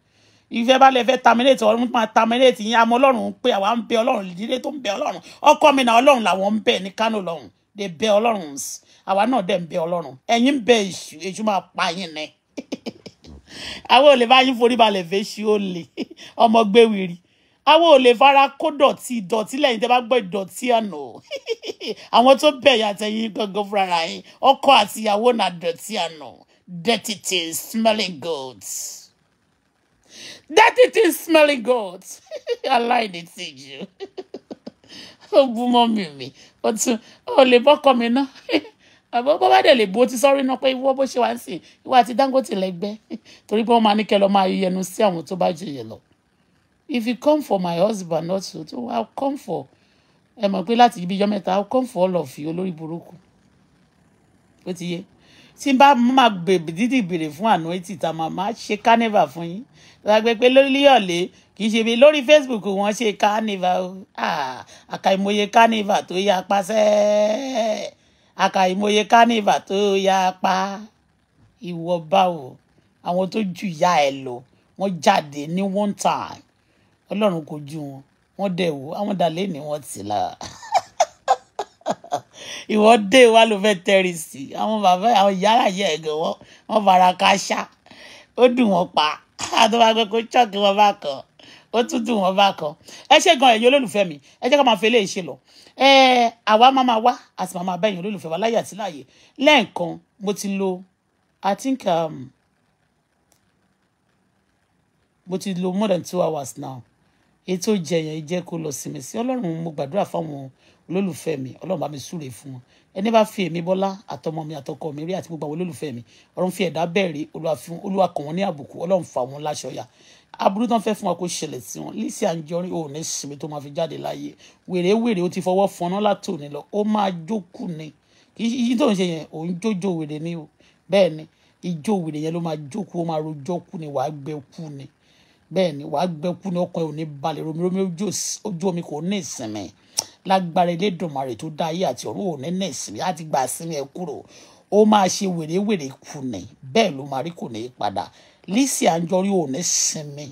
ìfẹ́ bá lè fẹ́ terminate ọ̀run máa terminate yín àmọ́ ọlọ́run ń pè àwa ń bẹ ọlọ́run ìdílé tó ń bẹ ọlọ́run ọkọ mi náà ọlọ́run làwọn ń bẹ ní Kánò lọ́hùn lè bẹ ọlọ́run àwa náà dẹ̀ ń bẹ ọlọ́run ẹ̀yin ń bẹ èṣù èṣù máa pa yín ni àwọn ò lè bá yín forí balẹ̀ fẹ́ ṣí ó lè ọmọ gbé wiri àwọn ò lè fara kó dọ̀tí ìdọ̀tí lẹ́yìn tẹ́ bá gbọ́ ìdọ̀tí ọ̀nà àwọn tó bẹ̀yà tẹ̀yìn gangan fúnra yín ọkọ àti ìyàwó náà dọ̀tí ọ̀nà dirty things smelling goods. That it is smelling God. I lied it to you. Oh, bú mọ́mì But uh, oh, tún ó lè bọ́kọ mi náà. Àbọ̀ bọ́ bá dẹ̀ lè bo ti sọ́rí náà pé ìwọ bó ṣe wá ń sìn. Ìwọ àti Dangote lẹ́gbẹ́. Torí pé wọ́n máa ní kẹ́ lọ máa yẹnu sí àwọn tó bá jẹyẹ lọ. If you come for my husband not also, I'll come for ẹ mọ̀ pé láti ibi ijọ́ mẹ́ta I'll come for all of you olórí burúkú. Ó tí n bá máa bèbè dídì béèrè fún anointing tá a máa máa ṣe carnival fún yín lágbẹ́ pé lórí ọ̀lẹ́ kì í ṣe bí lórí Facebook wọ́n ṣe carnival ah, àkàìmọye carnival tó yá pa sẹ́ẹ̀ àkàìmọye carnival tó yá pa ìwọ báwo àwọn tó jù yá ẹ lọ wọ́n jáde ní one time ọlọ́run kò ju wọn wọ́n dẹ̀ wò àwọn dàlẹ́ ni wọ́n ti la. ìwọ dé wa ló fẹ́ tẹrí sí àwọn bàbá àwọn ìyá àyè ẹ̀gàn wọn wọn fara káṣá ó dùn wọn pa àtọwàgbẹ kó chọọkì wọn bá kàn ó tún dùn wọn bá kàn ẹ ṣe gan ẹ̀yin olólùfẹ́ mi ẹ jẹ́ ká máa fi eléyìí ṣe lọ ẹ àwa máa máa wá àti máa máa bá ẹ̀yin olólùfẹ́ wa láyé àti láàyè lẹ́ẹ̀kan mo ti lo i think um, mo ti lo more than two hours now ètò ìjẹyàn ìjẹ kó lọ sinmi sí Ọlọ́run mo gbàdúrà fáwọn olólùfẹ́ mi ọlọ́run bá mi súre fún wọn ẹni bá fi èmi bọ́lá àtọmọ mi àtọkọ mi rí àti gbogbo àwọn olólùfẹ́ mi ọlọ́run fi ẹ̀dá bẹ̀rẹ̀ olúwa kàn wọ́n ní àbùkù ọlọ́run fà wọ́n láṣọ ya aburú tán fẹ́ fún wa kó ṣẹlẹ̀ sí wọn Lizzy Anjorin ò ní sinmi tó máa fi jáde láàyè wèrèwèrè ó ti fọwọ́ fọnà látò ní lọ ó máa jókù ni yíyí tó ń ṣe yẹn òun jójó wèrè ni o bẹ́ẹ̀ ni ijó wèrè yẹn ló máa jókù ó máa rojọ́ kù ni wàá gbẹ kù ni bẹ́ẹ̀ ni wàá gbẹ kù ni ọkàn ẹ̀ ò ní balẹ̀ romiromi ojú omi kò ní ìsinmi lágbára Elédùmarè tó dá ayé àti ọ̀run òní ní ìsinmi á ti gba ìsinmi ẹ kúrò ó máa ṣe wèrèwèrè kùnì bẹ́ẹ̀ ló máa rí kùnì padà Lizzy Anjorin òní sinmi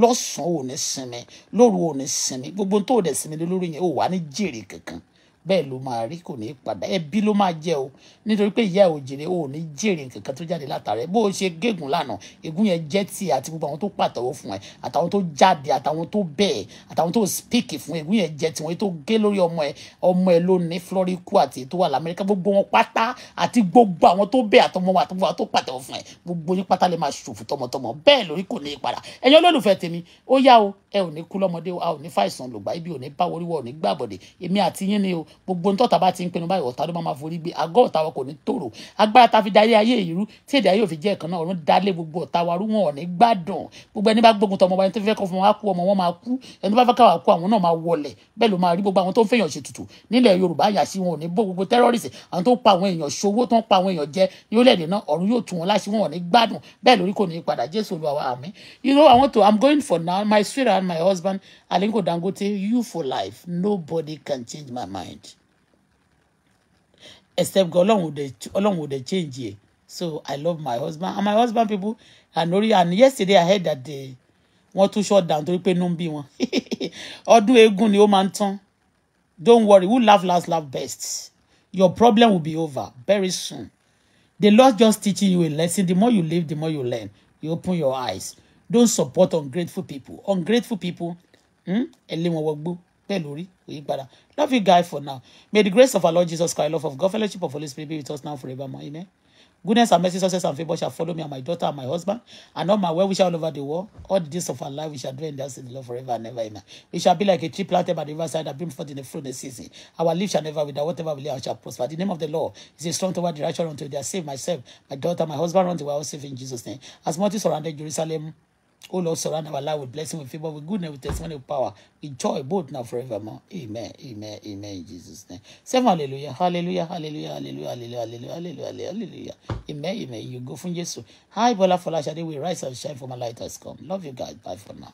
lọ́sàn-án òní sinmi lóru òní sinmi gbogbo tó dẹ̀ sinmi lórí yẹn ò wá ní jèrè kankan bẹ́ẹ̀ ló máa rí kò ní í padà ẹbí ló máa jẹ o nítorí pé ìyá ò jèrè o ò ní jèrè nǹkankan tó jáde látàrẹ bó o ṣe gégùn lánàá ègún yẹn jẹ́ tiẹ̀ àti gbogbo àwọn tó pàtẹ́wọ́ fún ẹ àtàwọn tó jáde àtàwọn tó bẹ̀ẹ̀ àtàwọn tó spíkì fún ègún yẹn jẹ́ tiwọn tó gé lórí ọmọ ẹ ọmọ ẹ ló ní floriku àti tó wà lamẹ́ríkà gbogbo wọn pátá àti gbogbo àwọn tó bẹ̀ẹ̀ àtọmọ àtọmọ tó pàtẹ́wọ́ fún ẹ gbogbo o ẹ ò ní kú lọ́mọdé o a ò ní fàìsàn lògbà ibi ò ní bá wọríwọ ò gbogbo ntọ́ta bá ti ń pinnu báyìí ọ̀tá ló máa forí gbé àgọ́ ọ̀tá wa kò ní tòrò agbára ta fi darí ayé ìrú tí èdè ayé òfin jẹ́ ẹ̀kan náà ọ̀run dalé gbogbo ọ̀tá wa rú wọn ò ní gbádùn gbogbo ẹni bá gbógun tọmọ wa ẹni tó fẹ́ kọ́ fún wa kú ọmọ wọn máa kú ẹni tó bá fẹ́ káwa kú àwọn náà máa wọlẹ̀ bẹ́ẹ̀ ló máa rí gbogbo àwọn tó ń fẹ́yàn ṣe tutù nílẹ̀ Yorùbá yàsí wọn ò ní bó gbogbo tẹ́rọ́rìsì àwọn tó ń pa àwọn èèyàn ṣòwò tó ń pa àwọn èèyàn jẹ yóò lẹ̀ dènà ọ̀run yóò tù wọn láṣì wọn ò ní gbádùn bẹ́ẹ̀ lórí kò ní í padà Jésù Olúwa wa you know I want to I'm going for now my sweetheart and my husband Aliko Dangote you for life nobody can change my mind except God Ọlọ́run ò dẹ̀ change ẹ̀ so I love my husband and my husband people and ori and yesterday I heard that they eh, wọ́n tún shut down torí pé inú ń bí wọn ọdún eégún ni ó máa ń tán don't worry who laugh last laugh best your problem will be over very soon the Lord just teaching you a lesson the more you live the more you learn you open your eyes don't support ungrateful people ungrateful people hmm, ẹ lé wọn wọgbó tẹ̀ lórí padà love you guy. for now may the grace of our lord jesus christ love of god fellowship of holy spirit be with us now forever amen goodness and mercy success and favour shall follow me and my daughter and my husband and all my well wishes all over the world all the days of our life we shall dwell in the house of the lord forever and ever amen we shall be like a tree planted by the riverside that bring forth in the fruit of the season our leaves shall never wither whatever we lay out shall prosper the name of the lord is a strong tower the unto they Save myself my daughter my husband unto we are all safe in jesus name as much as surrounded jerusalem O Lord, surround our life with blessing, with favor, with goodness, with testimony, with power, with joy, both now forevermore. Amen, amen, amen, in Jesus' name. Say hallelujah, hallelujah, hallelujah, hallelujah, hallelujah, hallelujah, hallelujah, hallelujah. Amen, amen. You go from Jesus. Hi, Bola Folashade, we rise and shine for my light has come. Love you guys. Bye for now.